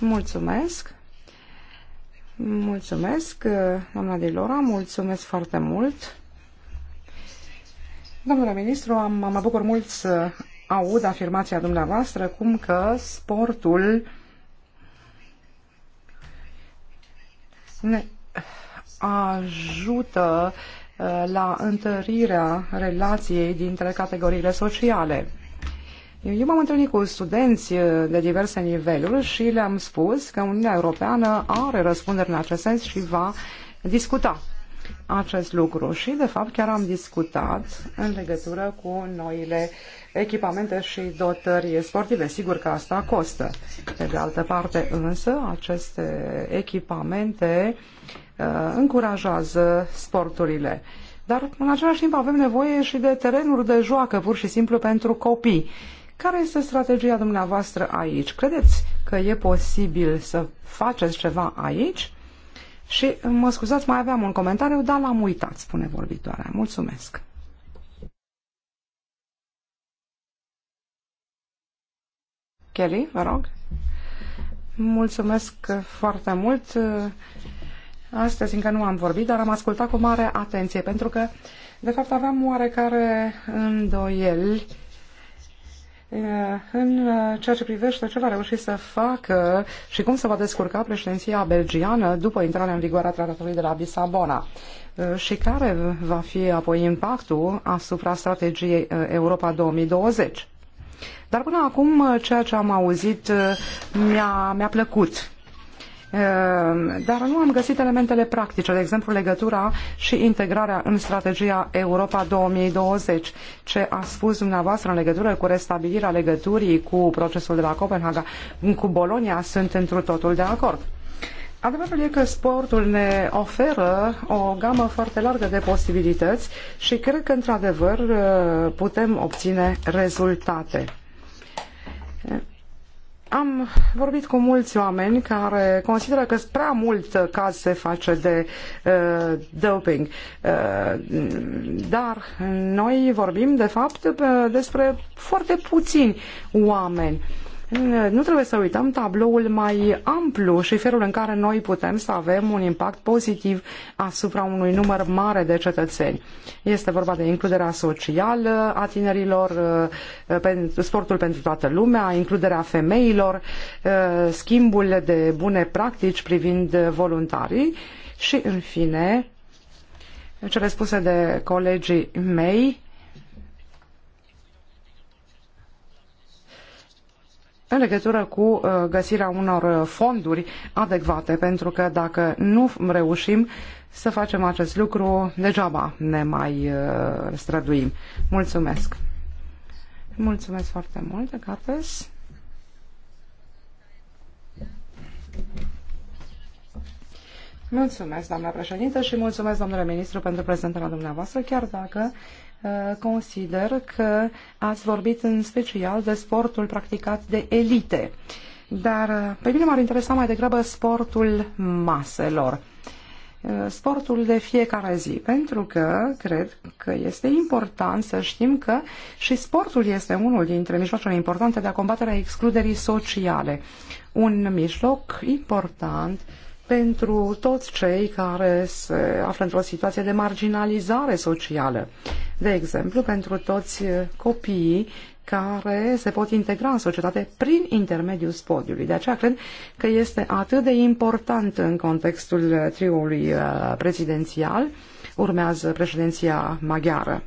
Mulțumesc! Mulțumesc, uh, doamna Delora, mulțumesc foarte mult! Domnule ministru, am, mă bucur mult să aud afirmația dumneavoastră cum că sportul ne ajută uh, la întărirea relației dintre categoriile sociale. Eu m-am întâlnit cu studenți uh, de diverse niveluri și le-am spus că Uniunea Europeană are răspundere în acest sens și va discuta acest lucru și, de fapt, chiar am discutat în legătură cu noile echipamente și dotări sportive. Sigur că asta costă. Pe de altă parte, însă, aceste echipamente uh, încurajează sporturile. Dar, în același timp, avem nevoie și de terenuri de joacă, pur și simplu, pentru copii. Care este strategia dumneavoastră aici? Credeți că e posibil să faceți ceva aici? Și mă scuzați, mai aveam un comentariu, dar l-am uitat, spune vorbitoarea. Mulțumesc. Kelly, vă rog. Mulțumesc foarte mult. Astăzi încă nu am vorbit, dar am ascultat cu mare atenție, pentru că, de fapt, aveam oarecare îndoieli Eh, în eh, ceea ce privește ce va reuși să facă și cum se va descurca președinția belgiană după intrarea în vigoare a tratatului de la Lisabona eh, și care va fi apoi impactul asupra strategiei Europa 2020. Dar până acum ceea ce am auzit mi-a, mi-a plăcut Ehm, dar nu am găsit elementele practice, de exemplu legătura și integrarea în strategia Europa 2020. Ce a spus dumneavoastră în legătură cu restabilirea legăturii cu procesul de la Copenhaga, cu Bolonia, sunt întru totul de acord. Adevărul e că sportul ne oferă o gamă foarte largă de posibilități și cred că, într-adevăr, putem obține rezultate. Am vorbit cu mulți oameni care consideră că prea mult caz se face de uh, doping, uh, dar noi vorbim de fapt despre foarte puțini oameni nu trebuie să uităm tabloul mai amplu și felul în care noi putem să avem un impact pozitiv asupra unui număr mare de cetățeni. Este vorba de includerea socială a tinerilor, eh, sportul pentru toată lumea, includerea femeilor, eh, schimbul de bune practici privind voluntarii și, în fine, cele spuse de colegii mei, în legătură cu uh, găsirea unor uh, fonduri adecvate, pentru că dacă nu reușim să facem acest lucru, degeaba ne mai uh, străduim. Mulțumesc! Mulțumesc foarte mult, Gates! Mulțumesc, doamna președintă, și mulțumesc, domnule ministru, pentru prezentarea dumneavoastră, chiar dacă Eh, consider că ați vorbit în special de sportul practicat de elite. Dar eh, pe mine m-ar interesa mai degrabă sportul maselor. Eh, sportul de fiecare zi, pentru că cred că este important să știm că și sportul este unul dintre mijloacele importante de a combaterea excluderii sociale. Un mijloc important uh, pentru toți cei care se află într-o situație de marginalizare socială. De exemplu, pentru toți copiii care se pot integra în societate prin intermediul spodiului. De aceea cred că este atât de important în contextul triului uh, prezidențial, urmează președinția maghiară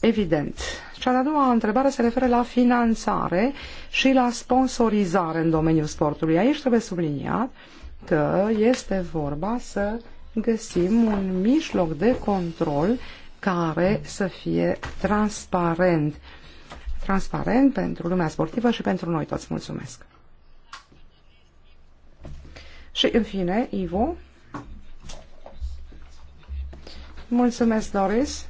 evident. Cea de-a doua întrebare se referă la finanțare și la sponsorizare în domeniul sportului. Aici trebuie subliniat că este vorba să găsim un mijloc de control care să fie transparent. Transparent pentru lumea sportivă și pentru noi toți. Mulțumesc! Și în fine, Ivo. Mulțumesc, Doris.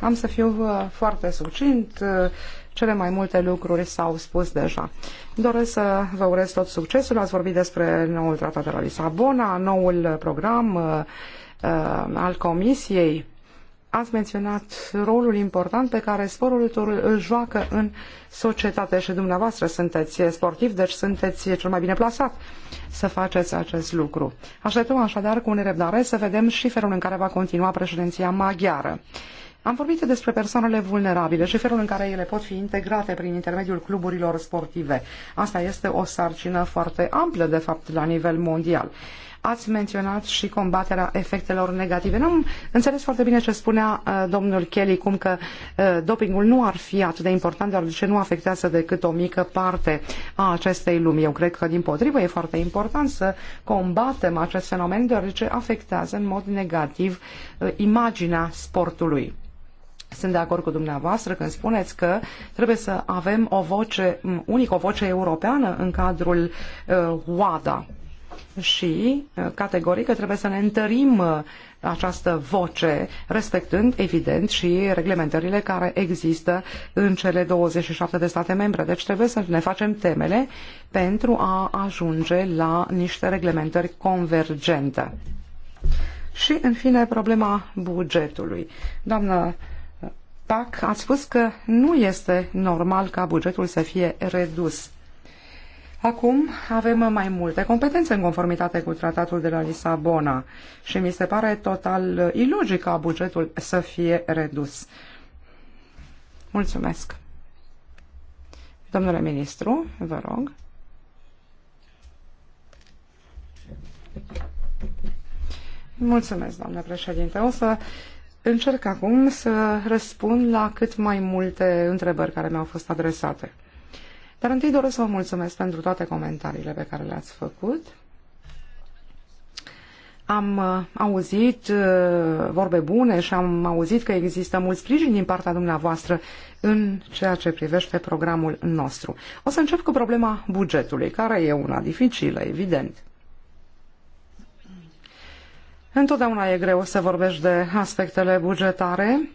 Am să fiu uh, foarte succint. Uh, cele mai multe lucruri s-au spus deja. Doresc să vă urez tot succesul. Ați vorbit despre noul tratat de la Lisabona, noul program uh, al Comisiei. Ați menționat rolul important pe care sporul îl joacă în societate și dumneavoastră sunteți sportiv, deci sunteți cel mai bine plasat să faceți acest lucru. Așteptăm așadar cu nerăbdare să vedem și felul în care va continua președinția maghiară. Am vorbit despre persoanele vulnerabile și felul în care ele pot fi integrate prin intermediul cluburilor sportive. Asta este o sarcină foarte amplă, de fapt, la nivel mondial. Ați menționat și combaterea efectelor negative. Nu am înțeles foarte bine ce spunea uh, domnul Kelly, cum că uh, dopingul nu ar fi atât de important, dar ce nu afectează decât o mică parte a acestei lumi. Eu cred că, din potrivă, e foarte important să combatem acest fenomen, deoarece afectează în mod negativ uh, imaginea sportului. Sunt de acord cu dumneavoastră când spuneți că trebuie să avem o voce unică, o voce europeană în cadrul uh, WADA și uh, categoric trebuie să ne întărim uh, această voce, respectând, evident, și reglementările care există în cele 27 de state membre. Deci trebuie să ne facem temele pentru a ajunge la niște reglementări convergente. Și, în fine, problema bugetului. Doamnă PAC a spus că nu este normal ca bugetul să fie redus. Acum avem mai multe competențe în conformitate cu tratatul de la Lisabona și mi se pare total ilogic ca bugetul să fie redus. Mulțumesc. Domnule ministru, vă rog. Mulțumesc, doamnă președinte. O să încerc acum să răspund la cât mai multe întrebări care mi-au fost adresate. Dar întâi doresc să vă mulțumesc pentru toate comentariile pe care le-ați făcut. Am uh, auzit uh, vorbe bune și am auzit că există mult sprijin din partea dumneavoastră în ceea ce privește programul nostru. O să încep cu problema bugetului, care e una dificilă, evident. Întotdeauna e greu să vorbești de aspectele bugetare,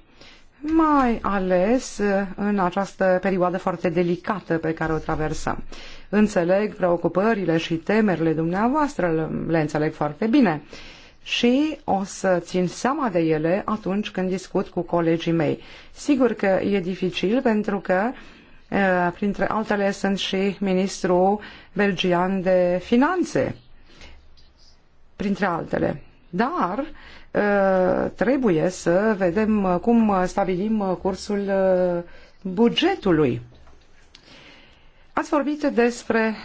mai ales uh, în această perioadă foarte delicată pe care o traversăm. Înțeleg preocupările și temerile dumneavoastră, le înțeleg foarte bine și o să țin seama de ele atunci când discut cu colegii mei. Sigur că e dificil pentru că uh, printre altele sunt și ministrul belgian de finanțe, printre altele. Dar uh, trebuie să vedem uh, cum stabilim uh, cursul bugetului. Ați vorbit despre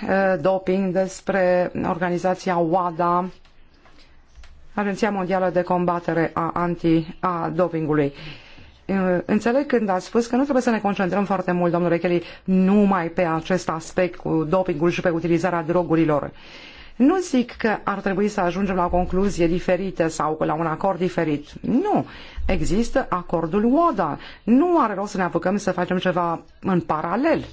doping, despre organizația WADA, Agenția Mondială de Combatere a Anti-Dopingului. Înțeleg când ați spus că nu trebuie să ne concentrăm foarte mult, domnule Kelly, numai pe acest aspect cu dopingul și pe utilizarea drogurilor. Uh, nu zic că ar trebui să ajungem la o concluzie diferită sau la un acord diferit. Nu. Există acordul WADA. Nu are rost să ne apucăm să facem ceva în paralel.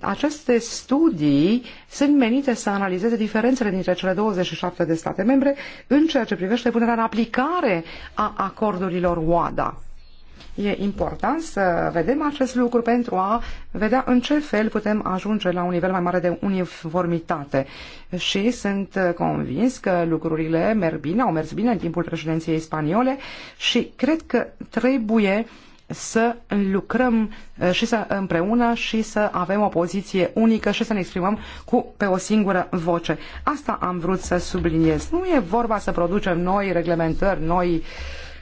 Aceste studii sunt menite să analizeze diferențele dintre cele 27 de state membre în ceea ce privește punerea în aplicare a acordurilor WADA. E important să vedem acest lucru pentru a vedea în ce fel putem ajunge la un nivel mai mare de uniformitate. Și sunt convins că lucrurile merg bine, au mers bine în timpul președinției spaniole și cred că trebuie să lucrăm eh, și să împreună și să avem o poziție unică și să ne exprimăm cu, pe o singură voce. Asta am vrut să subliniez. Nu e vorba să producem noi reglementări, noi uh,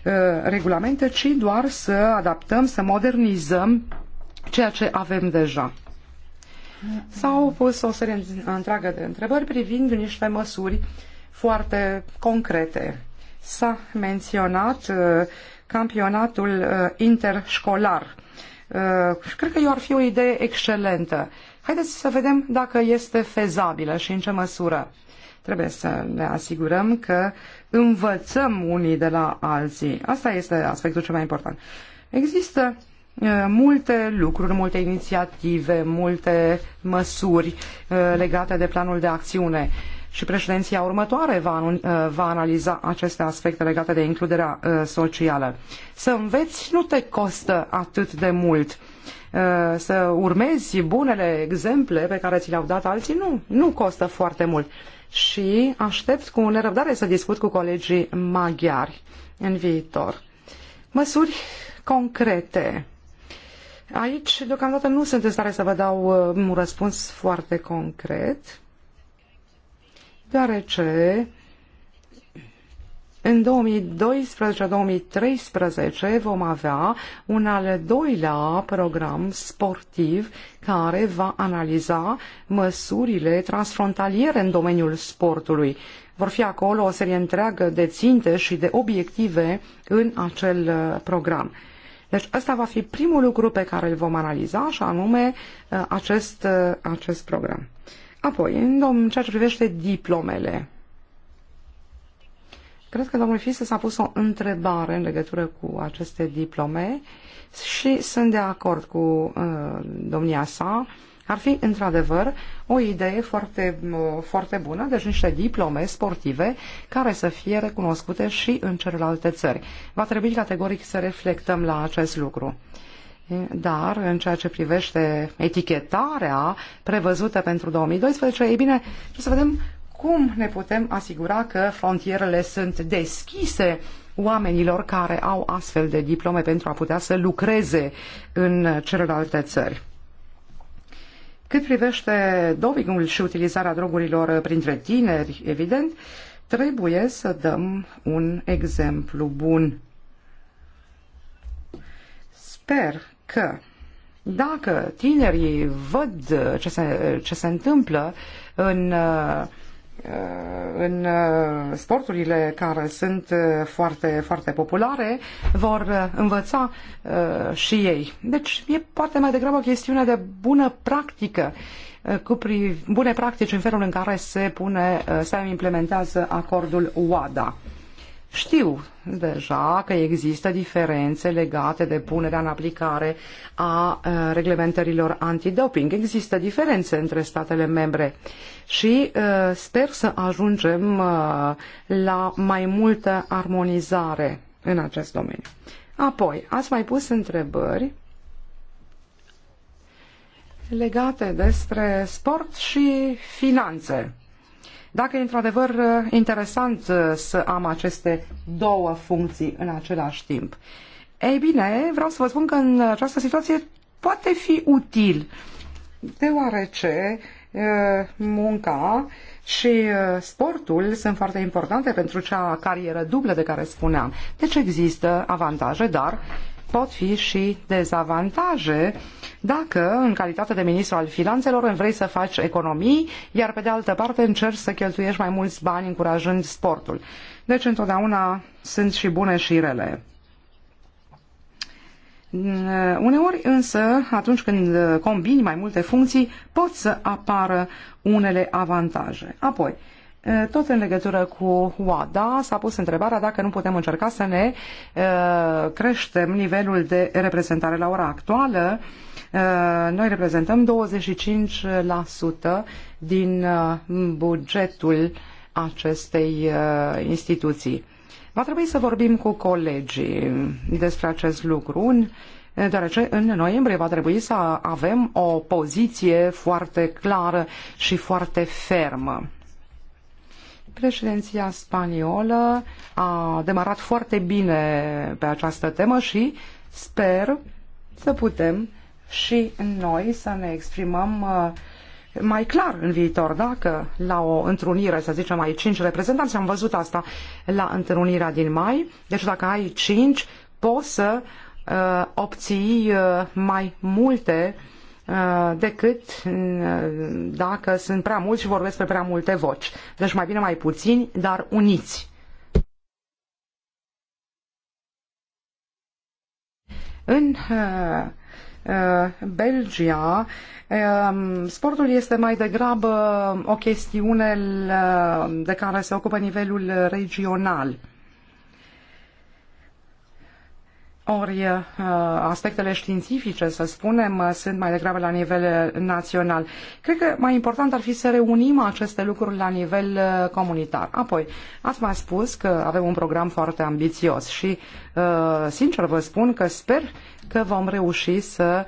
Uh, regulamente, ci doar să adaptăm, să modernizăm ceea ce avem deja. S-au pus o serie întreagă de întrebări privind niște măsuri foarte concrete. S-a menționat uh, campionatul uh, interșcolar. Cred că eu ar fi o idee excelentă. Haideți să vedem dacă este fezabilă și în ce măsură. Trebuie să ne asigurăm că învățăm unii de la alții. Asta este aspectul cel mai important. Există uh, multe lucruri, multe inițiative, multe măsuri uh, legate de planul de acțiune și președinția următoare va, uh, va analiza aceste aspecte legate de includerea socială. Să înveți nu te costă atât de mult. Să urmezi bunele exemple pe care ți le-au dat alții nu, nu costă foarte mult și aștept cu nerăbdare să discut cu colegii maghiari în viitor. Măsuri concrete. Aici, deocamdată, nu sunt în stare să vă dau uh, un răspuns foarte concret, deoarece în 2012-2013 vom avea un al doilea program sportiv care va analiza măsurile transfrontaliere în domeniul sportului. Vor fi acolo o serie întreagă de ținte și de obiective în acel uh, program. Deci ăsta va fi primul lucru pe care îl vom analiza și anume uh, acest, uh, acest program. Apoi, în ceea ce privește diplomele, Cred că domnul Fise s-a pus o întrebare în legătură cu aceste diplome și sunt de acord cu uh, domnia sa. Ar fi, într-adevăr, o idee foarte, uh, foarte bună, deci niște diplome sportive care să fie recunoscute și în celelalte țări. Va trebui categoric să reflectăm la acest lucru. Dar, în ceea ce privește etichetarea prevăzută pentru 2012, e bine, să vedem cum ne putem asigura că frontierele sunt deschise oamenilor care au astfel de diplome pentru a putea să lucreze în celelalte țări. Cât privește dopingul și utilizarea drogurilor printre tineri, evident, trebuie să dăm un exemplu bun. Sper că dacă tinerii văd ce se, ce se întâmplă în uh, Uh, în uh, sporturile care sunt uh, foarte, foarte populare vor învăța și ei. Deci e poate mai degrabă o chestiune de bună practică cu pri... bune practici în felul în care se pune, se implementează acordul WADA. Știu deja că există diferențe legate de punerea în aplicare a uh, reglementărilor antidoping. Există diferențe între statele membre și uh, sper să ajungem uh, la mai multă armonizare în acest domeniu. Apoi, ați mai pus întrebări legate despre sport și finanțe. Dacă e într-adevăr uh, interesant uh, să am aceste două funcții în același timp. Ei bine, vreau să vă spun că în această situație poate fi util, deoarece uh, munca și sportul sunt foarte importante pentru cea carieră dublă de care spuneam. Deci există avantaje, dar pot fi și dezavantaje dacă, în calitate de ministru al finanțelor, îmi vrei să faci economii, iar pe de altă parte încerci să cheltuiești mai mulți bani încurajând sportul. Deci întotdeauna sunt și bune și rele. Uneori însă, atunci când combini mai multe funcții, pot să apară unele avantaje. Apoi, tot în legătură cu OADA s-a pus întrebarea dacă nu putem încerca să ne creștem nivelul de reprezentare la ora actuală. Noi reprezentăm 25% din bugetul acestei instituții. Va trebui să vorbim cu colegii despre acest lucru, deoarece în noiembrie va trebui să avem o poziție foarte clară și foarte fermă. Președinția spaniolă a demarat foarte bine pe această temă și sper să putem și noi să ne exprimăm uh, mai clar în viitor, dacă la o întrunire, să zicem, ai cinci reprezentanți, am văzut asta la întrunirea din mai, deci dacă ai cinci, poți să uh, obții uh, mai multe uh, Uh, decât uh, dacă sunt prea mulți și vorbesc pe prea multe voci. Deci mai bine mai puțini, dar uniți. În uh, Belgia, um, sportul este mai degrabă o chestiune de care se ocupă nivelul regional. Ori uh, aspectele științifice, să spunem, uh, sunt mai degrabă la nivel uh, național. Cred că mai important ar fi să reunim aceste lucruri la nivel comunitar. Apoi, ați mai spus că avem un program foarte ambițios și, sincer vă spun că sper că vom reuși să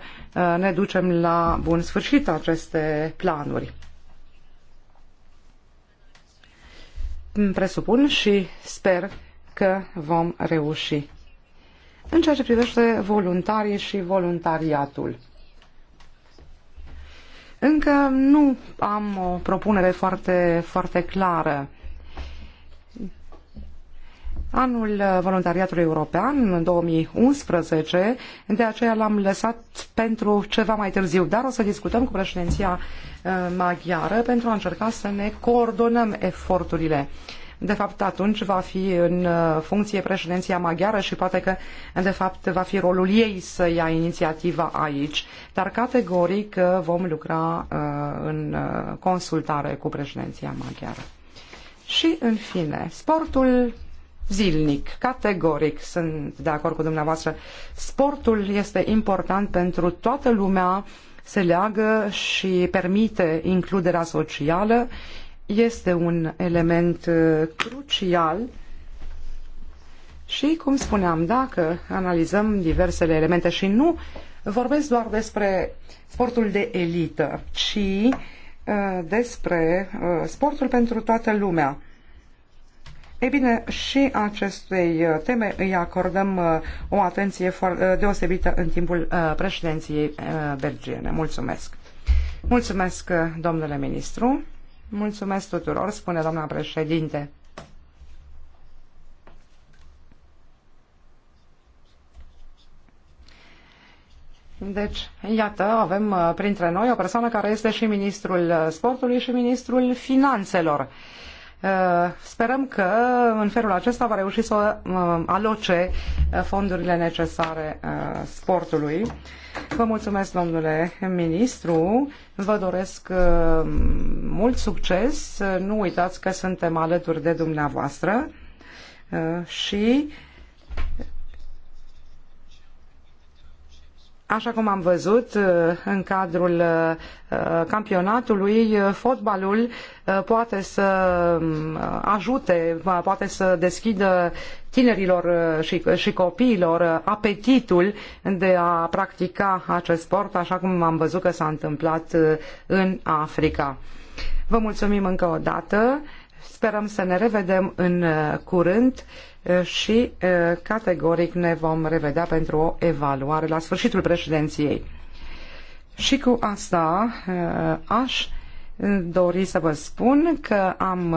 ne ducem la bun sfârșit aceste planuri. Presupun și sper că vom reuși. În ceea ce privește voluntarii și voluntariatul. Încă nu am o propunere foarte, foarte clară. Anul voluntariatului european, în 2011, de aceea l-am lăsat pentru ceva mai târziu, dar o să discutăm cu președinția uh, maghiară pentru a încerca să ne coordonăm eforturile de fapt atunci va fi în uh, funcție președinția maghiară și poate că de fapt va fi rolul ei să ia inițiativa aici. Dar categoric uh, vom lucra uh, în consultare cu președinția maghiară. Și în fine, sportul zilnic, categoric sunt de acord cu dumneavoastră. Sportul este important pentru toată lumea, se leagă și permite includerea socială este un element uh, crucial și, cum spuneam, dacă analizăm diversele elemente și nu vorbesc doar despre sportul de elită, ci uh, despre uh, sportul pentru toată lumea. E bine, și acestei teme îi acordăm o atenție deosebită în timpul președinției belgiene. Mulțumesc! Mulțumesc, domnule ministru! Mulțumesc tuturor, spune doamna președinte. Deci, iată, avem uh, printre noi o persoană care este și ministrul uh, sportului și ministrul finanțelor. Uh, sperăm că în felul acesta va reuși să aloce fondurile necesare sportului Vă mulțumesc, domnule ministru. Vă doresc uh, mult succes. Nu uitați că suntem alături de dumneavoastră uh, și Așa cum am văzut uh, în cadrul campionatului, fotbalul poate să ajute, poate să deschidă tinerilor uh, și, și copiilor uh, apetitul de a practica acest sport, așa cum am văzut că s-a întâmplat uh, în Africa. Vă mulțumim încă o dată, sperăm să ne revedem în curând și categoric ne vom revedea pentru o evaluare la sfârșitul președinției. Și cu asta aș dori să vă spun că am,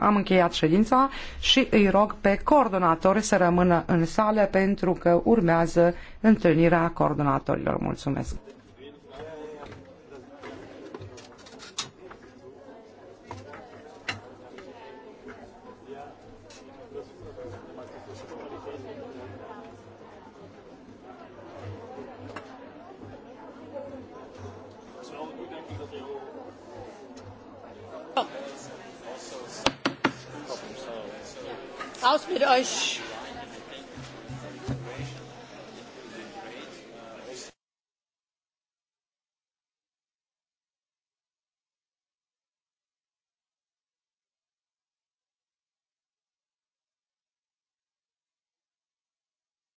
am încheiat ședința și îi rog pe coordonatori să rămână în sală pentru că urmează întâlnirea coordonatorilor. Mulțumesc!
Aus mit euch!